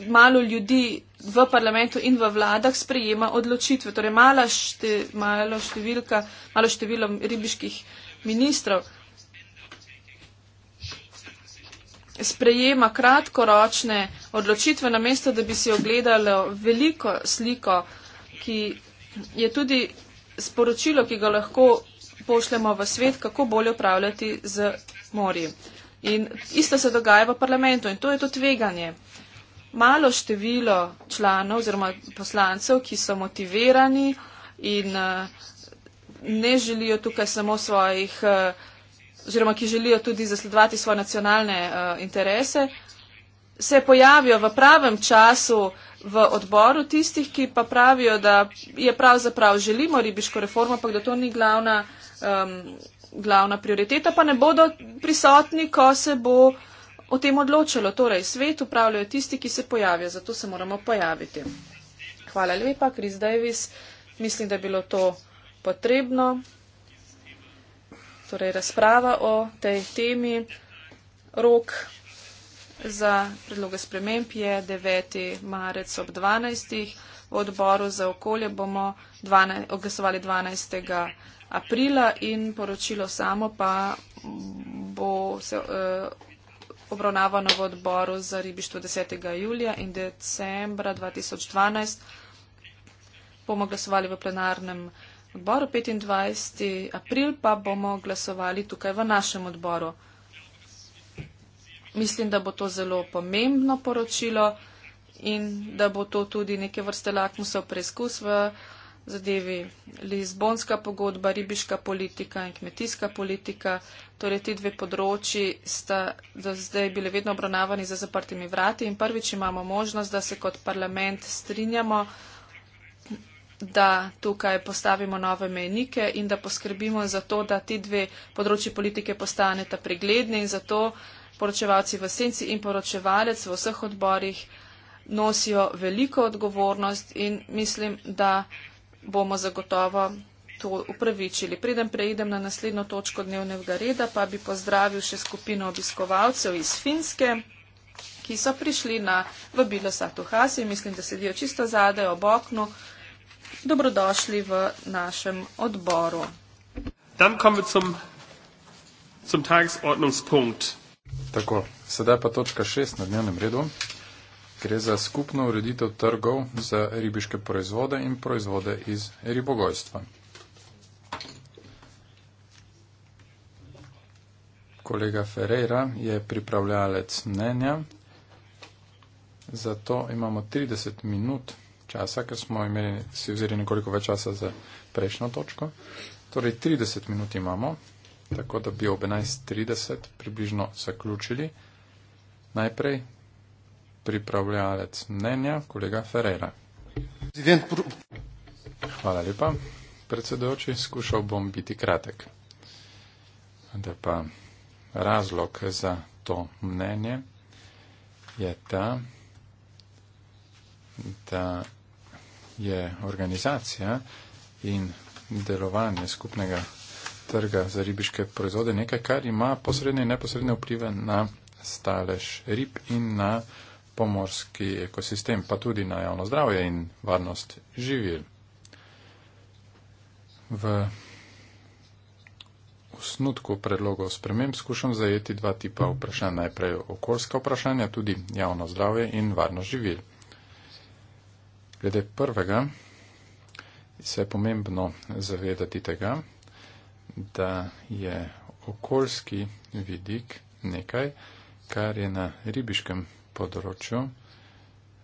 malo ljudi v parlamentu in v vladah sprejema odločitve. Torej mala šte, malo, številka, malo število ribiških ministrov sprejema kratkoročne odločitve odločitve, namesto da bi si ogledalo veliko sliko, ki je tudi sporočilo, ki ga lahko pošljemo v svet, kako bolje upravljati z morji. In isto se dogaja v parlamentu in to je to tveganje. Malo število članov oziroma poslancev, ki so motivirani in eh, ne želijo tukaj samo svojih, eh, oziroma ki želijo tudi zasledovati svoje nacionalne eh, interese, se pojavijo v pravem času v odboru tistih, ki pa pravijo, da je pravzaprav želimo ribiško reformo, pa da to ni glavna, um, glavna prioriteta, pa ne bodo prisotni, ko se bo o tem odločalo. Torej, svet upravljajo tisti, ki se pojavijo, zato se moramo pojaviti. Hvala lepa, Kris Davis. Mislim, da je bilo to potrebno. Torej, razprava o tej temi. Rok za predloge sprememb je 9. marec ob 12. v odboru za okolje bomo glasovali 12. aprila in poročilo samo pa bo se, uh, obravnavano v odboru za ribištvo 10. julija in decembra 2012. Bomo glasovali v plenarnem odboru 25. april pa bomo glasovali tukaj v našem odboru. Mislim, da bo to zelo pomembno poročilo in da bo to tudi neke vrste lakmusov preizkus v zadevi Lizbonska pogodba, ribiška politika in kmetijska politika. Torej, ti dve področji sta do zdaj bili vedno obravnavani za zaprtimi vrati in prvič imamo možnost, da se kot parlament strinjamo, da tukaj postavimo nove mejnike in da poskrbimo za to, da ti dve področji politike postaneta pregledni in zato, poročevalci v senci in poročevalec v vseh odborih nosijo veliko odgovornost in mislim, da bomo zagotovo to upravičili. Preden preidem na naslednjo točko dnevnega reda, pa bi pozdravil še skupino obiskovalcev iz Finske, ki so prišli na vabilo Satuhasi. Mislim, da sedijo čisto zadaj ob oknu. Dobrodošli v našem odboru. Dann kommen wir zum, zum Tagesordnungspunkt. Tako, sedaj pa točka 6 na dnevnem redu. Gre za skupno ureditev trgov za ribiške proizvode in proizvode iz ribogojstva. Kolega Ferreira je pripravljalec mnenja. Zato imamo 30 minut časa, ker smo imeli, si vzeli nekoliko več časa za prejšnjo točko. Torej 30 minut imamo, tako da bi ob 11.30 približno zaključili. Najprej pripravljalec mnenja, kolega Ferreira. Hvala lepa, predsedujoči, skušal bom biti kratek. Da pa razlog za to mnenje je ta, da je organizacija in delovanje skupnega trga za ribiške proizvode, nekaj, kar ima posredne in neposredne vplive na stalež rib in na pomorski ekosistem, pa tudi na javno zdravje in varnost živil. V osnutku predlogov sprememb skušam zajeti dva tipa vprašanj. Najprej okoljska vprašanja, tudi javno zdravje in varnost živil. Glede prvega se je pomembno zavedati tega, da je okoljski vidik nekaj, kar je na ribiškem področju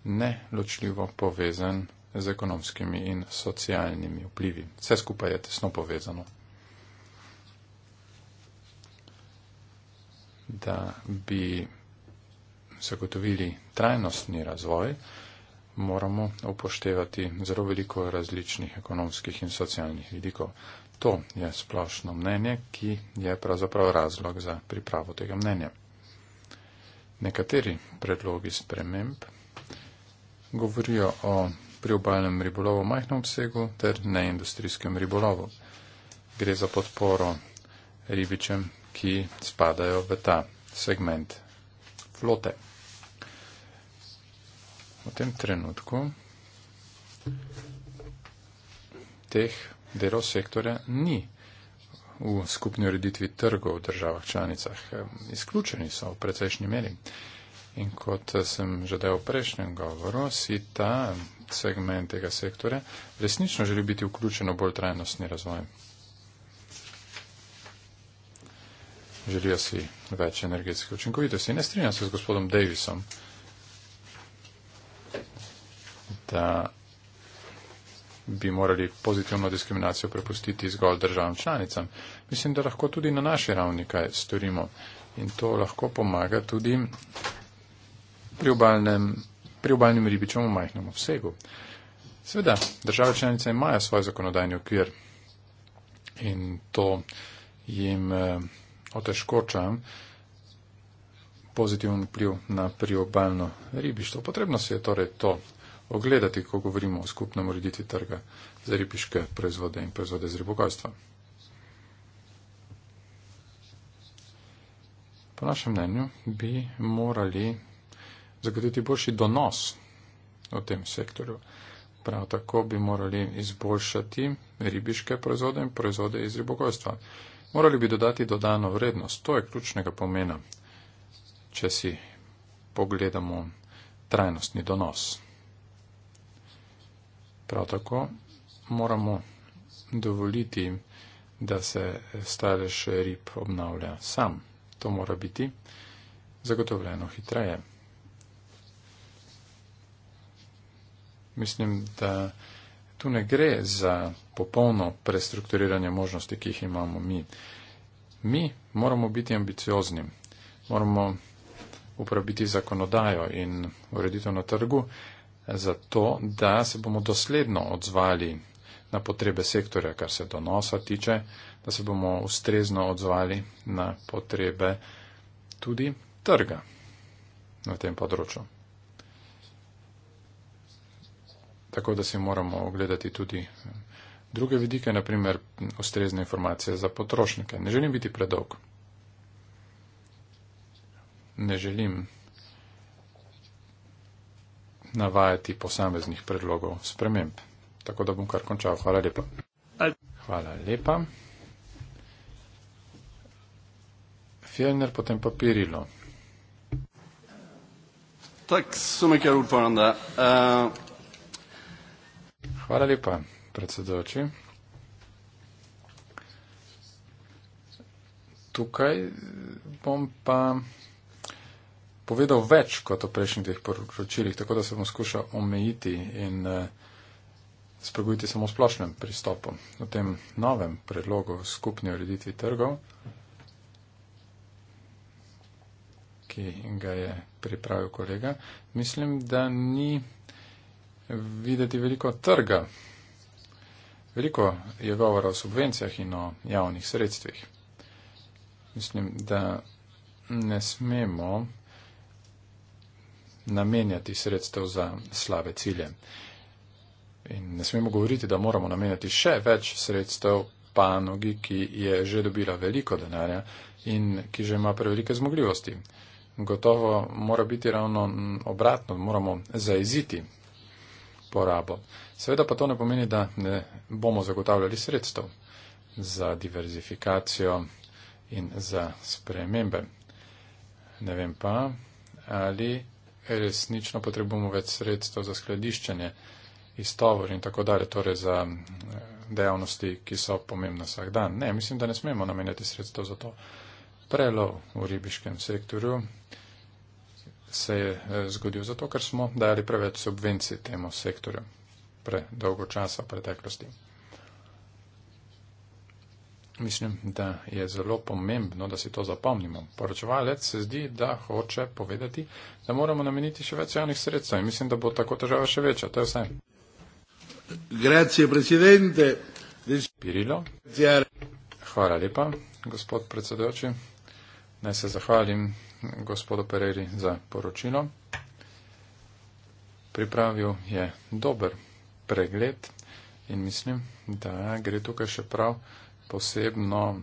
neločljivo povezan z ekonomskimi in socialnimi vplivi. Vse skupaj je tesno povezano. Da bi zagotovili trajnostni razvoj, moramo upoštevati zelo veliko različnih ekonomskih in socialnih vidikov. To je splošno mnenje, ki je pravzaprav razlog za pripravo tega mnenja. Nekateri predlogi sprememb govorijo o priobalnem ribolovu v majhnem obsegu ter neindustrijskem ribolovu. Gre za podporo ribičem, ki spadajo v ta segment flote. V tem trenutku teh delov sektorja ni v skupni ureditvi trgov v državah članicah. Izključeni so v precejšnji meri. In kot sem že dal v prejšnjem govoru, si ta segment tega sektorja resnično želi biti vključen v bolj trajnostni razvoj. Želijo si več energetske učinkovitosti. Ne strinjam se z gospodom Davisom, da bi morali pozitivno diskriminacijo prepustiti zgolj državam članicam. Mislim, da lahko tudi na naši ravni kaj storimo in to lahko pomaga tudi priobalnem, priobalnim ribičem v majhnem obsegu. Sveda, države članice imajo svoj zakonodajni okvir in to jim eh, otežkoča pozitiven vpliv na priobalno ribištvo. Potrebno se je torej to ogledati, ko govorimo o skupnem ureditvi trga za ribiške proizvode in proizvode z ribogojstva. Po našem mnenju bi morali zagotoviti boljši donos v tem sektorju. Prav tako bi morali izboljšati ribiške proizvode in proizvode iz ribogojstva. Morali bi dodati dodano vrednost. To je ključnega pomena, če si pogledamo trajnostni donos. Prav tako moramo dovoliti, da se stalež rib obnavlja sam. To mora biti zagotovljeno hitreje. Mislim, da tu ne gre za popolno prestrukturiranje možnosti, ki jih imamo mi. Mi moramo biti ambiciozni, moramo uporabiti zakonodajo in ureditev na trgu, zato, da se bomo dosledno odzvali na potrebe sektorja, kar se donosa tiče, da se bomo ustrezno odzvali na potrebe tudi trga na tem področju. Tako da si moramo ogledati tudi druge vidike, naprimer ustrezne informacije za potrošnike. Ne želim biti predolg. Ne želim navajati posameznih predlogov sprememb. Tako da bom kar končal. Hvala lepa. Hvala lepa. Fjellner, potem pa Pirilo. Tak, sumiker upanda. Uh... Eh, Hvala lepa, predsedoči. Tukaj bom pa povedal več kot o prejšnjih dveh poročilih, tako da se bom skušal omejiti in eh, spregovoriti samo o splošnem pristopu. O tem novem predlogu skupni ureditvi trgov, ki ga je pripravil kolega, mislim, da ni videti veliko trga. Veliko je govora o subvencijah in o javnih sredstvih. Mislim, da ne smemo namenjati sredstev za slabe cilje. In ne smemo govoriti, da moramo namenjati še več sredstev panogi, ki je že dobila veliko denarja in ki že ima prevelike zmogljivosti. Gotovo mora biti ravno obratno, moramo zaeziti porabo. Seveda pa to ne pomeni, da ne bomo zagotavljali sredstev za diverzifikacijo in za spremembe. Ne vem pa, ali resnično potrebujemo več sredstev za skladiščenje, istovor in tako dalje, torej za eh, dejavnosti, ki so pomembne vsak dan. Ne, mislim, da ne smemo namenjati sredstev za to. Prelov v ribiškem sektorju se je eh, zgodil zato, ker smo dali preveč subvencij temu sektorju predolgo časa v preteklosti. Mislim, da je zelo pomembno, da si to zapomnimo. Poročevalec se zdi, da hoče povedati, da moramo nameniti še več javnih sredstev in mislim, da bo tako težava še večja. To je vse. Pirilo. Hvala lepa, gospod predsedujoči. Naj se zahvalim gospodu Pereri za poročilo. Pripravil je dober pregled in mislim, da gre tukaj še prav posebno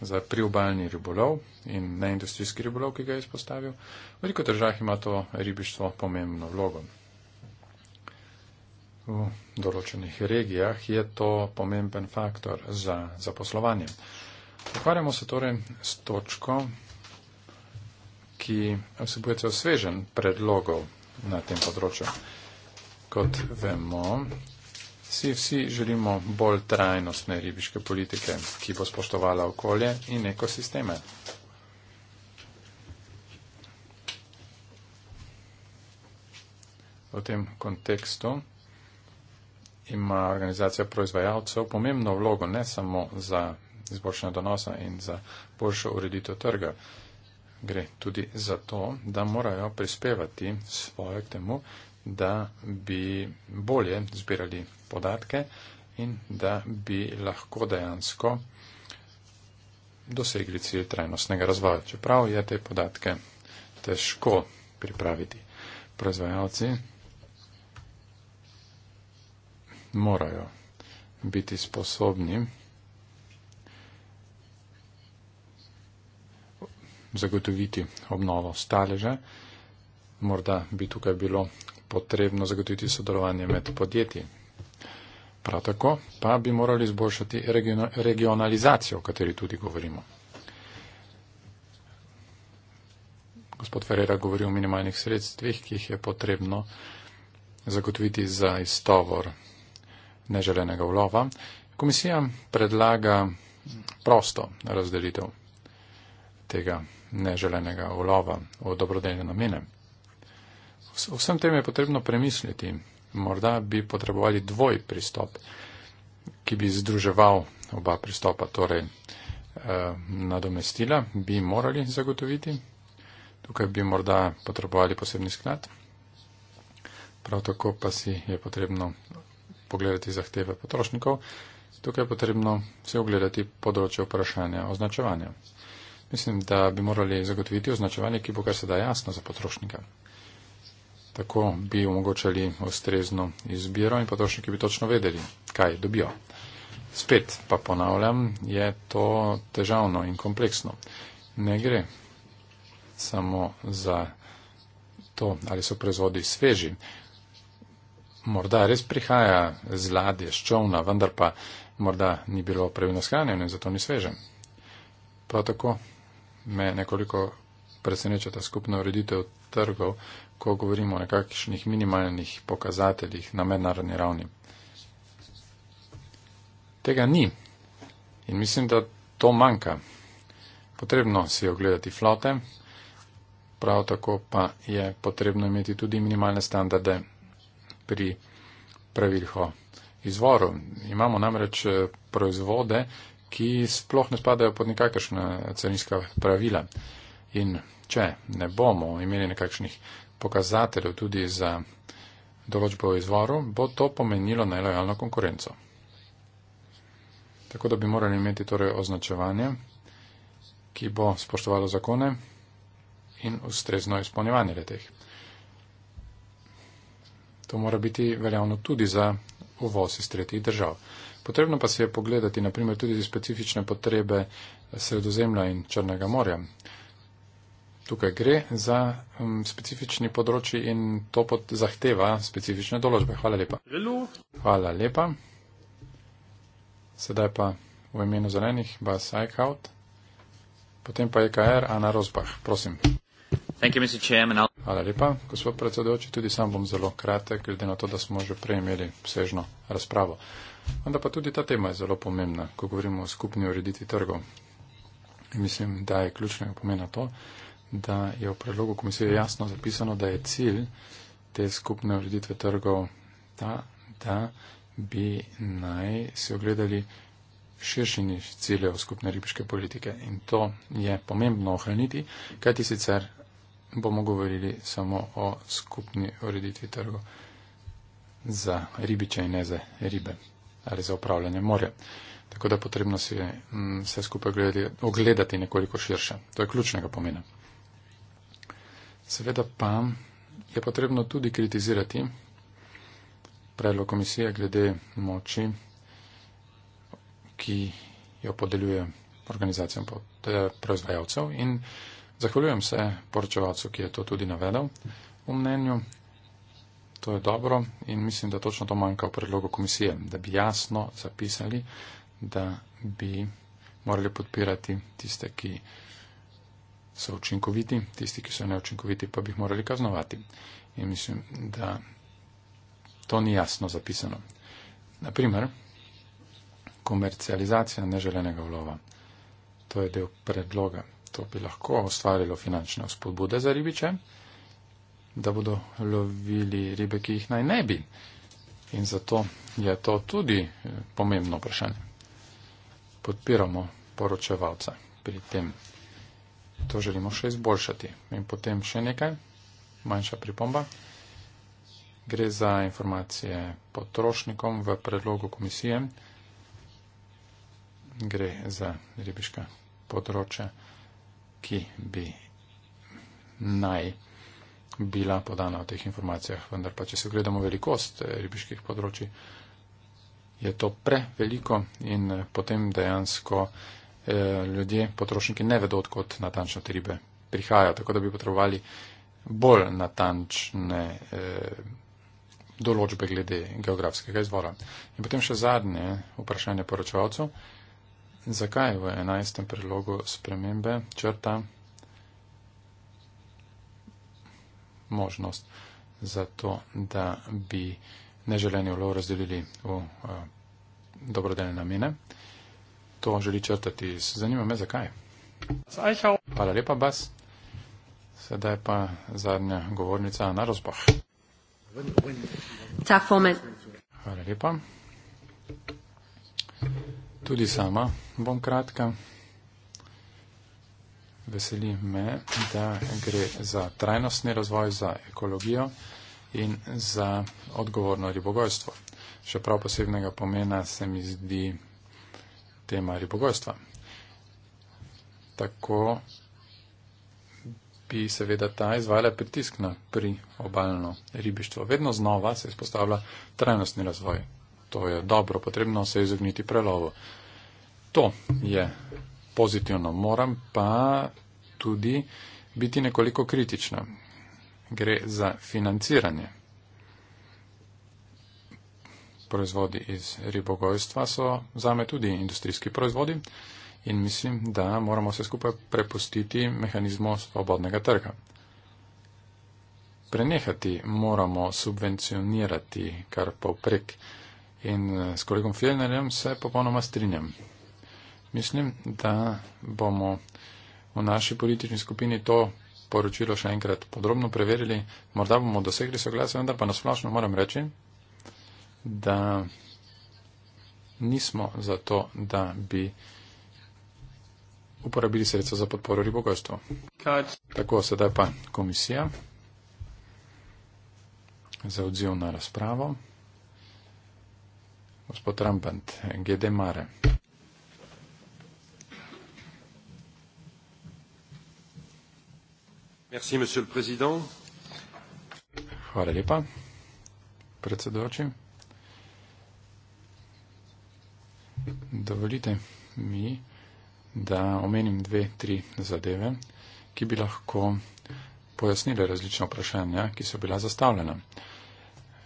za priobaljni ribolov in neindustrijski ribolov, ki ga je izpostavil. V veliko držav ima to ribištvo pomembno vlogo. V določenih regijah je to pomemben faktor za zaposlovanje. Ukvarjamo se torej s točko, ki vsebuje cel svežen predlogov na tem področju. Kot vemo, si vsi želimo bolj trajnostne ribiške politike, ki bo spoštovala okolje in ekosisteme. V tem kontekstu ima organizacija proizvajalcev pomembno vlogo ne samo za izboljšanje donosa in za boljšo ureditev trga. Gre tudi za to, da morajo prispevati svoje k temu, da bi bolje zbirali podatke in da bi lahko dejansko dosegli cilj trajnostnega razvoja. Čeprav je te podatke težko pripraviti. Proizvajalci morajo biti sposobni zagotoviti obnovo staleža. Morda bi tukaj bilo potrebno zagotoviti sodelovanje med podjetji. Prav tako pa bi morali izboljšati regionalizacijo, o kateri tudi govorimo. Gospod Ferreira govori o minimalnih sredstvih, ki jih je potrebno zagotoviti za iztovor neželenega vlova. Komisija predlaga prosto razdelitev tega neželenega vlova v dobrodelne namene. Vsem tem je potrebno premisliti. Morda bi potrebovali dvoj pristop, ki bi združeval oba pristopa, torej eh, nadomestila bi morali zagotoviti. Tukaj bi morda potrebovali posebni sklad. Prav tako pa si je potrebno pogledati zahteve potrošnikov. Tukaj je potrebno se ogledati področje vprašanja označevanja. Mislim, da bi morali zagotoviti označevanje, ki bo kar se da jasno za potrošnika. Tako bi omogočali ustrezno izbiro in potrošniki bi točno vedeli, kaj dobijo. Spet pa ponavljam, je to težavno in kompleksno. Ne gre samo za to, ali so proizvodi sveži. Morda res prihaja z ladje, s čovna, vendar pa morda ni bilo pravilno shranjeno in zato ni sveže. Prav tako me nekoliko preseneča ta skupna ureditev trgov, ko govorimo o nekakšnih minimalnih pokazateljih na mednarodni ravni. Tega ni in mislim, da to manjka. Potrebno si ogledati flote, prav tako pa je potrebno imeti tudi minimalne standarde pri pravilih o izvoru. Imamo namreč eh, proizvode, ki sploh ne spadajo pod nekakšna carinska pravila. In če ne bomo imeli nekakšnih pokazateljev tudi za določbo o izvoru, bo to pomenilo nelojalno konkurenco. Tako da bi morali imeti torej označevanje, ki bo spoštovalo zakone in ustrezno izpolnjevanje leteh. To mora biti veljavno tudi za uvoz iz tretjih držav. Potrebno pa se je pogledati naprimer tudi specifične potrebe Sredozemlja in Črnega morja, tukaj gre za um, specifični področji in to pod zahteva specifične določbe. Hvala lepa. Hvala lepa. Sedaj pa v imenu zelenih Bas Eichhout, potem pa EKR Ana Rozbah. Prosim. Hvala lepa, gospod predsedujoči, tudi sam bom zelo kratek, glede na to, da smo že prej imeli vsežno razpravo. Vendar pa tudi ta tema je zelo pomembna, ko govorimo o skupni urediti trgov. In mislim, da je ključnega pomena to, da je v predlogu komisije jasno zapisano, da je cilj te skupne ureditve trgov ta, da bi naj se ogledali širšini ciljev skupne ribiške politike. In to je pomembno ohraniti, kajti sicer bomo govorili samo o skupni ureditvi trgov za ribiče in ne za ribe ali za upravljanje morja. Tako da potrebno si je mm, vse skupaj ogledati nekoliko širše. To je ključnega pomena. Seveda pa je potrebno tudi kritizirati predlog komisije glede moči, ki jo podeljuje organizacijam eh, proizvajalcev in zahvaljujem se poročevalcu, ki je to tudi navedel v mnenju. To je dobro in mislim, da točno to manjka v predlogu komisije, da bi jasno zapisali, da bi morali podpirati tiste, ki so učinkoviti, tisti, ki so neučinkoviti, pa bi jih morali kaznovati. In mislim, da to ni jasno zapisano. Naprimer, komercializacija neželenega ulova. To je del predloga. To bi lahko ustvarilo finančne spodbude za ribiče, da bodo lovili ribe, ki jih naj ne bi. In zato je to tudi eh, pomembno vprašanje. Podpiramo poročevalca pri tem to želimo še izboljšati. In potem še nekaj, manjša pripomba. Gre za informacije potrošnikom v predlogu komisije. Gre za ribiška področja, ki bi naj bila podana v teh informacijah. Vendar pa, če se gledamo velikost ribiških področji, je to preveliko in potem dejansko Eh, ljudje, potrošniki ne vedo, odkot natančno te ribe prihajajo, tako da bi potrebovali bolj natančne e, določbe glede geografskega izvora. In potem še zadnje vprašanje poročevalcev. Zakaj v 11. predlogu spremembe črta možnost za to, da bi neželeni ulov razdelili v eh, dobrodelne namene? to želi črtati. Zanima me, zakaj. Hvala lepa, Bas. Sedaj pa zadnja govornica na Rozbah. Hvala lepa. Tudi sama bom kratka. Veseli me, da gre za trajnostni razvoj, za ekologijo in za odgovorno ribogojstvo. Še prav posebnega pomena se mi zdi te mari bogojstva. Tako bi seveda ta izvajala pritisk na pri obaljno ribištvo. Vedno znova se izpostavlja trajnostni razvoj. To je dobro, potrebno se izogniti prelovu. To je pozitivno, moram pa tudi biti nekoliko kritična. Gre za financiranje proizvodi iz ribogojstva so zame tudi industrijski proizvodi in mislim, da moramo se skupaj prepustiti mehanizmu svobodnega trga. Prenehati moramo subvencionirati kar povprek in eh, s kolegom Fjellnerjem se popolnoma strinjam. Mislim, da bomo v naši politični skupini to poročilo še enkrat podrobno preverili, morda bomo dosegli soglasje, vendar pa nasplošno moram reči, da nismo za to, da bi uporabili sredstva za podporo ribogojstvu. Tako, sedaj pa komisija za odziv na razpravo. Gospod Rampant, GD Mare. Merci, monsieur le président. Hvala lepa, predsedujoči. dovolite mi, da omenim dve, tri zadeve, ki bi lahko pojasnile različna vprašanja, ki so bila zastavljena.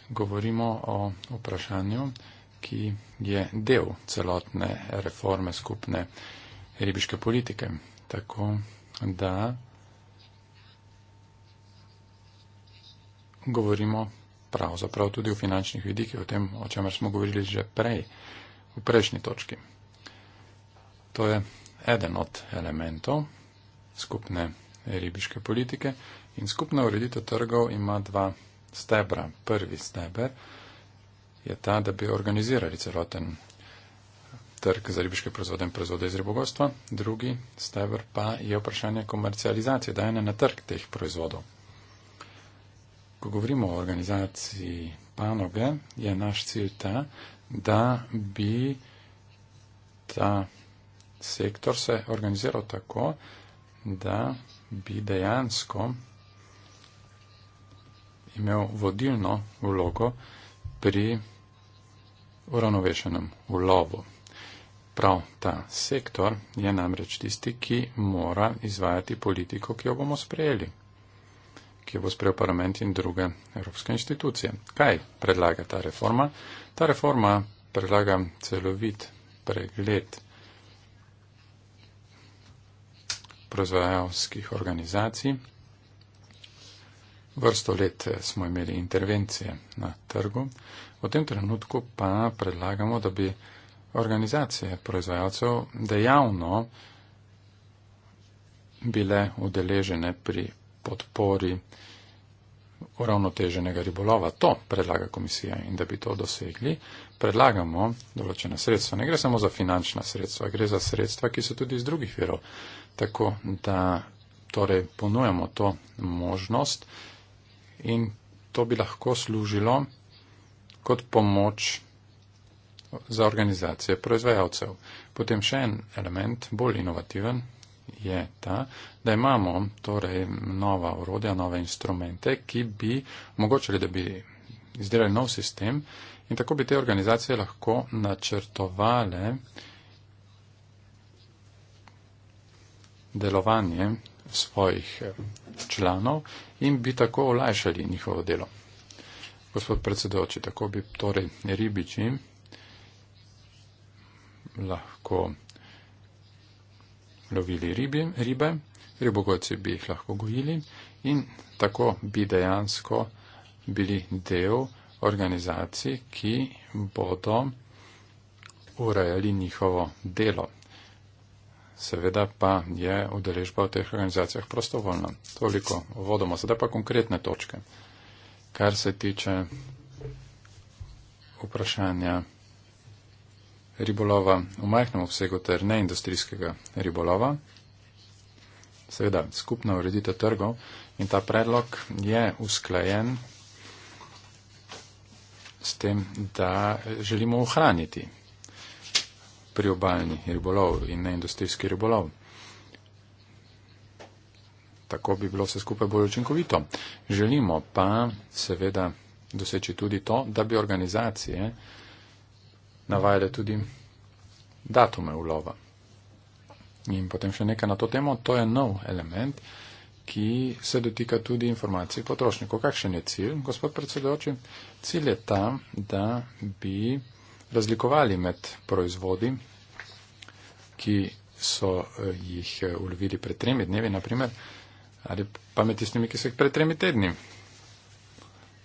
Govorimo o vprašanju, ki je del celotne reforme skupne ribiške politike. Tako da govorimo pravzaprav tudi o finančnih vidikih, o tem, o čemer smo govorili že prej v prejšnji točki. To je eden od elementov skupne ribiške politike in skupna ureditev trgov ima dva stebra. Prvi steber je ta, da bi organizirali celoten trg za ribiške proizvode in proizvode iz ribogostva. Drugi steber pa je vprašanje komercializacije, dajene na trg teh proizvodov. Ko govorimo o organizaciji panoge, je naš cilj ta, da bi ta sektor se organiziral tako, da bi dejansko imel vodilno vlogo pri uravnovešenem ulovu. Prav ta sektor je namreč tisti, ki mora izvajati politiko, ki jo bomo sprejeli ki jo bo sprejel parlament in druge evropske institucije. Kaj predlaga ta reforma? Ta reforma predlaga celovit pregled proizvajalskih organizacij. Vrsto let eh, smo imeli intervencije na trgu, v tem trenutku pa predlagamo, da bi organizacije proizvajalcev dejavno bile udeležene pri podpori uravnoteženega ribolova. To predlaga komisija in da bi to dosegli, predlagamo določena sredstva. Ne gre samo za finančna sredstva, gre za sredstva, ki so tudi iz drugih virov. Tako da torej ponujamo to možnost in to bi lahko služilo kot pomoč za organizacije proizvajalcev. Potem še en element, bolj inovativen, je ta, da imamo torej nova orodja, nove instrumente, ki bi omogočili, da bi izdelali nov sistem in tako bi te organizacije lahko načrtovale delovanje svojih članov in bi tako olajšali njihovo delo. Gospod predsedoči, tako bi torej ribiči lahko lovili ribi, ribe, ribogojci bi jih lahko gojili in tako bi dejansko bili del organizacij, ki bodo urejali njihovo delo. Seveda pa je udeležba v teh organizacijah prostovoljna. Toliko vodoma. Sedaj pa konkretne točke. Kar se tiče vprašanja ribolova v majhnem obsegu ter neindustrijskega ribolova. Seveda, skupna ureditev trgov in ta predlog je usklajen s tem, da želimo ohraniti priobaljni ribolov in neindustrijski ribolov. Tako bi bilo vse skupaj bolj učinkovito. Želimo pa seveda doseči tudi to, da bi organizacije, navajale tudi datume ulova. In potem še nekaj na to temo, to je nov element, ki se dotika tudi informacij potrošnikov. Kakšen je cilj, gospod predsedoči? Cilj je ta, da bi razlikovali med proizvodi, ki so eh, jih eh, ulovili pred tremi dnevi, naprimer, ali pa med tistimi, ki so jih pred tremi tedni.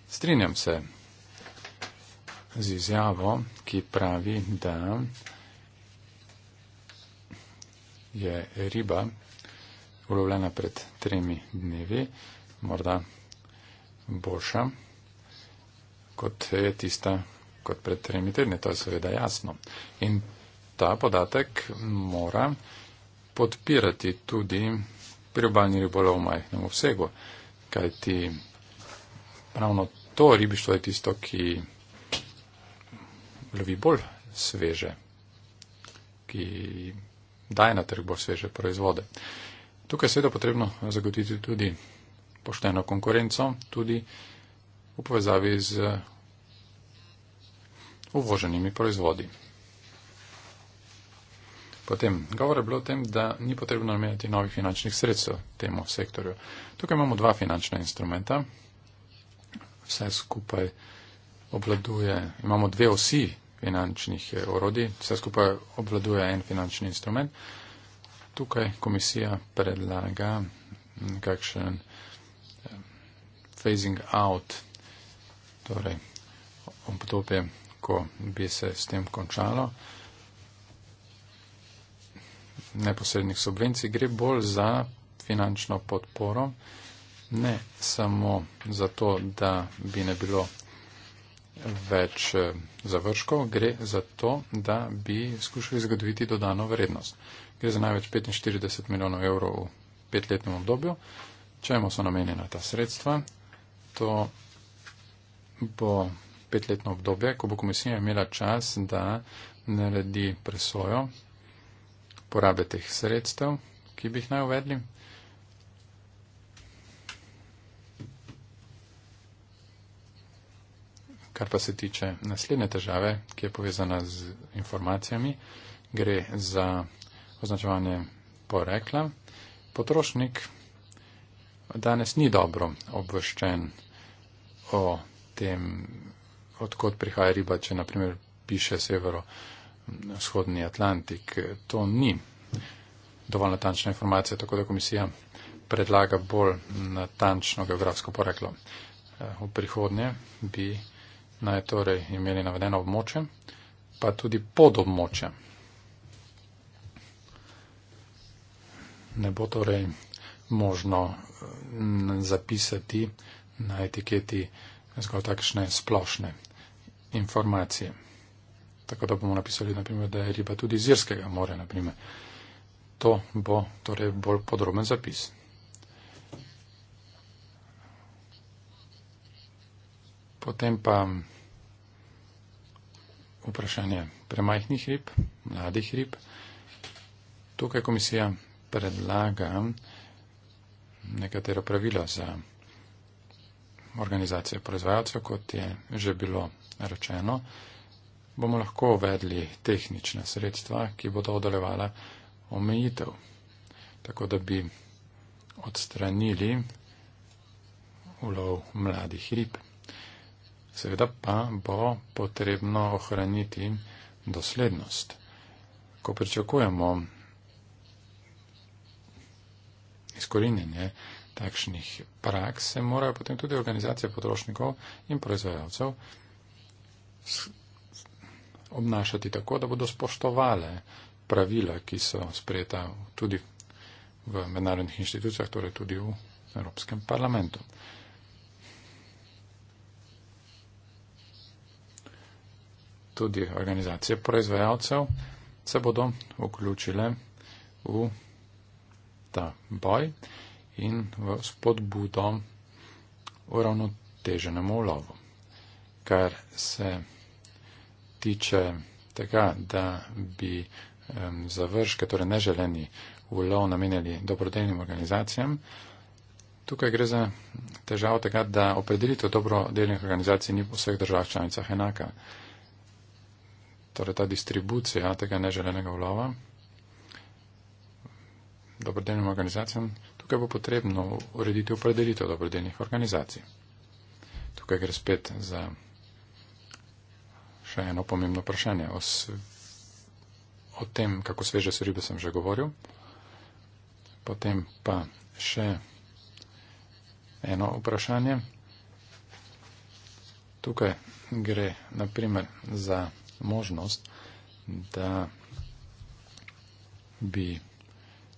Strinjam se, z izjavo, ki pravi, da je riba ulovljena pred tremi dnevi, morda boljša kot je tista kot pred tremi tedni, to je seveda jasno. In ta podatek mora podpirati tudi priobalni ribolov v majhnem obsegu, kajti ravno to ribištvo je tisto, ki lovi bolj sveže, ki daje na trg bolj sveže proizvode. Tukaj seveda potrebno zagotiti tudi pošteno konkurenco, tudi v povezavi z uvoženimi proizvodi. Potem, govor je bilo o tem, da ni potrebno imeti novih finančnih sredstev temu sektorju. Tukaj imamo dva finančna instrumenta, vse skupaj obvladuje, imamo dve osi finančnih eh, orodij, vse skupaj obvladuje en finančni instrument. Tukaj komisija predlaga nekakšen eh, phasing out, torej obdobje, ko bi se s tem končalo. Neposrednih subvencij gre bolj za finančno podporo, ne samo zato, da bi ne bilo več eh, završkov, gre za to, da bi skušali zgodoviti dodano vrednost. Gre za največ 45 milijonov evrov v petletnem obdobju. Čemu so namenjena ta sredstva? To bo petletno obdobje, ko bo komisija imela čas, da naredi presojo porabe teh sredstev, ki bi jih naj uvedli, Kar pa se tiče naslednje težave, ki je povezana z informacijami, gre za označevanje porekla. Potrošnik danes ni dobro obveščen o tem, odkot prihaja riba, če naprimer piše severo-shodni Atlantik. To ni dovolj natančna informacija, tako da komisija predlaga bolj natančno geografsko poreklo. Eh, v prihodnje bi naj torej imeli navedeno območje, pa tudi podobmoče. Ne bo torej možno zapisati na etiketi zgolj takšne splošne informacije. Tako da bomo napisali, naprimer, da je riba tudi iz Irskega morja. To bo torej bolj podroben zapis. Potem pa vprašanje premajhnih rib, mladih rib. Tukaj komisija predlaga nekatera pravila za organizacijo proizvajalcev, kot je že bilo rečeno. Bomo lahko uvedli tehnična sredstva, ki bodo odolevala omejitev, tako da bi odstranili ulov mladih rib. Seveda pa bo potrebno ohraniti doslednost. Ko pričakujemo izkorinjenje takšnih praks, se morajo potem tudi organizacije potrošnikov in proizvajalcev obnašati tako, da bodo spoštovale pravila, ki so sprejeta tudi v mednarodnih inštitucijah, torej tudi v Evropskem parlamentu. tudi organizacije proizvajalcev se bodo vključile v ta boj in v spodbudo uravnoteženemu ulovu. Kar se tiče tega, da bi završke, torej neželeni ulov namenjali dobrodelnim organizacijam, tukaj gre za težavo tega, da opredelitev dobrodelnih organizacij ni v vseh državah članicah enaka torej ta distribucija tega neželenega ulova. Dobrodelnim organizacijam tukaj bo potrebno urediti opredelitev dobrodelnih organizacij. Tukaj gre spet za še eno pomembno vprašanje. O, o tem, kako sveže so ribe, sem že govoril. Potem pa še eno vprašanje. Tukaj gre naprimer za možnost, da bi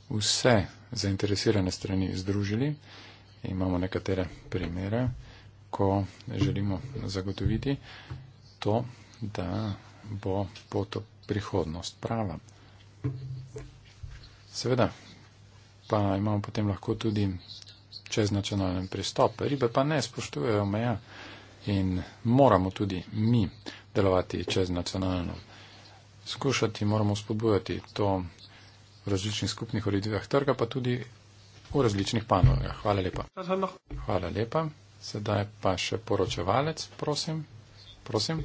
vse zainteresirane strani združili. Imamo nekatere primere, ko želimo zagotoviti to, da bo poto prihodnost prava. Seveda, pa imamo potem lahko tudi čeznacionalen pristop. Ribe pa ne spoštujejo meja in moramo tudi mi delovati čez nacionalno. Skušati moramo spodbujati to v različnih skupnih oriditvah trga, pa tudi v različnih panogah. Hvala lepa. Hvala lepa. Sedaj pa še poročevalec, prosim. prosim.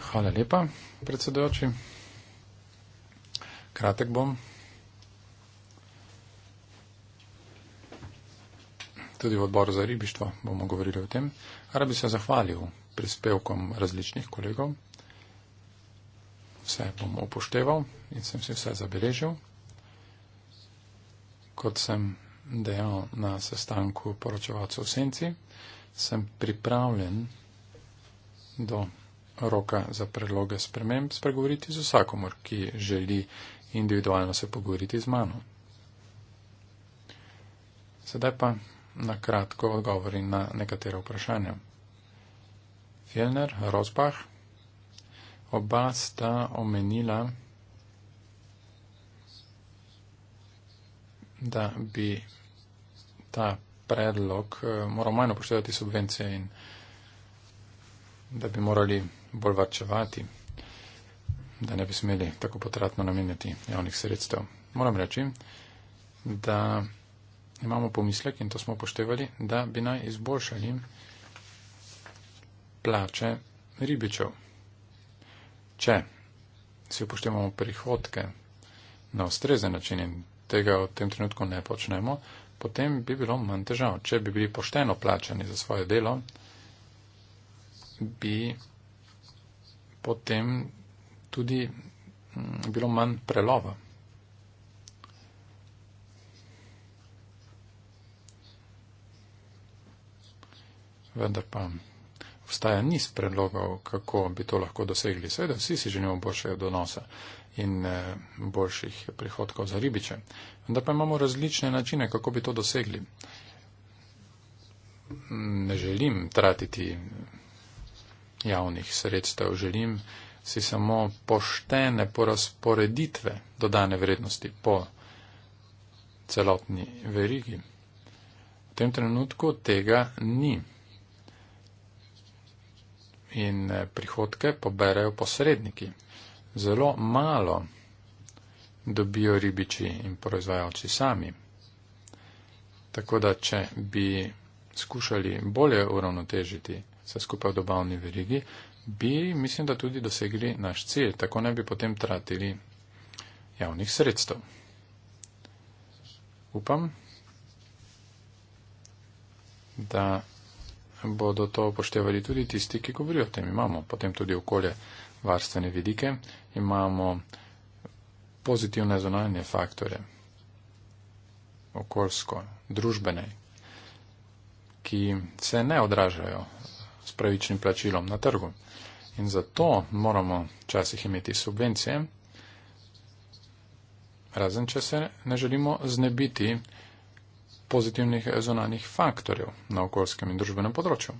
Hvala lepa, predsedujoči. Kratek bom. tudi v odboru za ribištvo bomo govorili o tem. Rad bi se zahvalil prispevkom različnih kolegov. Vse bom upošteval in sem si vse zabeležil. Kot sem dejal na sestanku poročevalcev v Senci, sem pripravljen do roka za predloge sprememb spregovoriti z vsakomor, ki želi individualno se pogovoriti z mano. Sedaj pa na kratko odgovori na nekatere vprašanja. Fjellner, Rosbach, oba sta omenila, da bi ta predlog eh, moral manj upoštevati subvencije in da bi morali bolj varčevati, da ne bi smeli tako potratno namenjati javnih sredstev. Moram reči, da imamo pomislek in to smo poštevali, da bi naj izboljšali plače ribičev. Če si upoštevamo prihodke na ustrezen način in tega v tem trenutku ne počnemo, potem bi bilo manj težav. Če bi bili pošteno plačani za svoje delo, bi potem tudi mm, bilo manj prelova. vendar pa obstaja niz predlogov, kako bi to lahko dosegli. Seveda vsi si želimo boljšega donosa in eh, boljših prihodkov za ribiče, vendar pa imamo različne načine, kako bi to dosegli. Ne želim tratiti javnih sredstev, želim si samo poštene porazporeditve dodane vrednosti po celotni verigi. V tem trenutku tega ni in eh, prihodke poberajo posredniki. Zelo malo dobijo ribiči in proizvajalci sami. Tako da, če bi skušali bolje uravnotežiti vse skupaj v dobavni verigi, bi, mislim, da tudi dosegli naš cilj, tako ne bi potem tratili javnih sredstev. Upam, da bodo to upoštevali tudi tisti, ki govorijo o tem. Imamo potem tudi okolje varstvene vidike, imamo pozitivne zonalne faktore, okoljsko, družbene, ki se ne odražajo s pravičnim plačilom na trgu. In zato moramo včasih imeti subvencije, razen če se ne želimo znebiti pozitivnih zonanih faktorjev na okoljskem in družbenem področju.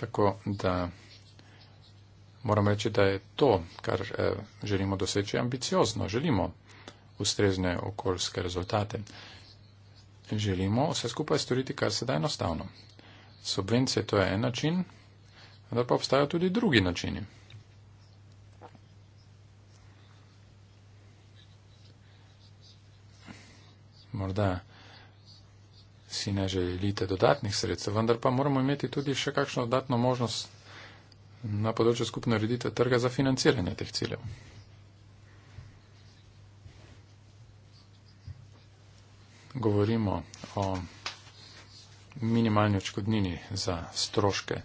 Tako da moram reči, da je to, kar eh, želimo doseči, ambiciozno. Želimo ustrezne okoljske rezultate. Želimo vse skupaj storiti, kar se da enostavno. Subvencije to je en način, vendar pa obstajajo tudi drugi načini. morda si ne želite dodatnih sredstev, vendar pa moramo imeti tudi še kakšno dodatno možnost na področju skupne ureditve trga za financiranje teh ciljev. Govorimo o minimalni očkodnini za stroške,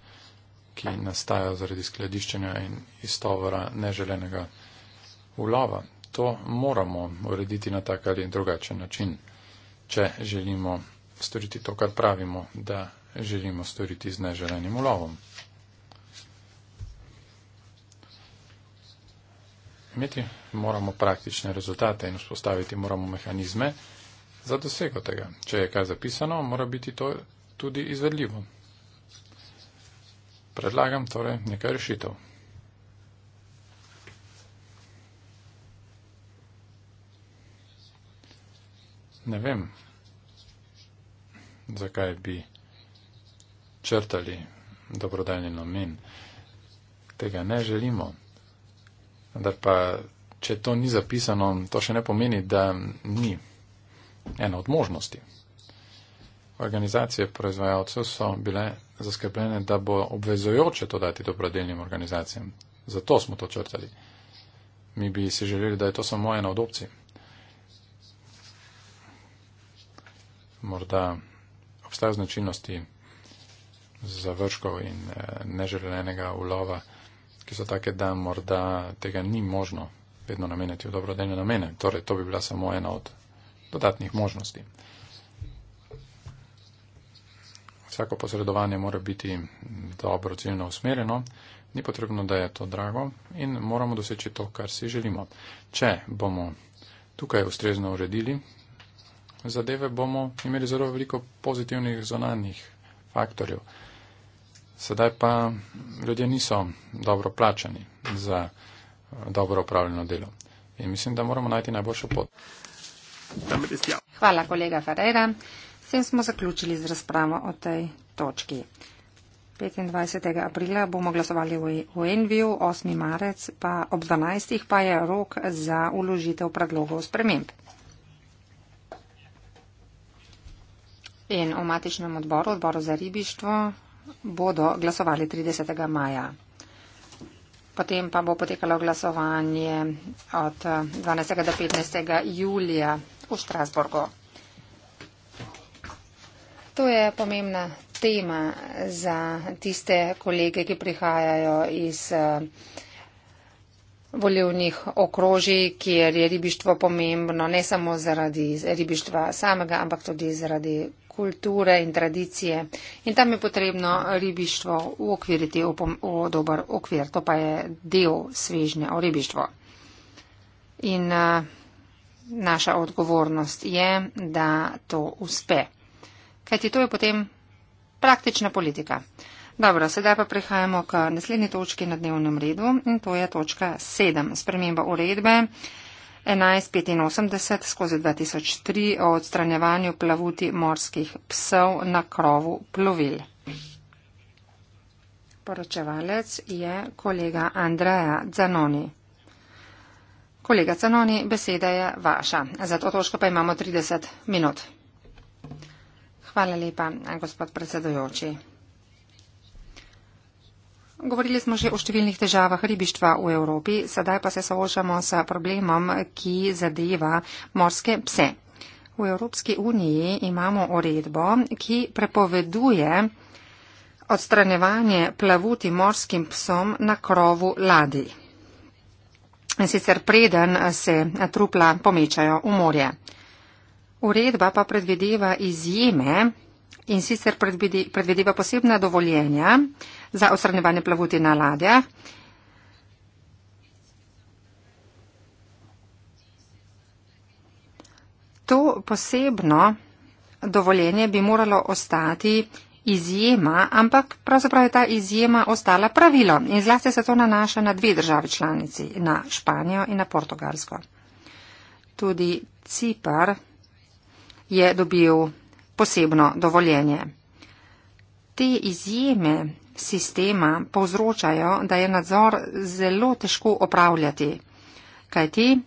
ki nastajajo zaradi skladiščenja in iztovora neželenega ulova. To moramo urediti na tak ali drugačen način če želimo storiti to, kar pravimo, da želimo storiti z neželenim ulovom. Imeti moramo praktične rezultate in vzpostaviti moramo mehanizme za dosego tega. Če je kaj zapisano, mora biti to tudi izvedljivo. Predlagam torej nekaj rešitev. ne vem, zakaj bi črtali dobrodajni namen. Tega ne želimo. Vendar pa, če to ni zapisano, to še ne pomeni, da ni ena od možnosti. Organizacije proizvajalcev so bile zaskrbljene, da bo obvezojoče to dati dobrodelnim organizacijam. Zato smo to črtali. Mi bi si želeli, da je to samo ena od opcij. morda obstajajo značilnosti završkov in eh, neželenega ulova, ki so take, da morda tega ni možno vedno nameniti v dobrodene namene. Torej, to bi bila samo ena od dodatnih možnosti. Vsako posredovanje mora biti dobro ciljno usmerjeno, ni potrebno, da je to drago in moramo doseči to, kar si želimo. Če bomo tukaj ustrezno uredili zadeve, bomo imeli zelo veliko pozitivnih zonalnih faktorjev. Sedaj pa ljudje niso dobro plačani za eh, dobro upravljeno delo. In mislim, da moramo najti najboljšo pot. Hvala, kolega Ferreira. Sem smo zaključili z razpravo o tej točki. 25. aprila bomo glasovali v Enviju, 8. marec pa ob 12. pa je rok za uložitev predlogov sprememb. In v matičnem odboru, odboru za ribištvo, bodo glasovali 30. maja. Potem pa bo potekalo glasovanje od 12. do 15. julija v Štrasburgu. To je pomembna tema za tiste kolege, ki prihajajo iz eh, volivnih okrožij, kjer je ribištvo pomembno ne samo zaradi ribištva samega, ampak tudi zaradi kulture in tradicije. In tam je potrebno ribištvo ukviriti v, v dober okvir. To pa je del svežnja o ribištvo. In uh, naša odgovornost je, da to uspe. Kajti to je potem praktična politika. Dobro, sedaj pa prehajamo k naslednji točki na dnevnem redu in to je točka 7. Sprememba uredbe. Uh, 1185 skozi 2003 o odstranjevanju plavuti morskih psov na krovu plovil. Poročevalec je kolega Andreja Zanoni. Kolega Zanoni, beseda je vaša. Za to točko pa imamo 30 minut. Hvala lepa, gospod predsedujoči. Govorili smo že o številnih težavah ribištva v Evropi, sedaj pa se soočamo s problemom, ki zadeva morske pse. V Evropski uniji imamo uredbo, ki prepoveduje odstranjevanje plavuti morskim psom na krovu ladi. In sicer preden se trupla pomečajo v morje. Uredba pa predvideva izjeme in sicer predvideva posebna dovoljenja za osrnevanje plavuti na ladjah. To posebno dovoljenje bi moralo ostati izjema, ampak pravzaprav je ta izjema ostala pravilo in zlasti se to nanaša na dve države članici, na Španijo in na Portugalsko. Tudi Cipar je dobil posebno dovoljenje. Te izjeme sistema povzročajo, da je nadzor zelo težko opravljati, kajti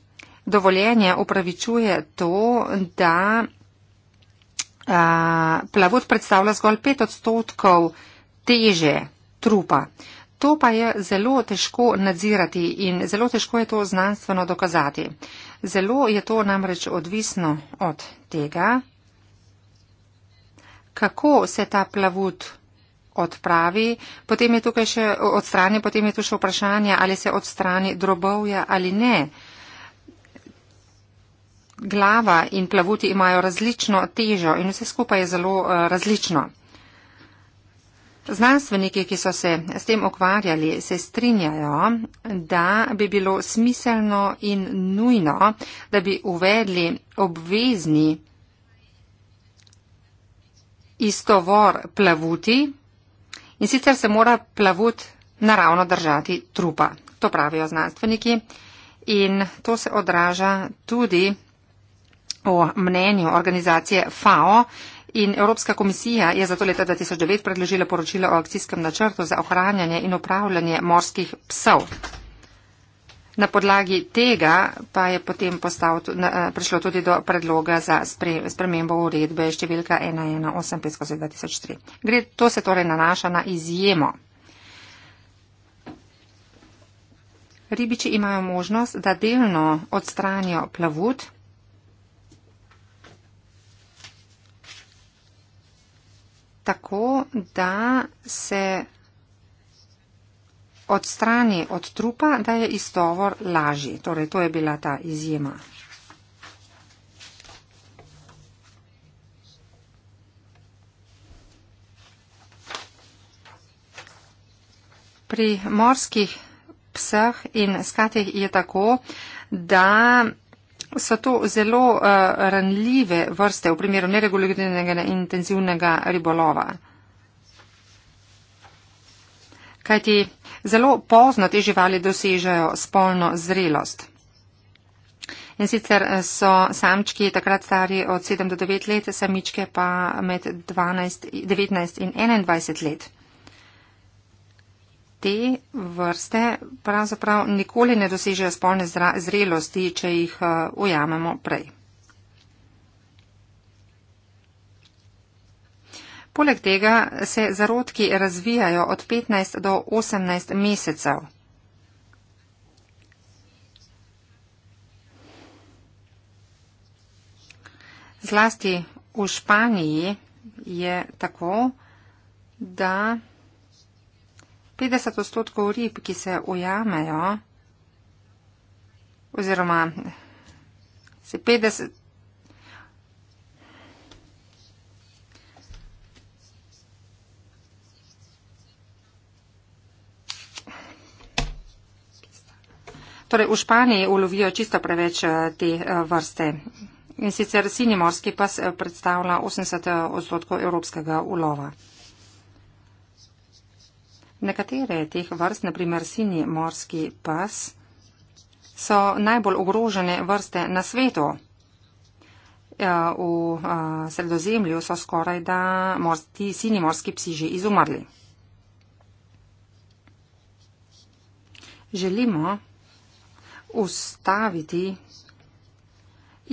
dovoljenje upravičuje to, da a, plavut predstavlja zgolj pet odstotkov teže trupa. To pa je zelo težko nadzirati in zelo težko je to znanstveno dokazati. Zelo je to namreč odvisno od tega, kako se ta plavut odpravi, potem je tukaj še odstranje, potem je tu še vprašanje, ali se odstrani drobovja ali ne. Glava in plavuti imajo različno težo in vse skupaj je zelo uh, različno. Znanstveniki, ki so se s tem ukvarjali, se strinjajo, da bi bilo smiselno in nujno, da bi uvedli obvezni istovor plavuti in sicer se mora plavut naravno držati trupa. To pravijo znanstveniki in to se odraža tudi o mnenju organizacije FAO in Evropska komisija je zato leta 2009 predložila poročilo o akcijskem načrtu za ohranjanje in upravljanje morskih psov. Na podlagi tega pa je potem postav, na, eh, prišlo tudi do predloga za spre, spremembo uredbe številka 1185-2003. Gre, to se torej nanaša na izjemo. Ribiči imajo možnost, da delno odstranijo plavut, tako da se odstrani od trupa, da je istovor lažji. Torej, to je bila ta izjema. Pri morskih psah in skatih je tako, da so to zelo uh, ranljive vrste v primeru neregulirnega intenzivnega ribolova kajti zelo pozno te živali dosežejo spolno zrelost. In sicer eh, so samčki takrat stari od 7 do 9 let, samičke pa med 12, 19 in 21 let. Te vrste pravzaprav nikoli ne dosežejo spolne zrelosti, če jih eh, ujamemo prej. Poleg tega se zarodki razvijajo od 15 do 18 mesecev. Zlasti v Španiji je tako, da 50 odstotkov rib, ki se ujamejo, oziroma se 50, Torej v Španiji ulovijo čisto preveč eh, te eh, vrste. In sicer sinji morski pas eh, predstavlja 80 odstotkov evropskega ulova. Nekatere teh vrst, naprimer sinji morski pas, so najbolj ogrožene vrste na svetu. V sredozemlju so skoraj da ti sinji morski psi že izumrli. Želimo, ustaviti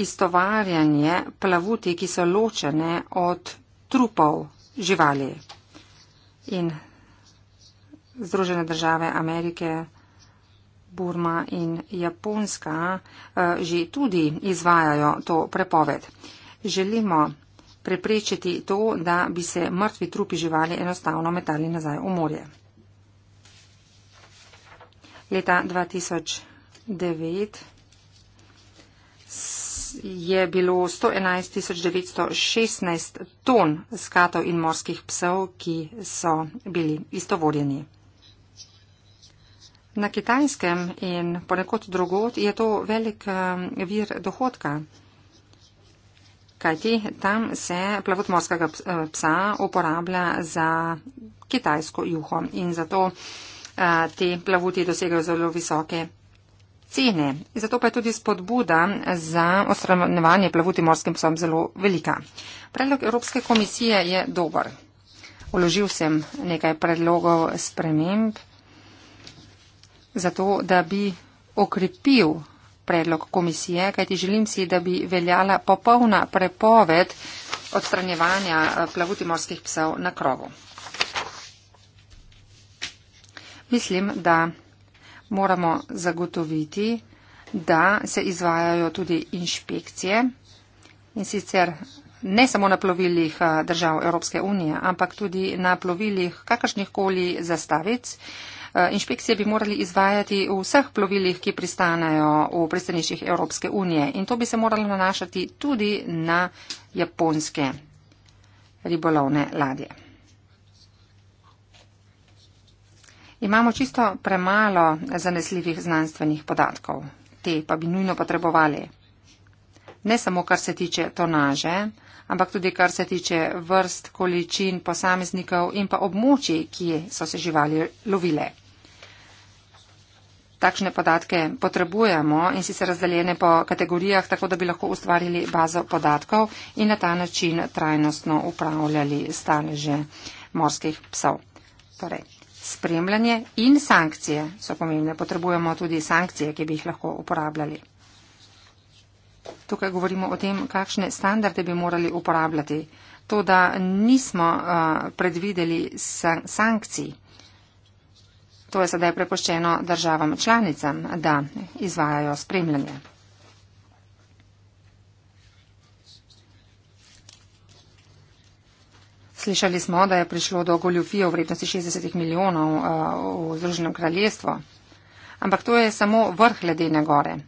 istovarjanje plavuti, ki so ločene od trupov živali. In Združene države Amerike, Burma in Japonska eh, že tudi izvajajo to prepoved. Želimo preprečiti to, da bi se mrtvi trupi živali enostavno metali nazaj v morje. Leta 2000 devet je bilo 111.916 ton skatov in morskih psov, ki so bili istovorjeni. Na kitajskem in ponekod drugot je to velik um, vir dohodka, kajti tam se plavut morskega eh, psa uporablja za kitajsko juho in zato eh, te plavuti dosegajo zelo visoke cene. Zato pa je tudi spodbuda za ostranovanje plavuti morskim psom zelo velika. Predlog Evropske komisije je dober. Uložil sem nekaj predlogov sprememb zato, da bi okrepil predlog komisije, kajti želim si, da bi veljala popolna prepoved odstranjevanja eh, plavuti morskih psov na krovu. Mislim, da moramo zagotoviti, da se izvajajo tudi inšpekcije in sicer ne samo na plovilih eh, držav Evropske unije, ampak tudi na plovilih kakršnih koli zastavic. Eh, inšpekcije bi morali izvajati v vseh plovilih, ki pristanejo v pristaniščih Evropske unije in to bi se moralo nanašati tudi na japonske ribolovne ladje. Imamo čisto premalo zanesljivih znanstvenih podatkov, te pa bi nujno potrebovali. Ne samo kar se tiče tonaže, ampak tudi kar se tiče vrst, količin posameznikov in pa območij, ki so se živali lovile. Takšne podatke potrebujemo in si se razdeljene po kategorijah, tako da bi lahko ustvarili bazo podatkov in na ta način trajnostno upravljali staleže morskih psov. Torej, spremljanje in sankcije so pomembne. Potrebujemo tudi sankcije, ki bi jih lahko uporabljali. Tukaj govorimo o tem, kakšne standarde bi morali uporabljati. To, da nismo uh, predvideli san sankcij, to je sedaj prepoščeno državam članicam, da izvajajo spremljanje. Slišali smo, da je prišlo do goljufije v vrednosti 60 milijonov eh, v Združenem kraljestvu. Ampak to je samo vrh ledene gore.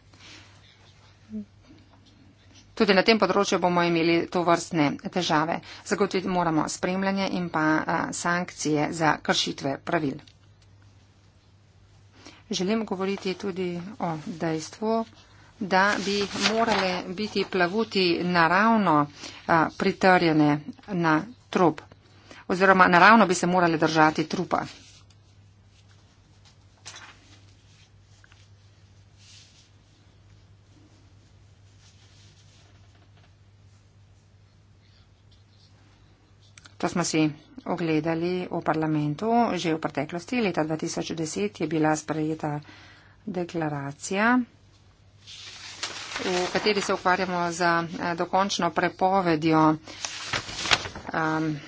Tudi na tem področju bomo imeli to vrstne težave. Zagotoviti moramo spremljanje in pa eh, sankcije za kršitve pravil. Želim govoriti tudi o dejstvu, da bi morale biti plavuti naravno eh, pritrjene na trup, oziroma naravno bi se morali držati trupa. To smo si ogledali v parlamentu že v preteklosti. Leta 2010 je bila sprejeta deklaracija, v kateri se ukvarjamo z eh, dokončno prepovedjo um,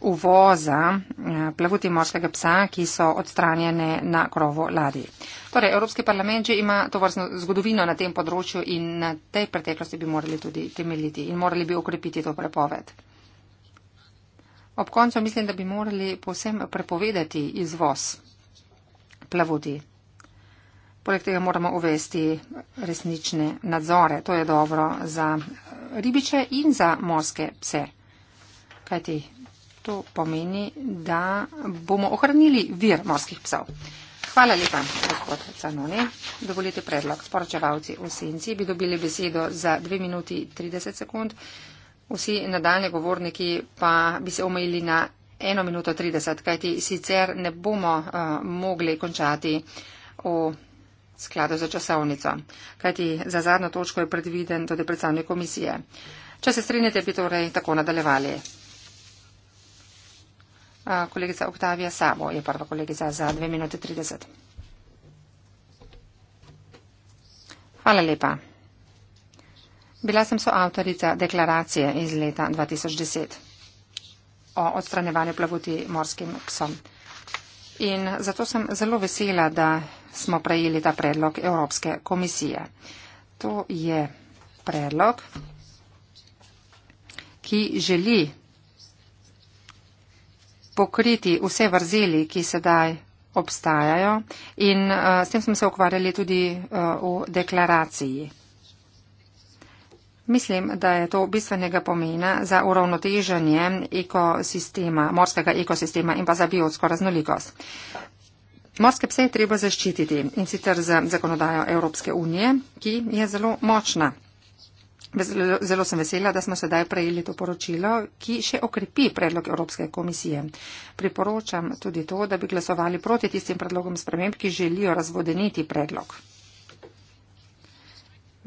uvoza uh, plavuti morskega psa, ki so odstranjene na krovo ladi. Torej, Evropski parlament že ima to vrstno zgodovino na tem področju in na tej preteklosti bi morali tudi temeljiti in morali bi okrepiti to prepoved. Ob koncu mislim, da bi morali povsem prepovedati izvoz plavuti. Poleg tega moramo uvesti resnične nadzore. To je dobro za ribiče in za morske pse kajti to pomeni, da bomo ohranili vir morskih psov. Hvala lepa, gospod Canoni. Dovolite predlog. Sporočevalci v senci bi dobili besedo za 2 minuti 30 sekund, vsi nadaljne govorniki pa bi se omejili na 1 minuto 30, kajti sicer ne bomo uh, mogli končati v skladu za časovnico, kajti za zadnjo točko je predviden tudi predstavnik komisije. Če se strinjate, bi torej tako nadaljevali. Kolegica Oktavija Savo je prva kolegica za 2 minute 30. Hvala lepa. Bila sem soavtorica deklaracije iz leta 2010 o odstranevanju plavuti morskim psom. In zato sem zelo vesela, da smo prejeli ta predlog Evropske komisije. To je predlog, ki želi pokriti vse vrzeli, ki sedaj obstajajo in uh, s tem smo se ukvarjali tudi uh, v deklaraciji. Mislim, da je to bistvenega pomena za uravnoteženje ekosistema, morskega ekosistema in pa za biotsko raznolikost. Morske pse je treba zaščititi in sicer z zakonodajo Evropske unije, ki je zelo močna. Zelo, zelo sem vesela, da smo sedaj prejeli to poročilo, ki še okrepi predlog Evropske komisije. Priporočam tudi to, da bi glasovali proti tistim predlogom sprememb, ki želijo razvodeniti predlog.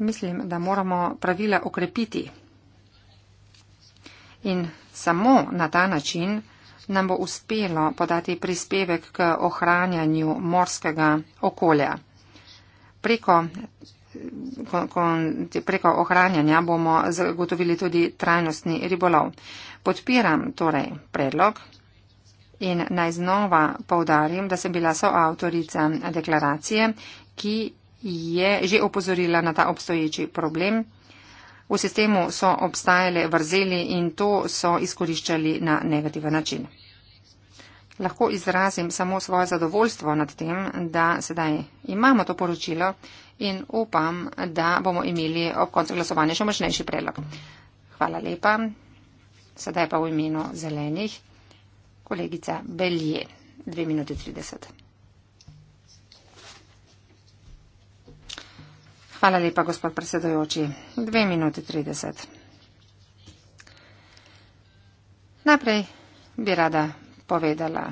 Mislim, da moramo pravila okrepiti. In samo na ta način nam bo uspelo podati prispevek k ohranjanju morskega okolja. Preko kon, kon, preko ohranjanja bomo zagotovili tudi trajnostni ribolov. Podpiram torej predlog in naj znova povdarim, da sem bila soavtorica deklaracije, ki je že opozorila na ta obstoječi problem. V sistemu so obstajale vrzeli in to so izkoriščali na negativen način. Lahko izrazim samo svoje zadovoljstvo nad tem, da sedaj imamo to poročilo, in upam, da bomo imeli ob koncu glasovanja še močnejši predlog. Hvala lepa. Sedaj pa v imenu zelenih kolegica Belje. 2 minute 30. Hvala lepa, gospod predsedojoči. 2 minute 30. Najprej bi rada povedala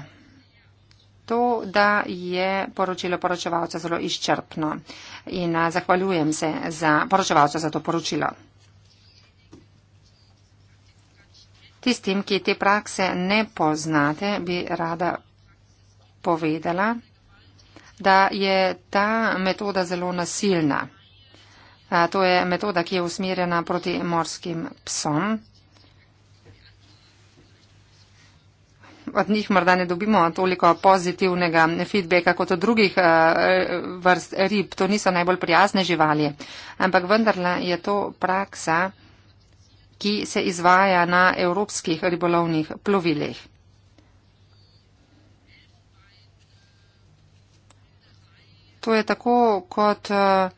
to, da je poročilo poročevalca zelo izčrpno in zahvaljujem se za poročevalca za to poročilo. Tistim, ki te prakse ne poznate, bi rada povedala, da je ta metoda zelo nasilna. To je metoda, ki je usmerjena proti morskim psom. od njih morda ne dobimo toliko pozitivnega feedbacka kot od drugih eh, vrst rib. To niso najbolj prijazne živali. Ampak vendarle je to praksa, ki se izvaja na evropskih ribolovnih plovilih. To je tako kot. Uh,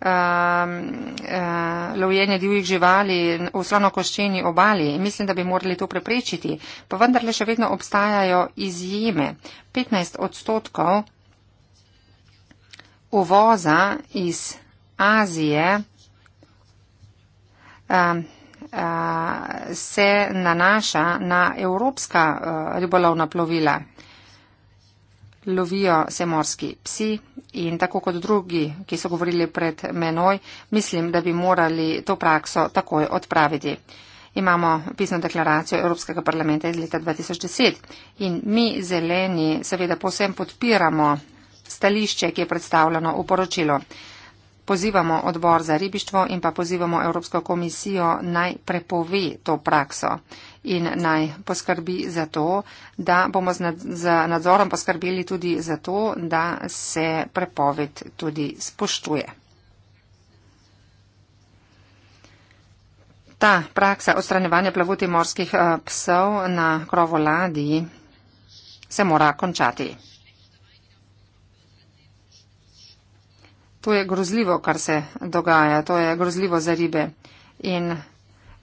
Um, uh, lovljenje divjih živali v slonokoščeni obali. Mislim, da bi morali to preprečiti, pa vendarle še vedno obstajajo izjeme. 15 odstotkov uvoza iz Azije um, uh, se nanaša na evropska uh, ribolovna plovila lovijo se morski psi in tako kot drugi, ki so govorili pred menoj, mislim, da bi morali to prakso takoj odpraviti. Imamo pisno deklaracijo Evropskega parlamenta iz leta 2010 in mi zeleni seveda posem podpiramo stališče, ki je predstavljeno v poročilu. Pozivamo odbor za ribištvo in pa pozivamo Evropsko komisijo naj prepove to prakso in naj poskrbi za to, da bomo z nadzorom poskrbeli tudi za to, da se prepoved tudi spoštuje. Ta praksa odstranjevanja plavuti morskih eh, psov na krovoladi se mora končati. To je grozljivo, kar se dogaja, to je grozljivo za ribe in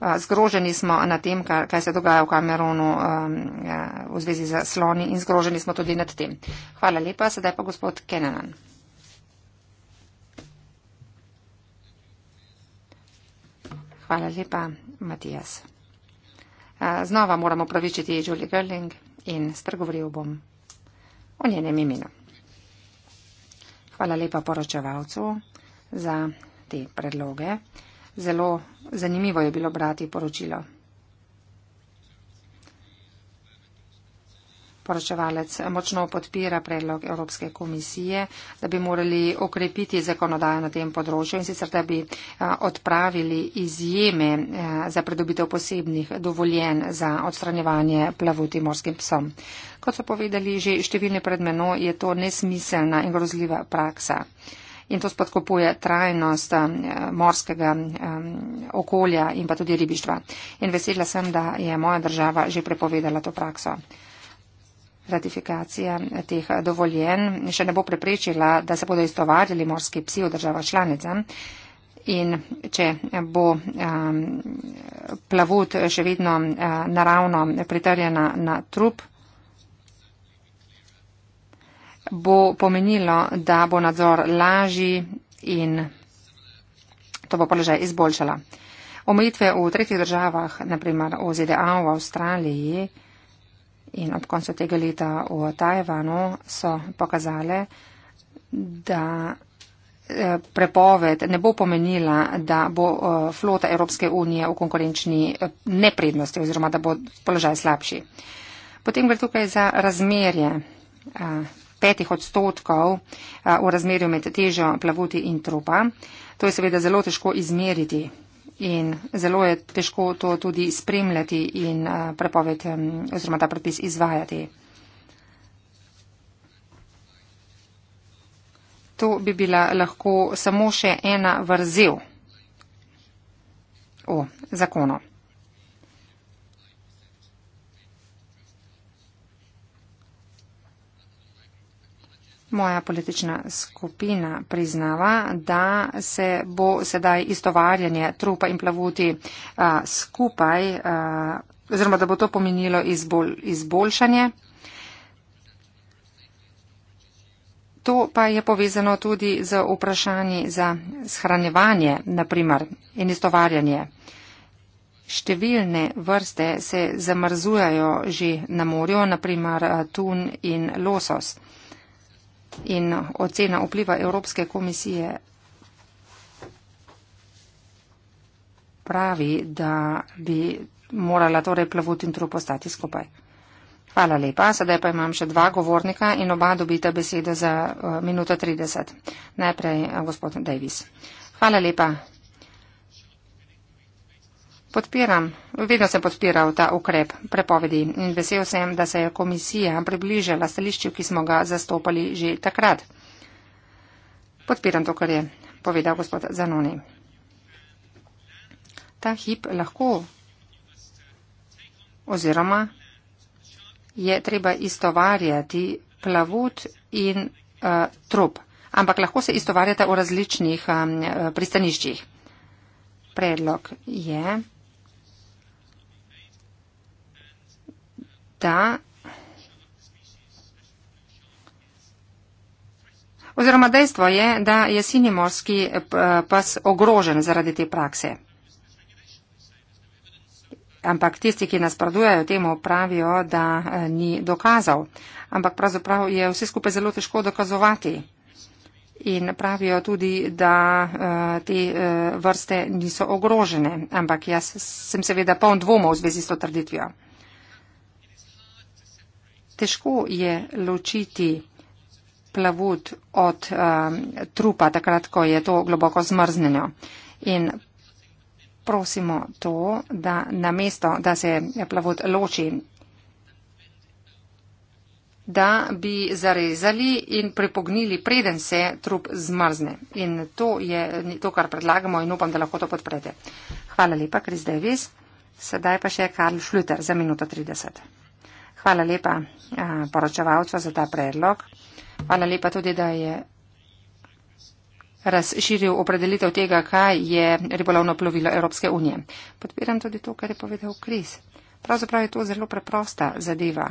Eh, zgroženi smo nad tem, kaj, kaj se dogaja v Kamerunu ehm, ja, v zvezi z sloni in zgroženi smo tudi nad tem. Hvala lepa, sedaj pa gospod Kenenan. Hvala lepa, Matijas. Eh, znova moramo pravičiti Julie Gerling in spregovoril bom o njenem imenu. Hvala lepa poročevalcu za te predloge zelo zanimivo je bilo brati poročilo. Poročevalec močno podpira predlog Evropske komisije, da bi morali okrepiti zakonodajo na tem področju in sicer, da bi odpravili izjeme za predobitev posebnih dovoljen za odstranjevanje plavuti morskim psom. Kot so povedali že številne pred menoj, je to nesmiselna in grozljiva praksa in to spodkopuje trajnost eh, morskega eh, okolja in pa tudi ribištva. In vesela sem, da je moja država že prepovedala to prakso. Ratifikacija eh, teh dovoljen še ne bo preprečila, da se bodo istovarjali morski psi v država članica. In če bo um, plavut še vedno uh, naravno pritrjena na trup, bo pomenilo, da bo nadzor lažji in to bo položaj izboljšala. Omejitve v tretjih državah, naprimer v ZDA, v Avstraliji in ob koncu tega leta v Tajvanu, so pokazale, da eh, prepoved ne bo pomenila, da bo eh, flota Evropske unije v konkurenčni eh, neprednosti oziroma da bo položaj slabši. Potem gre tukaj za razmerje petih odstotkov v razmerju med težo plavuti in trupa. To je seveda zelo težko izmeriti in zelo je težko to tudi spremljati in prepoved oziroma ta predpis izvajati. To bi bila lahko samo še ena vrzel o zakonu. Moja politična skupina priznava, da se bo sedaj istovarjanje trupa in plavuti a, skupaj, oziroma da bo to pomenilo izbol, izboljšanje. To pa je povezano tudi z vprašanji za shranjevanje, naprimer, in istovarjanje. Številne vrste se zamrzujajo že na morju, naprimer tun in losos in ocena vpliva Evropske komisije pravi, da bi morala torej plavut in trup ostati skupaj. Hvala lepa. Sedaj pa imam še dva govornika in oba dobita besedo za uh, minuto 30. Najprej uh, gospod Davis. Hvala lepa. Podpiram, vedno sem podpiral ta ukrep prepovedi in vesel sem, da se je komisija približala stališču, ki smo ga zastopali že takrat. Podpiram to, kar je povedal gospod Zanoni. Ta hip lahko oziroma je treba istovarjati plavut in uh, trup, ampak lahko se istovarjata v različnih um, pristaniščih. Predlog je. Yeah. da Oziroma dejstvo je, da je sinimorski eh, pas ogrožen zaradi te prakse. Ampak tisti, ki nas pradujajo temu, pravijo, da eh, ni dokazal. Ampak pravzaprav je vse skupaj zelo težko dokazovati. In pravijo tudi, da eh, te vrste niso ogrožene. Ampak jaz sem seveda poln dvomov v zvezi s to trditvijo težko je ločiti plavut od um, trupa, takrat, ko je to globoko zmrznjeno. In prosimo to, da na mesto, da se plavut loči, da bi zarezali in pripognili, preden se trup zmrzne. In to je to, kar predlagamo in upam, da lahko to podprete. Hvala lepa, Kris Davis. Sedaj pa še Karl Schluter za minuto 30. Hvala lepa eh, poročevalcu za ta predlog. Hvala lepa tudi, da je razširil opredelitev tega, kaj je ribolovno plovilo Evropske unije. Podpiram tudi to, kar je povedal Kris. Pravzaprav je to zelo preprosta zadeva.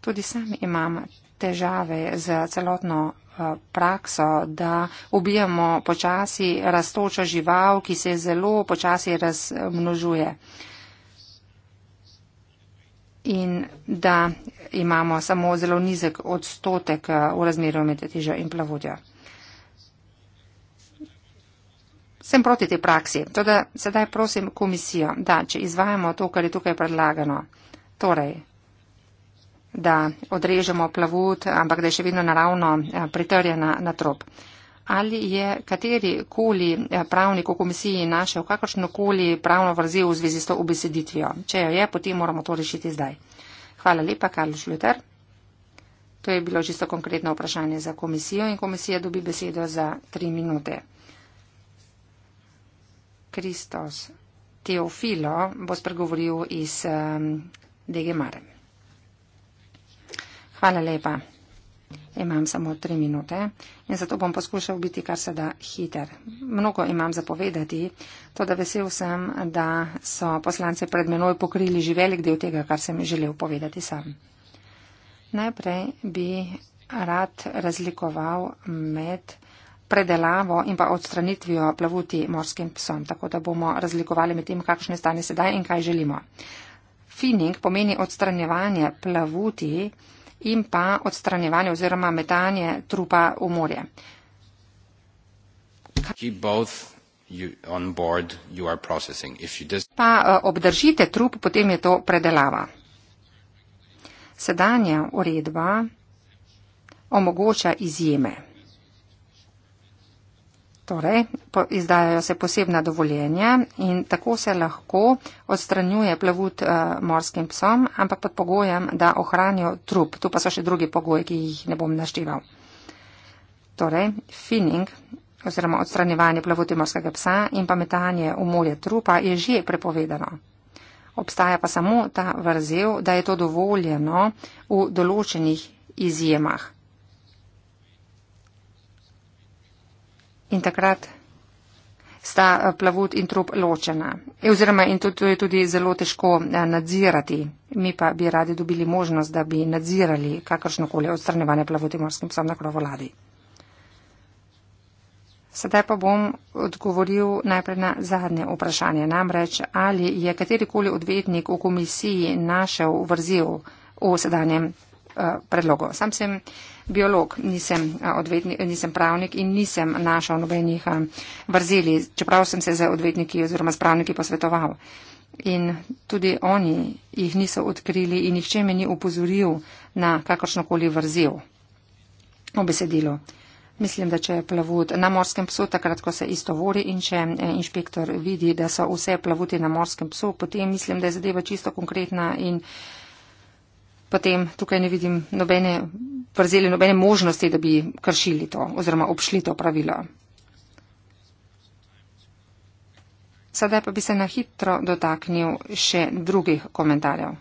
Tudi sam imam težave z celotno eh, prakso, da ubijamo počasi rastočo žival, ki se zelo počasi razmnožuje in da imamo samo zelo nizek odstotek eh, v razmerju med težo in plavodjo. Sem proti tej praksi. Teda sedaj prosim komisijo, da če izvajamo to, kar je tukaj predlagano, torej, da odrežemo plavut, ampak da je še vedno naravno eh, pritrjena na trop ali je kateri koli eh, pravnik v komisiji našel kakršno koli pravno vrzel v zvezi s to obeseditvijo. Če jo je, potem moramo to rešiti zdaj. Hvala lepa, Karl Šluter. To je bilo čisto konkretno vprašanje za komisijo in komisija dobi besedo za tri minute. Kristos Teofilo bo spregovoril iz um, ehm, DGMR. Hvala lepa imam samo tri minute in zato bom poskušal biti kar se da hiter. Mnogo imam zapovedati, to da vesel sem, da so poslance pred menoj pokrili že velik del tega, kar sem želel povedati sam. Najprej bi rad razlikoval med predelavo in pa odstranitvijo plavuti morskim psom, tako da bomo razlikovali med tem, kakšne stane sedaj in kaj želimo. Fining pomeni odstranjevanje plavuti, in pa odstranjevanje oziroma metanje trupa v morje. Pa eh, obdržite trup, potem je to predelava. Sedanja uredba omogoča izjeme. Torej, po, izdajajo se posebna dovoljenja in tako se lahko odstranjuje plavut e, morskim psom, ampak pod pogojem, da ohranijo trup. Tu pa so še drugi pogoji, ki jih ne bom naštival. Torej, finning oziroma odstranjevanje plavuti morskega psa in pametanje v morje trupa je že prepovedano. Obstaja pa samo ta vrzel, da je to dovoljeno v določenih izjemah. in takrat sta eh, plavut in trup ločena. E, oziroma, in to, to je tudi zelo težko eh, nadzirati. Mi pa bi radi dobili možnost, da bi nadzirali kakršnokoli odstranjevanje plavuti morskim psom na krovoladi. Sedaj pa bom odgovoril najprej na zadnje vprašanje. Namreč, ali je katerikoli odvetnik v komisiji našel vrzel v sedanjem uh, predlogu. Sam sem uh, biolog, nisem, odvetni, nisem pravnik in nisem našel nobenih vrzeli, čeprav sem se z odvetniki oziroma s pravniki posvetoval. In tudi oni jih niso odkrili in nihče me ni upozoril na kakršnokoli vrzel v besedilu. Mislim, da če je plavut na morskem psu, takrat, ko se isto vori in če e, inšpektor vidi, da so vse plavuti na morskem psu, potem mislim, da je zadeva čisto konkretna in. Uh, potem tukaj ne vidim nobene vrzeli, nobene možnosti, da bi kršili to oziroma obšli to pravilo. Sedaj pa bi se na hitro dotaknil še drugih komentarjev.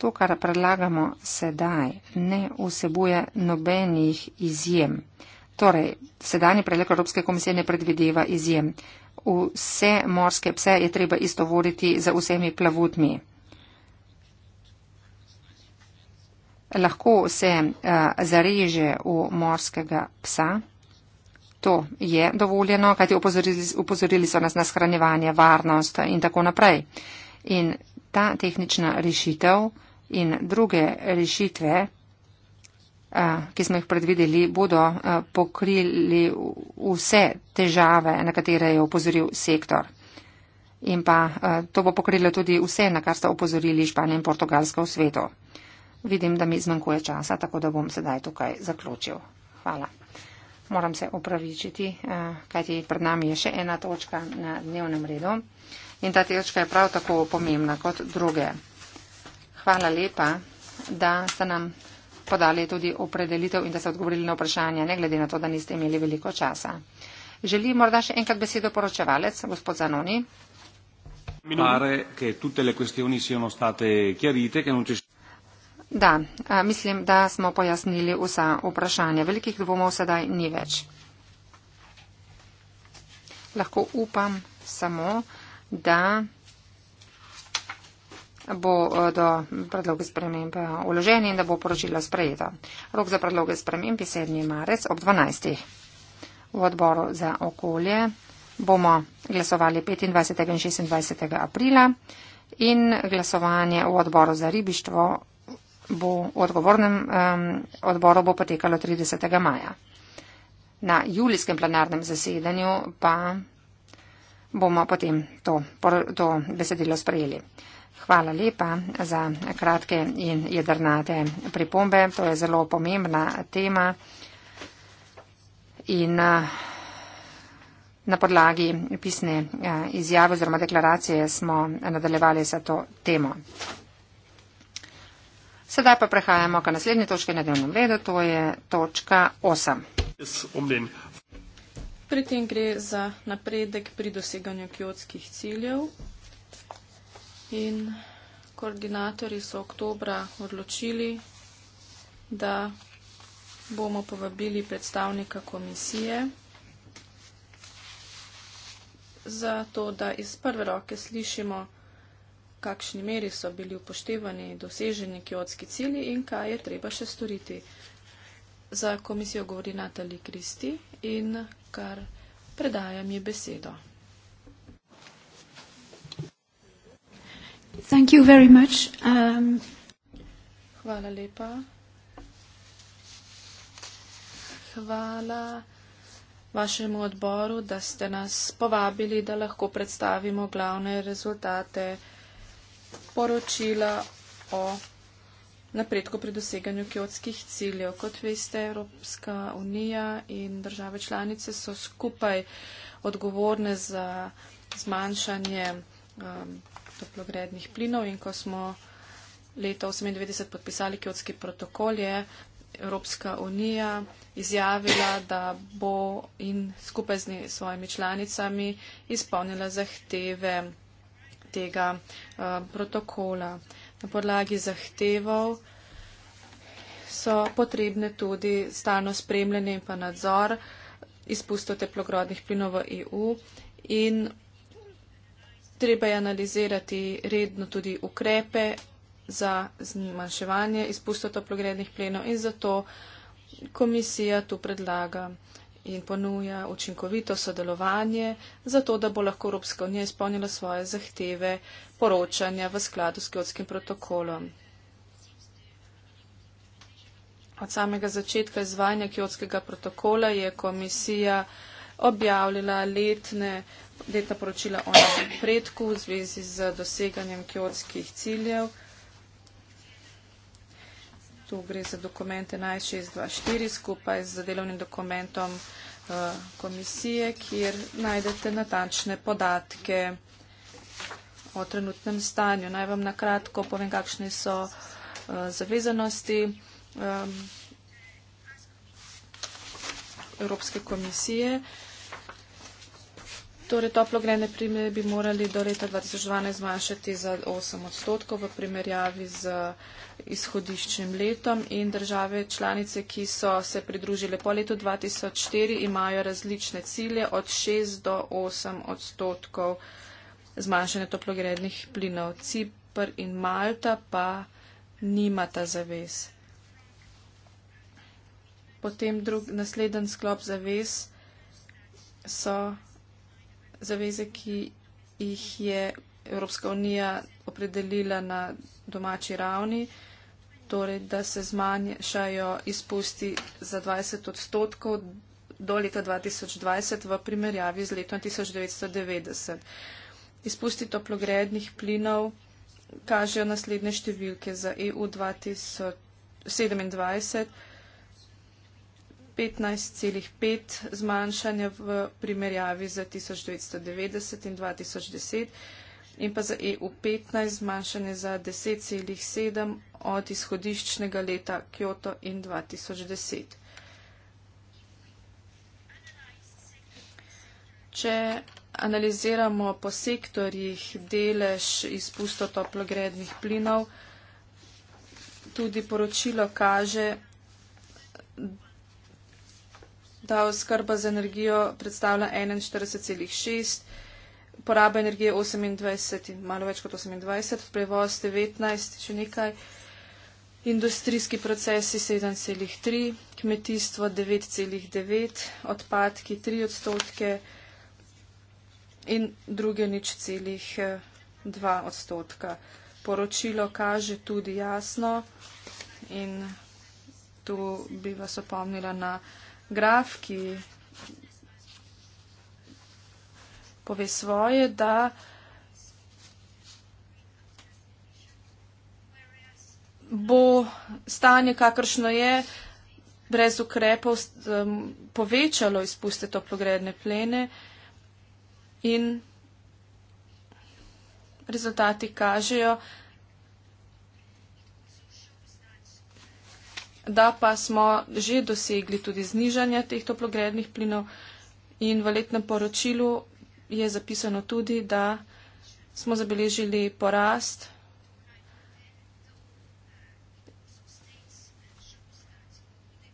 To, kar predlagamo sedaj, ne vsebuje nobenih izjem. Torej, sedajni predlog Evropske komisije ne predvideva izjem. Vse morske pse je treba istovoriti za vsemi plavutmi. lahko se eh, zareže v morskega psa. To je dovoljeno, kajti upozorili, upozorili so nas na shranjevanje, varnost in tako naprej. In ta tehnična rešitev in druge rešitve, eh, ki smo jih predvideli, bodo eh, pokrili vse težave, na katere je upozoril sektor. In pa to bo pokrilo tudi vse, na kar sta upozorili Španija in Portugalska v svetu. Vidim, da mi zmanjkuje časa, tako da bom sedaj tukaj zaključil. Hvala. Moram se opravičiti, eh, kajti pred nami je še ena točka na dnevnem redu in ta točka je prav tako pomembna kot druge. Hvala lepa, da ste nam podali tudi opredelitev in da ste odgovorili na vprašanja, ne glede na to, da niste imeli veliko časa. Želi morda še enkrat besedo poročevalec, gospod Zanoni. Pare, Da, a, mislim, da smo pojasnili vsa vprašanja. Velikih dvomov sedaj ni več. Lahko upam samo, da bo e, do predloge sprememb uloženi e, in da bo poročilo sprejeto. Rok za predloge sprememb je 7. marec ob 12. v odboru za okolje. Bomo glasovali 25. in 26. aprila in glasovanje v odboru za ribištvo bo v odgovornem um, odboru bo potekalo 30. maja. Na julijskem plenarnem zasedanju pa bomo potem to, to besedilo sprejeli. Hvala lepa za kratke in jedrnate pripombe. To je zelo pomembna tema in na podlagi pisne eh, izjave oziroma deklaracije smo nadaljevali sa to temo. Sedaj pa prehajamo k naslednji točki na dnevnem redu, to je točka 8. Um pri tem gre za napredek pri doseganju kjotskih ciljev. In koordinatori so oktobra odločili, da bomo povabili predstavnika komisije za to, da iz prve roke slišimo, kakšni meri so bili upoštevani doseženi kiotski cilji in kaj je treba še storiti. Za komisijo govori Natali Kristi in kar predajam je besedo. Thank you very much. Um, Hvala lepa. Hvala vašemu odboru, da ste nas povabili, da lahko predstavimo glavne rezultate poročila o napredku pri doseganju kjotskih ciljev. Kot veste, Evropska unija in države članice so skupaj odgovorne za zmanjšanje um, toplogrednih plinov in ko smo leta 1998 podpisali kjotski protokol, je Evropska unija izjavila, da bo in skupaj z svojimi članicami izpolnila zahteve tega uh, protokola. Na podlagi zahtevov so potrebne tudi stano spremljanje in pa nadzor izpustov teplogrodnih plinov v EU in treba je analizirati redno tudi ukrepe za zmanjševanje izpustov toplogrednih plinov in zato komisija tu predlaga uh, in ponuja učinkovito sodelovanje, zato da bo lahko Evropska unija izpolnila svoje zahteve poročanja v skladu s Kjotskim protokolom. Od samega začetka izvajanja Kjotskega protokola je komisija objavljala letne, letna poročila o napredku v zvezi z doseganjem Kjotskih ciljev. Tu gre za dokument 11.6.2.4 skupaj z delovnim dokumentom eh, komisije, kjer najdete natančne podatke o trenutnem stanju. Naj vam nakratko povem, kakšne so eh, zavezanosti eh, Evropske komisije. Torej, toplogredne prime bi morali do leta 2012 zmanjšati za 8 odstotkov v primerjavi z izhodiščnim letom in države članice, ki so se pridružile po letu 2004, imajo različne cilje od 6 do 8 odstotkov zmanjšanja toplogrednih plinov. Cipr in Malta pa nimata zavez. Potem drug, naslednji sklop zavez so zaveze, ki jih je Evropska unija opredelila na domači ravni, torej da se zmanjšajo izpusti za 20 odstotkov do leta 2020 v primerjavi z letom 1990. Izpusti toplogrednih plinov kažejo naslednje številke za EU 2027. 15,5 zmanjšanja v primerjavi za 1990 in 2010 in pa za EU 15 zmanjšanje za 10,7 od izhodiščnega leta Kyoto in 2010. Če analiziramo po sektorjih delež izpustov toplogrednih plinov, tudi poročilo kaže, da oskrba z energijo predstavlja 41,6, poraba energije 28 in malo več kot 28, prevoz 19, še nekaj, industrijski procesi 7,3, kmetijstvo 9,9, odpadki 3 odstotke in druge nič celih 2 eh, odstotka. Poročilo kaže tudi jasno in tu bi vas opomnila na graf, ki pove svoje, da bo stanje, kakršno je, brez ukrepov um, povečalo izpuste toplogredne plene in rezultati kažejo, da pa smo že dosegli tudi znižanje teh toplogrednih plinov in v letnem poročilu je zapisano tudi, da smo zabeležili porast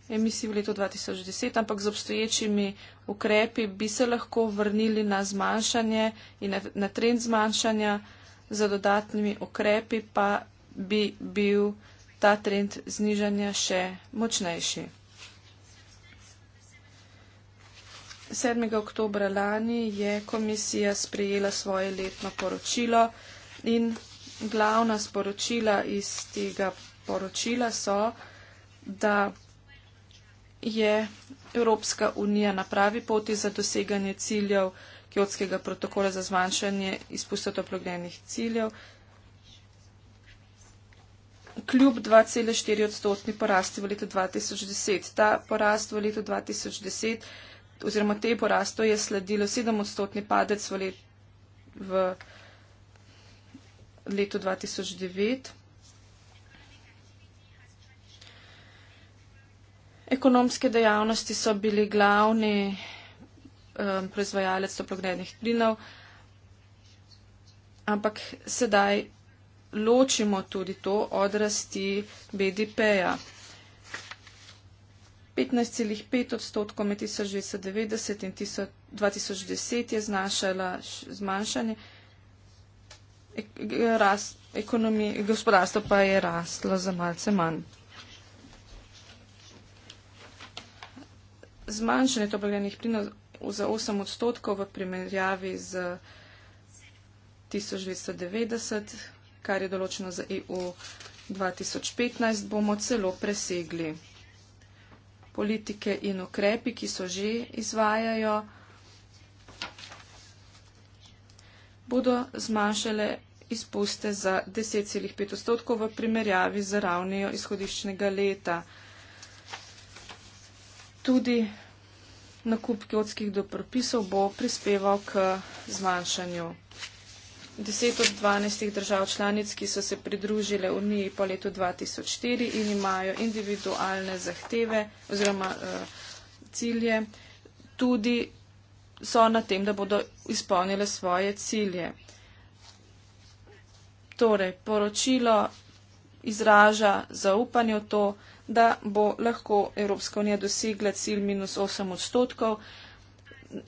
emisij v letu 2010, ampak z obstoječimi ukrepi bi se lahko vrnili na zmanjšanje in na, na trend zmanjšanja, za dodatnimi ukrepi pa bi bil ta trend znižanja še močnejši. 7. oktober lani je komisija sprejela svoje letno poročilo in glavna sporočila iz tega poročila so, da je Evropska unija na pravi poti za doseganje ciljev Kjotskega protokola za zmanjšanje izpustov toplogrednih ciljev kljub 2,4 odstotni porasti v letu 2010. Ta porast v letu 2010 oziroma te porasto je sledilo 7 odstotni padec v, let, v letu 2009. Ekonomske dejavnosti so bili glavni um, proizvajalec toplogrednih plinov, ampak sedaj ločimo tudi to od rasti BDP-ja. 15,5 odstotkov med 1990 in 2010 je znašala zmanjšanje, gospodarstvo pa je rastlo za malce manj. Zmanjšanje toplogrednih plinov za 8 odstotkov v primerjavi z 1990 kar je določeno za EU 2015, bomo celo presegli. Politike in ukrepi, ki so že izvajajo, bodo zmanjšale izpuste za 10,5 odstotkov v primerjavi z ravnijo izhodiščnega leta. Tudi nakup kiotskih dopropisov bo prispeval k zmanjšanju. 10 od 12 držav članic, ki so se pridružile Uniji po letu 2004 in imajo individualne zahteve oziroma uh, cilje, tudi so na tem, da bodo izpolnile svoje cilje. Torej, poročilo izraža zaupanje v to, da bo lahko Evropska unija dosegla cilj minus 8 odstotkov,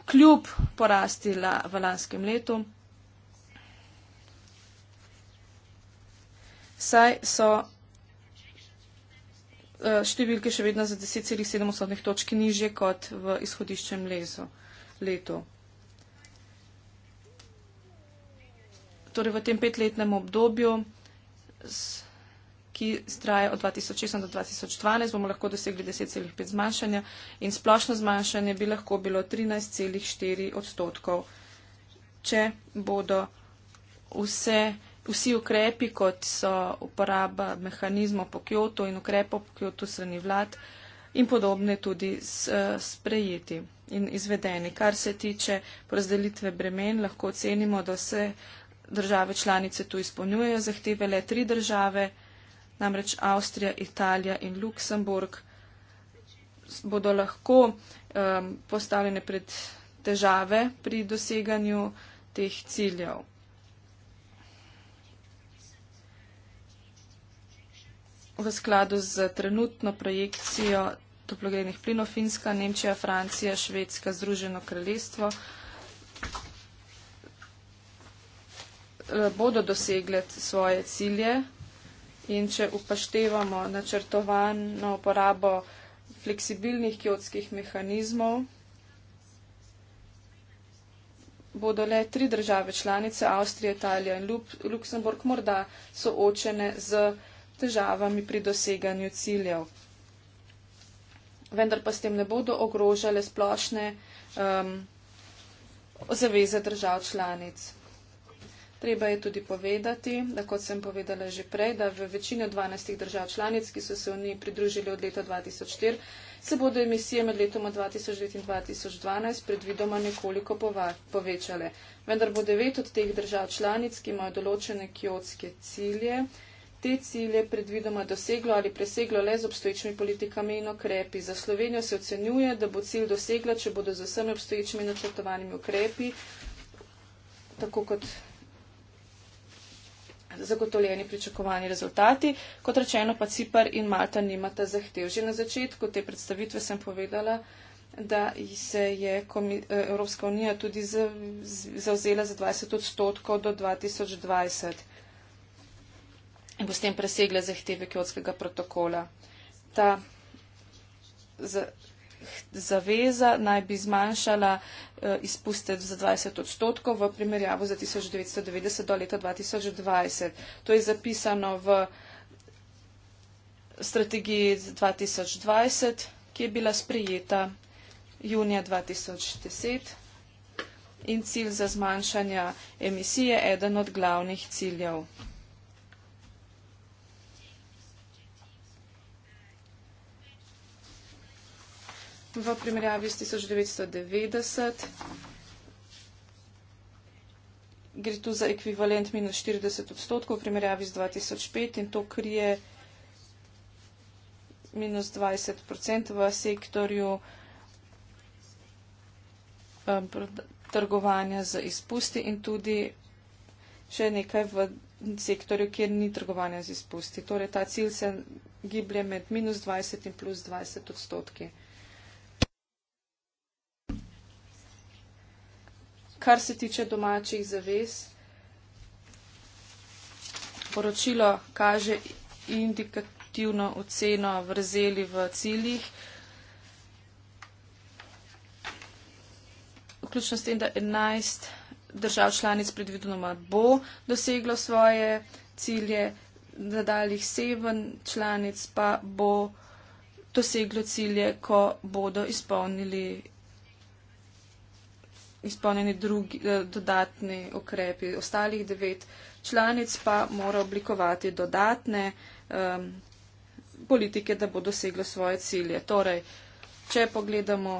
kljub porasti la, v lanskem letu. saj so e, številke še vedno za 10,7 odstotnih točki nižje kot v izhodiščem lezo, letu. Torej v tem petletnem obdobju, ki traje od 2006 do 2012, bomo lahko dosegli 10,5 zmanjšanja in splošno zmanjšanje bi lahko bilo 13,4 odstotkov, če bodo vse vsi ukrepi, kot so uporaba mehanizmov po Kjotu in ukrepov po Kjotu srni vlad in podobne tudi eh, sprejeti in izvedeni. Kar se tiče porazdelitve bremen, lahko ocenimo, da se države članice tu izpolnjujejo zahteve le tri države, namreč Avstrija, Italija in Luksemburg bodo lahko um, postavljene pred težave pri doseganju teh ciljev. v skladu z trenutno projekcijo toplogrednih plinov Finska, Nemčija, Francija, Švedska, Združeno kraljestvo eh, bodo dosegle svoje cilje in če upaštevamo načrtovano uporabo fleksibilnih kiotskih mehanizmov, bodo le tri države članice, Avstrija, Italija in Luksemburg, morda soočene z težavami pri doseganju ciljev. Vendar pa s tem ne bodo ogrožale splošne um, zaveze držav članic. Treba je tudi povedati, da kot sem povedala že prej, da v večini od 12 držav članic, ki so se v njej pridružili od leta 2004, se bodo emisije med letoma 2009 in 2012 predvidoma nekoliko povečale. Vendar bo devet od teh držav članic, ki imajo določene kiotske cilje, te cilje predvidoma doseglo ali preseglo le z obstoječimi politikami in okrepi. Za Slovenijo se ocenjuje, da bo cilj dosegla, če bodo z vsemi obstoječimi načrtovanimi ukrepi, tako kot zagotovljeni pričakovani rezultati. Kot rečeno, pa Cipar in Malta nimata zahtev. Že na začetku te predstavitve sem povedala, da se je eh, Evropska unija tudi zauzela za 20 odstotkov do 2020 in bo s tem presegla zahteve Kjotskega protokola. Ta zaveza naj bi zmanjšala eh, izpuste za 20 odstotkov v primerjavu za 1990 do leta 2020. To je zapisano v strategiji 2020, ki je bila sprijeta junija 2010 in cilj za zmanjšanje emisije je eden od glavnih ciljev. v primerjavi s 1990. Gre tu za ekvivalent minus 40 odstotkov v primerjavi s 2005 in to krije minus 20 odstotkov v sektorju um, trgovanja z izpusti in tudi še nekaj v sektorju, kjer ni trgovanja z izpusti. Torej, ta cilj se giblje med minus 20 in plus 20 odstotki. kar se tiče domačih zavez, poročilo kaže indikativno oceno vrzeli v ciljih. Vključno s tem, da 11 držav članic predvidoma bo doseglo svoje cilje, nadaljih 7 članic pa bo doseglo cilje, ko bodo izpolnili izpolnjeni drugi, eh, dodatni ukrepi. Ostalih devet članic pa mora oblikovati dodatne um, politike, da bo doseglo svoje cilje. Torej, če pogledamo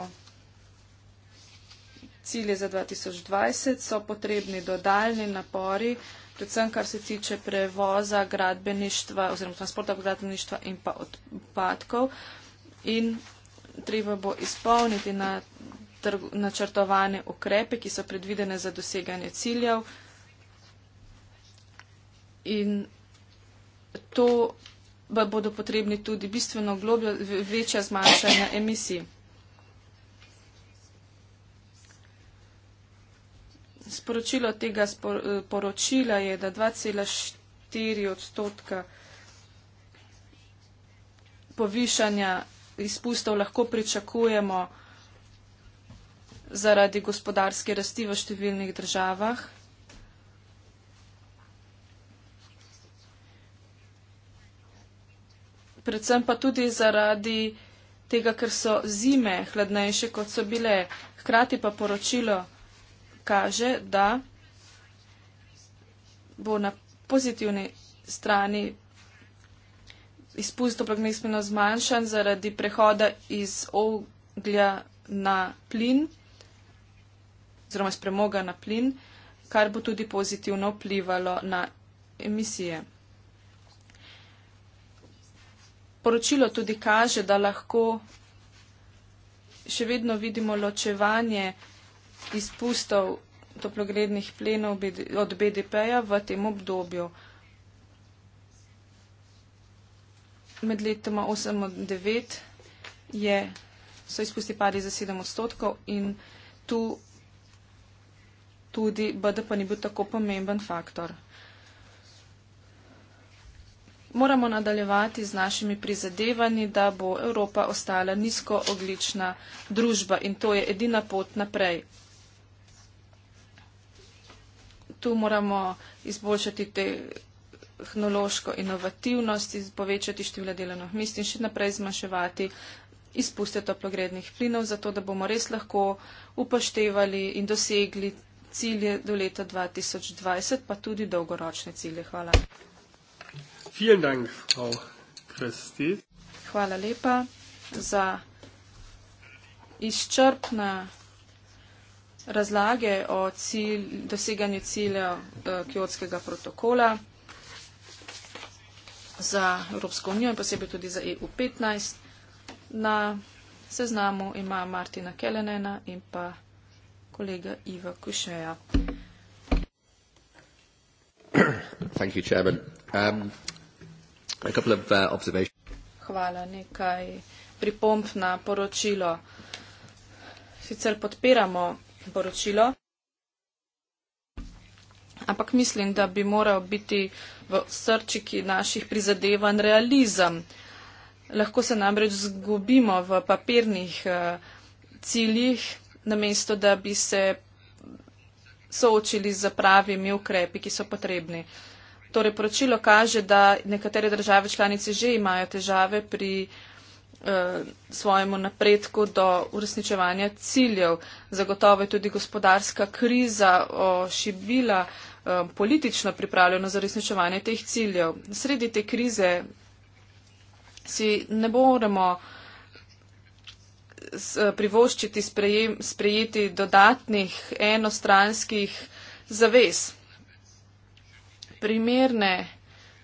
cilje za 2020, so potrebni dodaljni napori, predvsem kar se tiče prevoza gradbeništva oziroma transporta gradbeništva in pa odpadkov. In treba bo izpolniti na načrtovane ukrepe, ki so predvidene za doseganje ciljev. In to bodo potrebni tudi bistveno globjo, večja zmanjšanja emisij. Sporočilo tega poročila je, da 2,4 odstotka povišanja izpustov lahko pričakujemo zaradi gospodarske rasti v številnih državah. Predvsem pa tudi zaradi tega, ker so zime hladnejše, kot so bile. Hkrati pa poročilo kaže, da bo na pozitivni strani izpust toplogrednih spojenov zmanjšan zaradi prehoda iz oglja na plin oziroma iz premoga na plin, kar bo tudi pozitivno vplivalo na emisije. Poročilo tudi kaže, da lahko še vedno vidimo ločevanje izpustov toplogrednih plenov od BDP-ja v tem obdobju. Med letoma 8 in 9 je, so izpusti padli za 7 odstotkov in tu tudi BDP ni bil tako pomemben faktor. Moramo nadaljevati z našimi prizadevanji, da bo Evropa ostala nizkooglična družba in to je edina pot naprej. Tu moramo izboljšati tehnološko inovativnost, povečati število delovnih mest in še naprej zmanjševati izpuste toplogrednih plinov, zato da bomo res lahko upoštevali in dosegli cilje do leta 2020, pa tudi dolgoročne cilje. Hvala. Hvala lepa za izčrpna razlage o cilj, doseganju cilja eh, Kjotskega protokola za Evropsko unijo in posebej tudi za EU15. Na seznamu ima Martina Kelenena in pa kolega Iva Kušeja. Thank you, Chairman. Um, a couple of uh, observations. Hvala, nekaj pripomp na poročilo. Sicer podpiramo poročilo, ampak mislim, da bi moral biti v srčiki naših prizadevanj realizem. Lahko se namreč zgubimo v papirnih uh, ciljih, namesto da bi se soočili z pravimi ukrepi, ki so potrebni. Torej, poročilo kaže, da nekatere države članice že imajo težave pri eh, svojemu napredku do uresničevanja ciljev. Zagotovo je tudi gospodarska kriza ošibila eh, politično pripravljeno za uresničevanje teh ciljev. Sredi te krize si ne moremo eh, Eh, privoščiti sprejem, sprejeti dodatnih enostranskih zavez. Primerne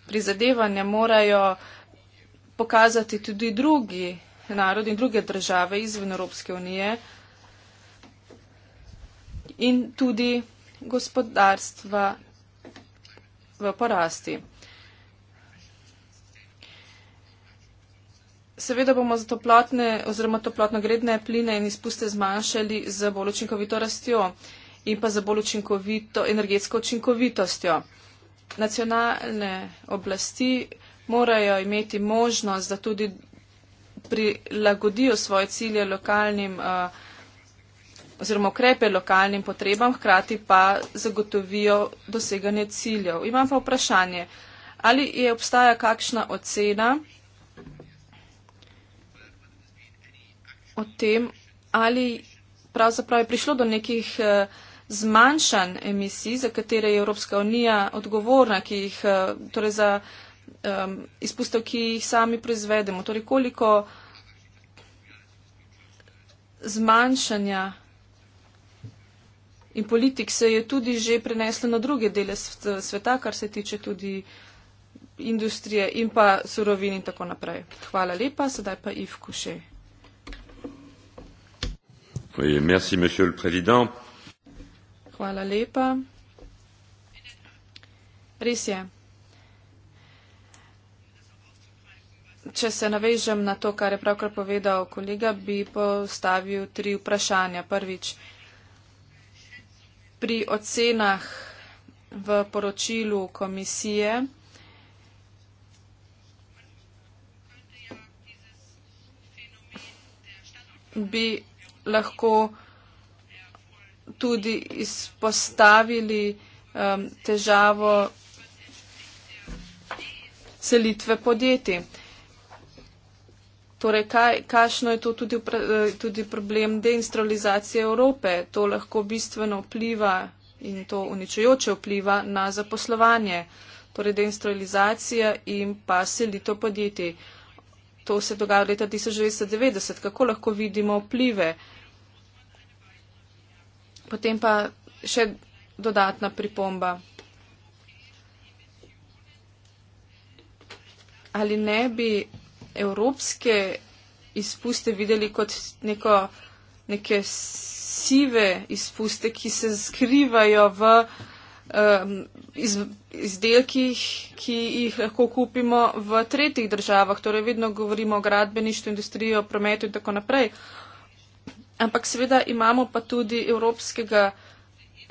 prizadevanja morajo pokazati tudi drugi narodi in druge države izven Evropske unije in tudi gospodarstva v porasti. Seveda bomo za toplotne oziroma toplotno gredne pline in izpuste zmanjšali z bolj učinkovito rastjo in pa z bolj učinkovito energetsko učinkovitostjo. Nacionalne oblasti morajo imeti možnost, da tudi prilagodijo svoje cilje lokalnim eh, oziroma ukrepe lokalnim potrebam, hkrati pa zagotovijo doseganje ciljev. Imam pa vprašanje, ali je obstaja kakšna ocena, o tem, ali pravzaprav je prišlo do nekih eh, zmanjšanj emisij, za katere je Evropska unija odgovorna, ki jih, eh, torej za um, izpustov, ki jih sami proizvedemo. Torej, koliko zmanjšanja in politik se je tudi že preneslo na druge dele sveta, kar se tiče tudi industrije in pa surovin in tako naprej. Hvala lepa, sedaj pa Ivku še. Oui, merci, Monsieur le Président. Hvala lepa. Res je. Če se navežem na to, kar je pravkar povedal kolega, bi postavil tri vprašanja. Prvič, pri ocenah v poročilu komisije. Bi lahko tudi izpostavili um, težavo selitve podjetij. Torej, kaj, kašno je to tudi, eh, tudi problem deindustrializacije Evrope? To lahko bistveno vpliva in to uničujoče vpliva na zaposlovanje. Torej, deindustrializacija in pa selitev podjetij to se dogaja leta 1990, kako lahko vidimo vplive. Potem pa še dodatna pripomba. Ali ne bi evropske izpuste videli kot neko, neke sive izpuste, ki se skrivajo v um, iz, izdelkih, ki jih lahko kupimo v tretjih državah. Torej, vedno govorimo o gradbeništvu, industriji, prometu in tako naprej. Ampak seveda imamo pa tudi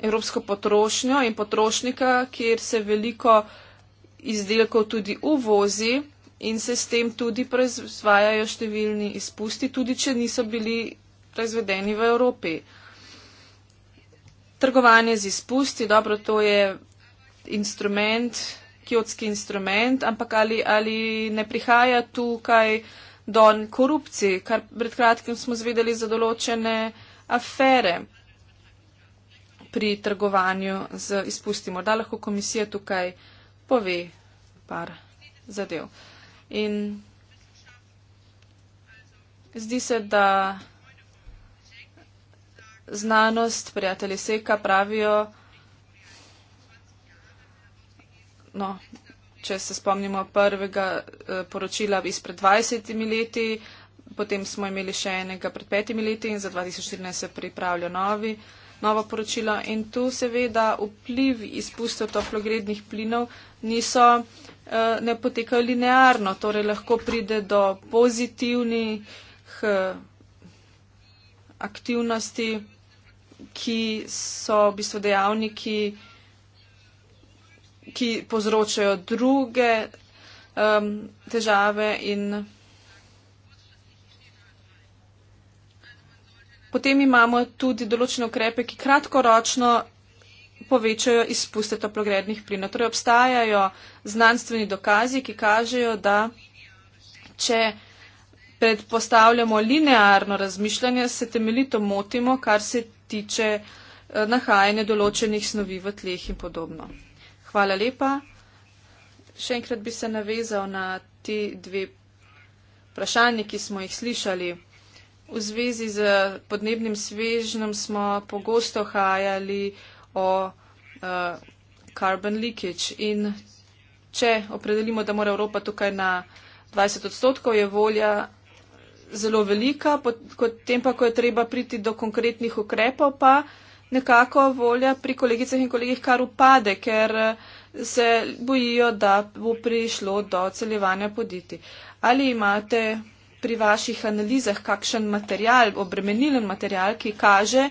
evropsko potrošnjo in potrošnika, kjer se veliko izdelkov tudi uvozi in se s tem tudi proizvajajo številni izpusti, tudi če niso bili proizvedeni v Evropi. Uh, trgovanje z izpusti, dobro, to je instrument, kjotski instrument, ampak ali, ali ne prihaja tukaj do korupcije, kar pred kratkim smo zvedeli za določene afere pri trgovanju z izpusti. Morda lahko komisija tukaj pove par zadev. In zdi se, da znanost, prijatelji Seka pravijo, no, če se spomnimo prvega eh, poročila izpred 20 leti, potem smo imeli še enega pred petimi leti in za 2014 se pripravlja novi, novo poročilo. In tu seveda vpliv izpustov toplogrednih plinov niso, eh, ne potekajo linearno, torej lahko pride do pozitivnih eh, aktivnosti ki so v bistvu dejavniki, ki povzročajo druge um, težave in potem imamo tudi določene ukrepe, ki kratkoročno povečajo izpuste toplogrednih plinov. Torej obstajajo znanstveni dokazi, ki kažejo, da če predpostavljamo linearno razmišljanje, se temeljito motimo, kar se tiče eh, nahajanja določenih snovi v tleh in podobno. Hvala lepa. Še enkrat bi se navezal na te dve vprašanje, ki smo jih slišali. V zvezi z podnebnim svežnjem smo pogosto hajali o uh, carbon leakage in če opredelimo, da mora Evropa tukaj na 20 odstotkov, je volja zelo velika, potem pa, ko je treba priti do konkretnih ukrepov, pa nekako volja pri kolegicah in kolegih kar upade, ker eh, se bojijo, da bo prišlo do celjevanja podjetij. Ali imate pri vaših analizah kakšen material, obremenilen material, ki kaže,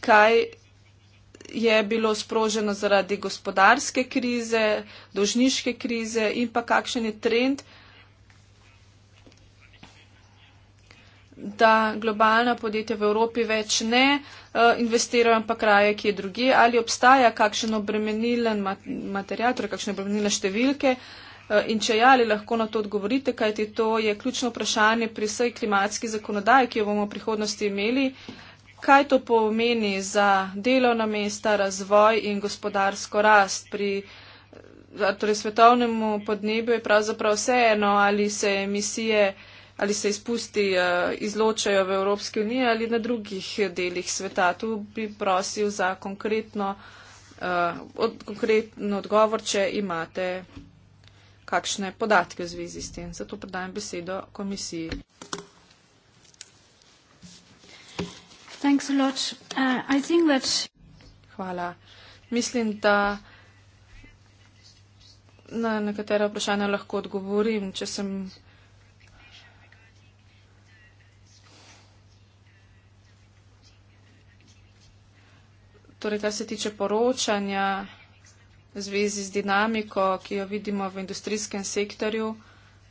kaj je bilo sproženo zaradi gospodarske krize, dožniške krize in pa kakšen je trend, da globalna podjetja v Evropi več ne uh, investirajo, ampak raje kje drugi, ali obstaja kakšen obremenilen mat material, torej kakšne obremenilne številke uh, in če ja, ali lahko na to odgovorite, kajti to je ključno vprašanje pri vsej klimatski zakonodaji, ki jo bomo v prihodnosti imeli, kaj to pomeni za delovna mesta, razvoj in gospodarsko rast pri. Eh, torej, svetovnemu podnebju je pravzaprav vseeno, ali se emisije uh, ali se izpusti eh, izločajo v Evropski uniji ali na drugih delih sveta. Tu bi prosil za konkretno, eh, od, konkretno odgovor, če imate kakšne podatke v zvezi s tem. Zato predajem besedo komisiji. Uh, that... Hvala. Mislim, da na nekatera vprašanja lahko odgovorim, če sem. torej, kar se tiče poročanja v zvezi z dinamiko, ki jo vidimo v industrijskem sektorju,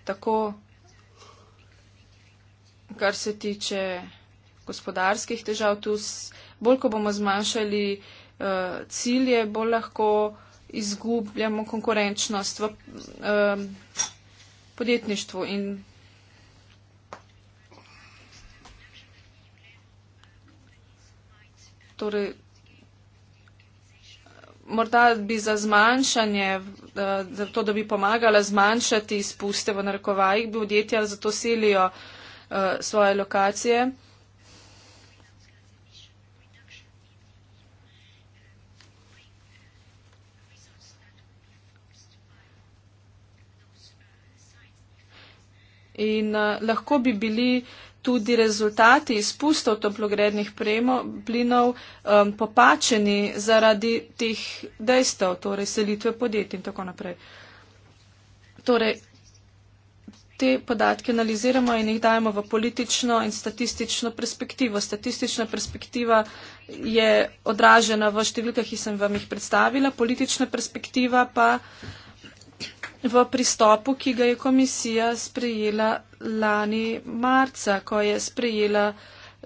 tako kar se tiče gospodarskih težav, tu bolj, ko bomo zmanjšali uh, cilje, bolj lahko izgubljamo konkurenčnost v um, podjetništvu. In torej, morda bi za zmanjšanje, eh, za to, da bi pomagala zmanjšati izpuste v narkovajih, bi odjetja zato silijo eh, svoje lokacije. In uh, lahko bi bili uh, tudi rezultati izpustov toplogrednih premo, plinov um, popačeni zaradi teh dejstev, torej selitve podjetij in tako naprej. Torej, te podatke analiziramo in jih dajemo v politično in statistično perspektivo. Statistična perspektiva je odražena v številkah, ki sem vam jih predstavila, politična perspektiva pa v pristopu, ki ga je komisija sprejela lani marca, ko je sprejela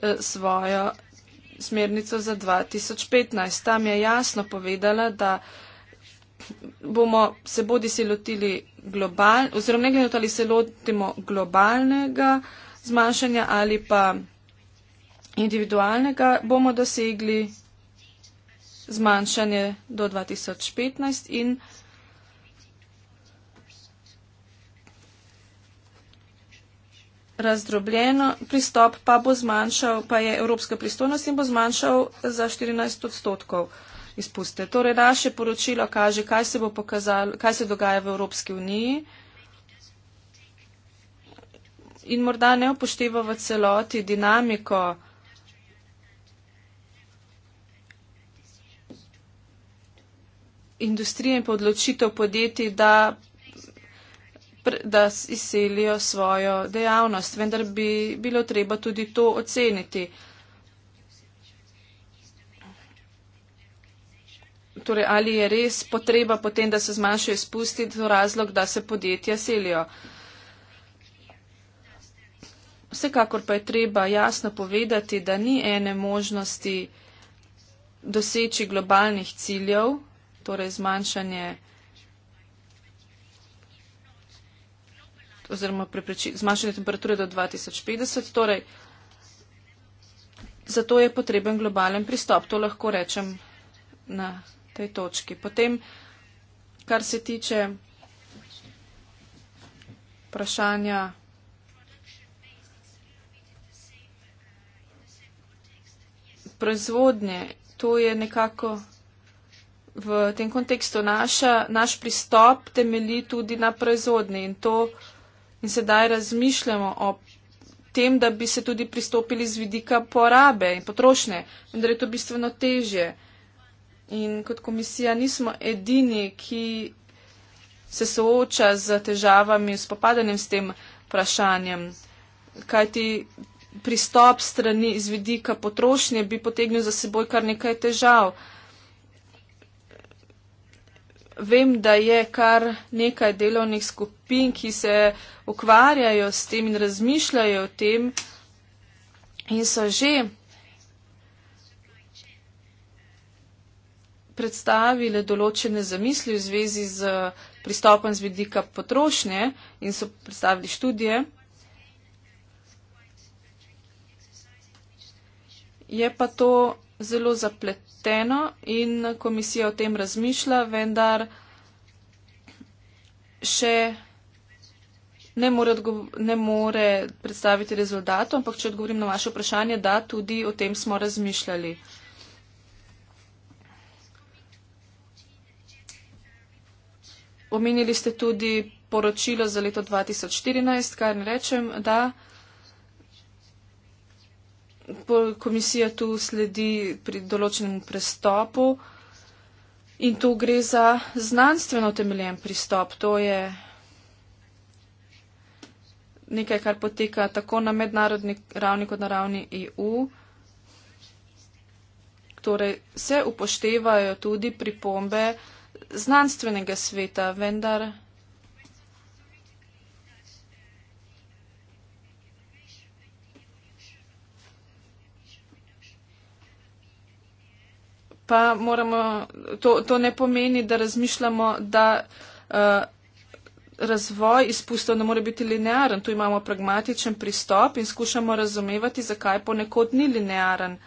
eh, svojo smernico za 2015. Tam je jasno povedala, da bomo se bodi se lotili global, oziroma nekaj, ali se lotimo globalnega zmanjšanja ali pa individualnega, bomo dosegli zmanjšanje do 2015 in razdrobljen pristop, pa bo zmanjšal, pa je evropska pristojnost in bo zmanjšal za 14 odstotkov izpuste. Torej, naše poročilo kaže, kaj se bo pokazalo, kaj se dogaja v Evropski uniji in morda ne upošteva v celoti dinamiko. industrije in podločitev podjetij, da da izselijo svojo dejavnost, vendar bi bilo treba tudi to oceniti. Torej, ali je res potreba potem, da se zmanjšajo izpusti, to razlog, da se podjetja selijo. Vsekakor pa je treba jasno povedati, da ni ene možnosti doseči globalnih ciljev, torej zmanjšanje izpustov. oziroma zmanjšanje temperature do 2050. Torej, zato je potreben globalen pristop, to lahko rečem na tej točki. Potem, kar se tiče vprašanja. Proizvodnje, to je nekako v tem kontekstu naša, naš pristop temelji tudi na proizvodnji in to. In sedaj razmišljamo o tem, da bi se tudi pristopili z vidika porabe in potrošnje, vendar je to bistveno težje. In kot komisija nismo edini, ki se sooča z težavami, spopadanjem s tem vprašanjem. Kajti pristop strani iz vidika potrošnje bi potegnil za seboj kar nekaj težav. Uh, vem, da je kar nekaj delovnih skupin, ki se ukvarjajo s tem in razmišljajo o tem in so že predstavile določene zamisli v zvezi z pristopom z vidika potrošnje in so predstavili študije. Je pa to zelo zapleteno in komisija o tem razmišlja, vendar še ne more, ne more predstaviti rezultatov, ampak če odgovorim na vaše vprašanje, da tudi o tem smo razmišljali. Omenili ste tudi poročilo za leto 2014, kar ne rečem, da komisija tu sledi pri določenem prestopu in tu gre za znanstveno temeljen pristop. To je nekaj, kar poteka tako na mednarodni ravni kot na ravni EU. Torej se upoštevajo tudi pripombe znanstvenega sveta, vendar pa moramo, to, to ne pomeni, da razmišljamo, da uh, razvoj izpustov ne more biti linearen. Tu imamo pragmatičen pristop in skušamo razumevati, zakaj ponekod ni linearen.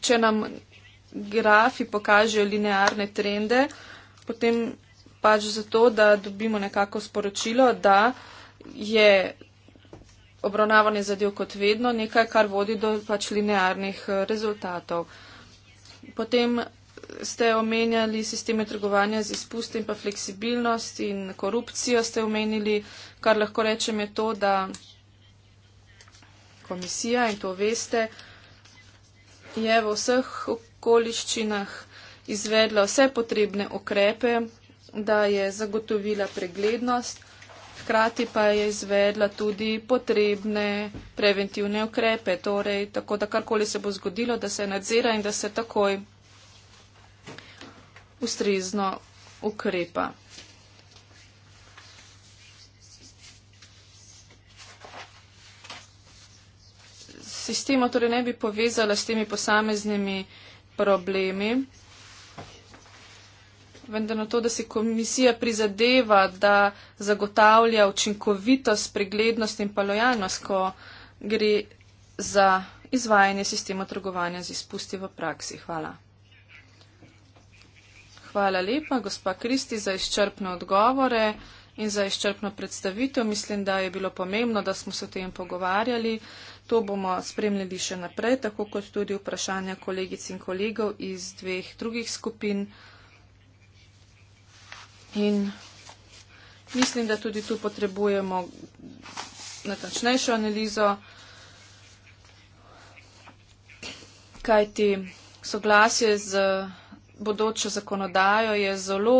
Če nam grafi pokažejo linearne trende, potem pač zato, da dobimo nekako sporočilo, da je obravnavanje zadev kot vedno nekaj, kar vodi do pač linearnih eh, rezultatov. Potem ste omenjali sisteme trgovanja z izpusti in pa fleksibilnost in korupcijo ste omenili, kar lahko rečem je to, da komisija in to veste, je v vseh okoliščinah izvedla vse potrebne okrepe, da je zagotovila preglednost, hkrati pa je izvedla tudi potrebne preventivne ukrepe, torej tako, da karkoli se bo zgodilo, da se nadzira in da se takoj ustrezno ukrepa. Sistema torej ne bi povezala s temi posameznimi problemi vendar na to, da si komisija prizadeva, da zagotavlja učinkovitost, preglednost in pa lojalnost, ko gre za izvajanje sistema trgovanja z izpusti v praksi. Hvala. Hvala lepa, gospa Kristi, za izčrpne odgovore in za izčrpno predstavitev. Mislim, da je bilo pomembno, da smo se o tem pogovarjali. To bomo spremljali še naprej, tako kot tudi vprašanja kolegic in kolegov iz dveh drugih skupin. In mislim, da tudi tu potrebujemo natančnejšo analizo, kajti soglasje z bodočo zakonodajo je zelo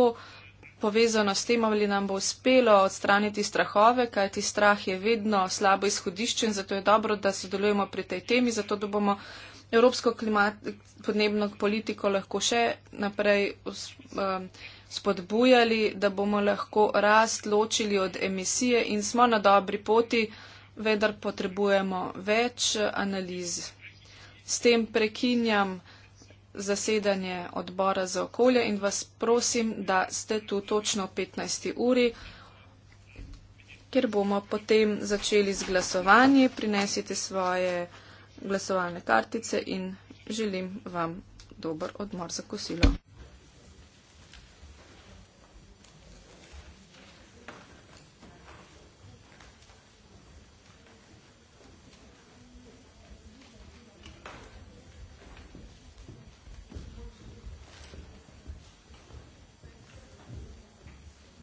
povezano s tem, ali nam bo uspelo odstraniti strahove, kajti strah je vedno slabo izhodišče in zato je dobro, da sodelujemo pri tej temi, zato da bomo evropsko klimat, podnebno politiko lahko še naprej. Um, spodbujali, da bomo lahko rast ločili od emisije in smo na dobri poti, vendar potrebujemo več analiz. S tem prekinjam zasedanje odbora za okolje in vas prosim, da ste tu točno v 15. uri, kjer bomo potem začeli z glasovanji. Prinesite svoje glasovalne kartice in želim vam dober odmor za kosilo.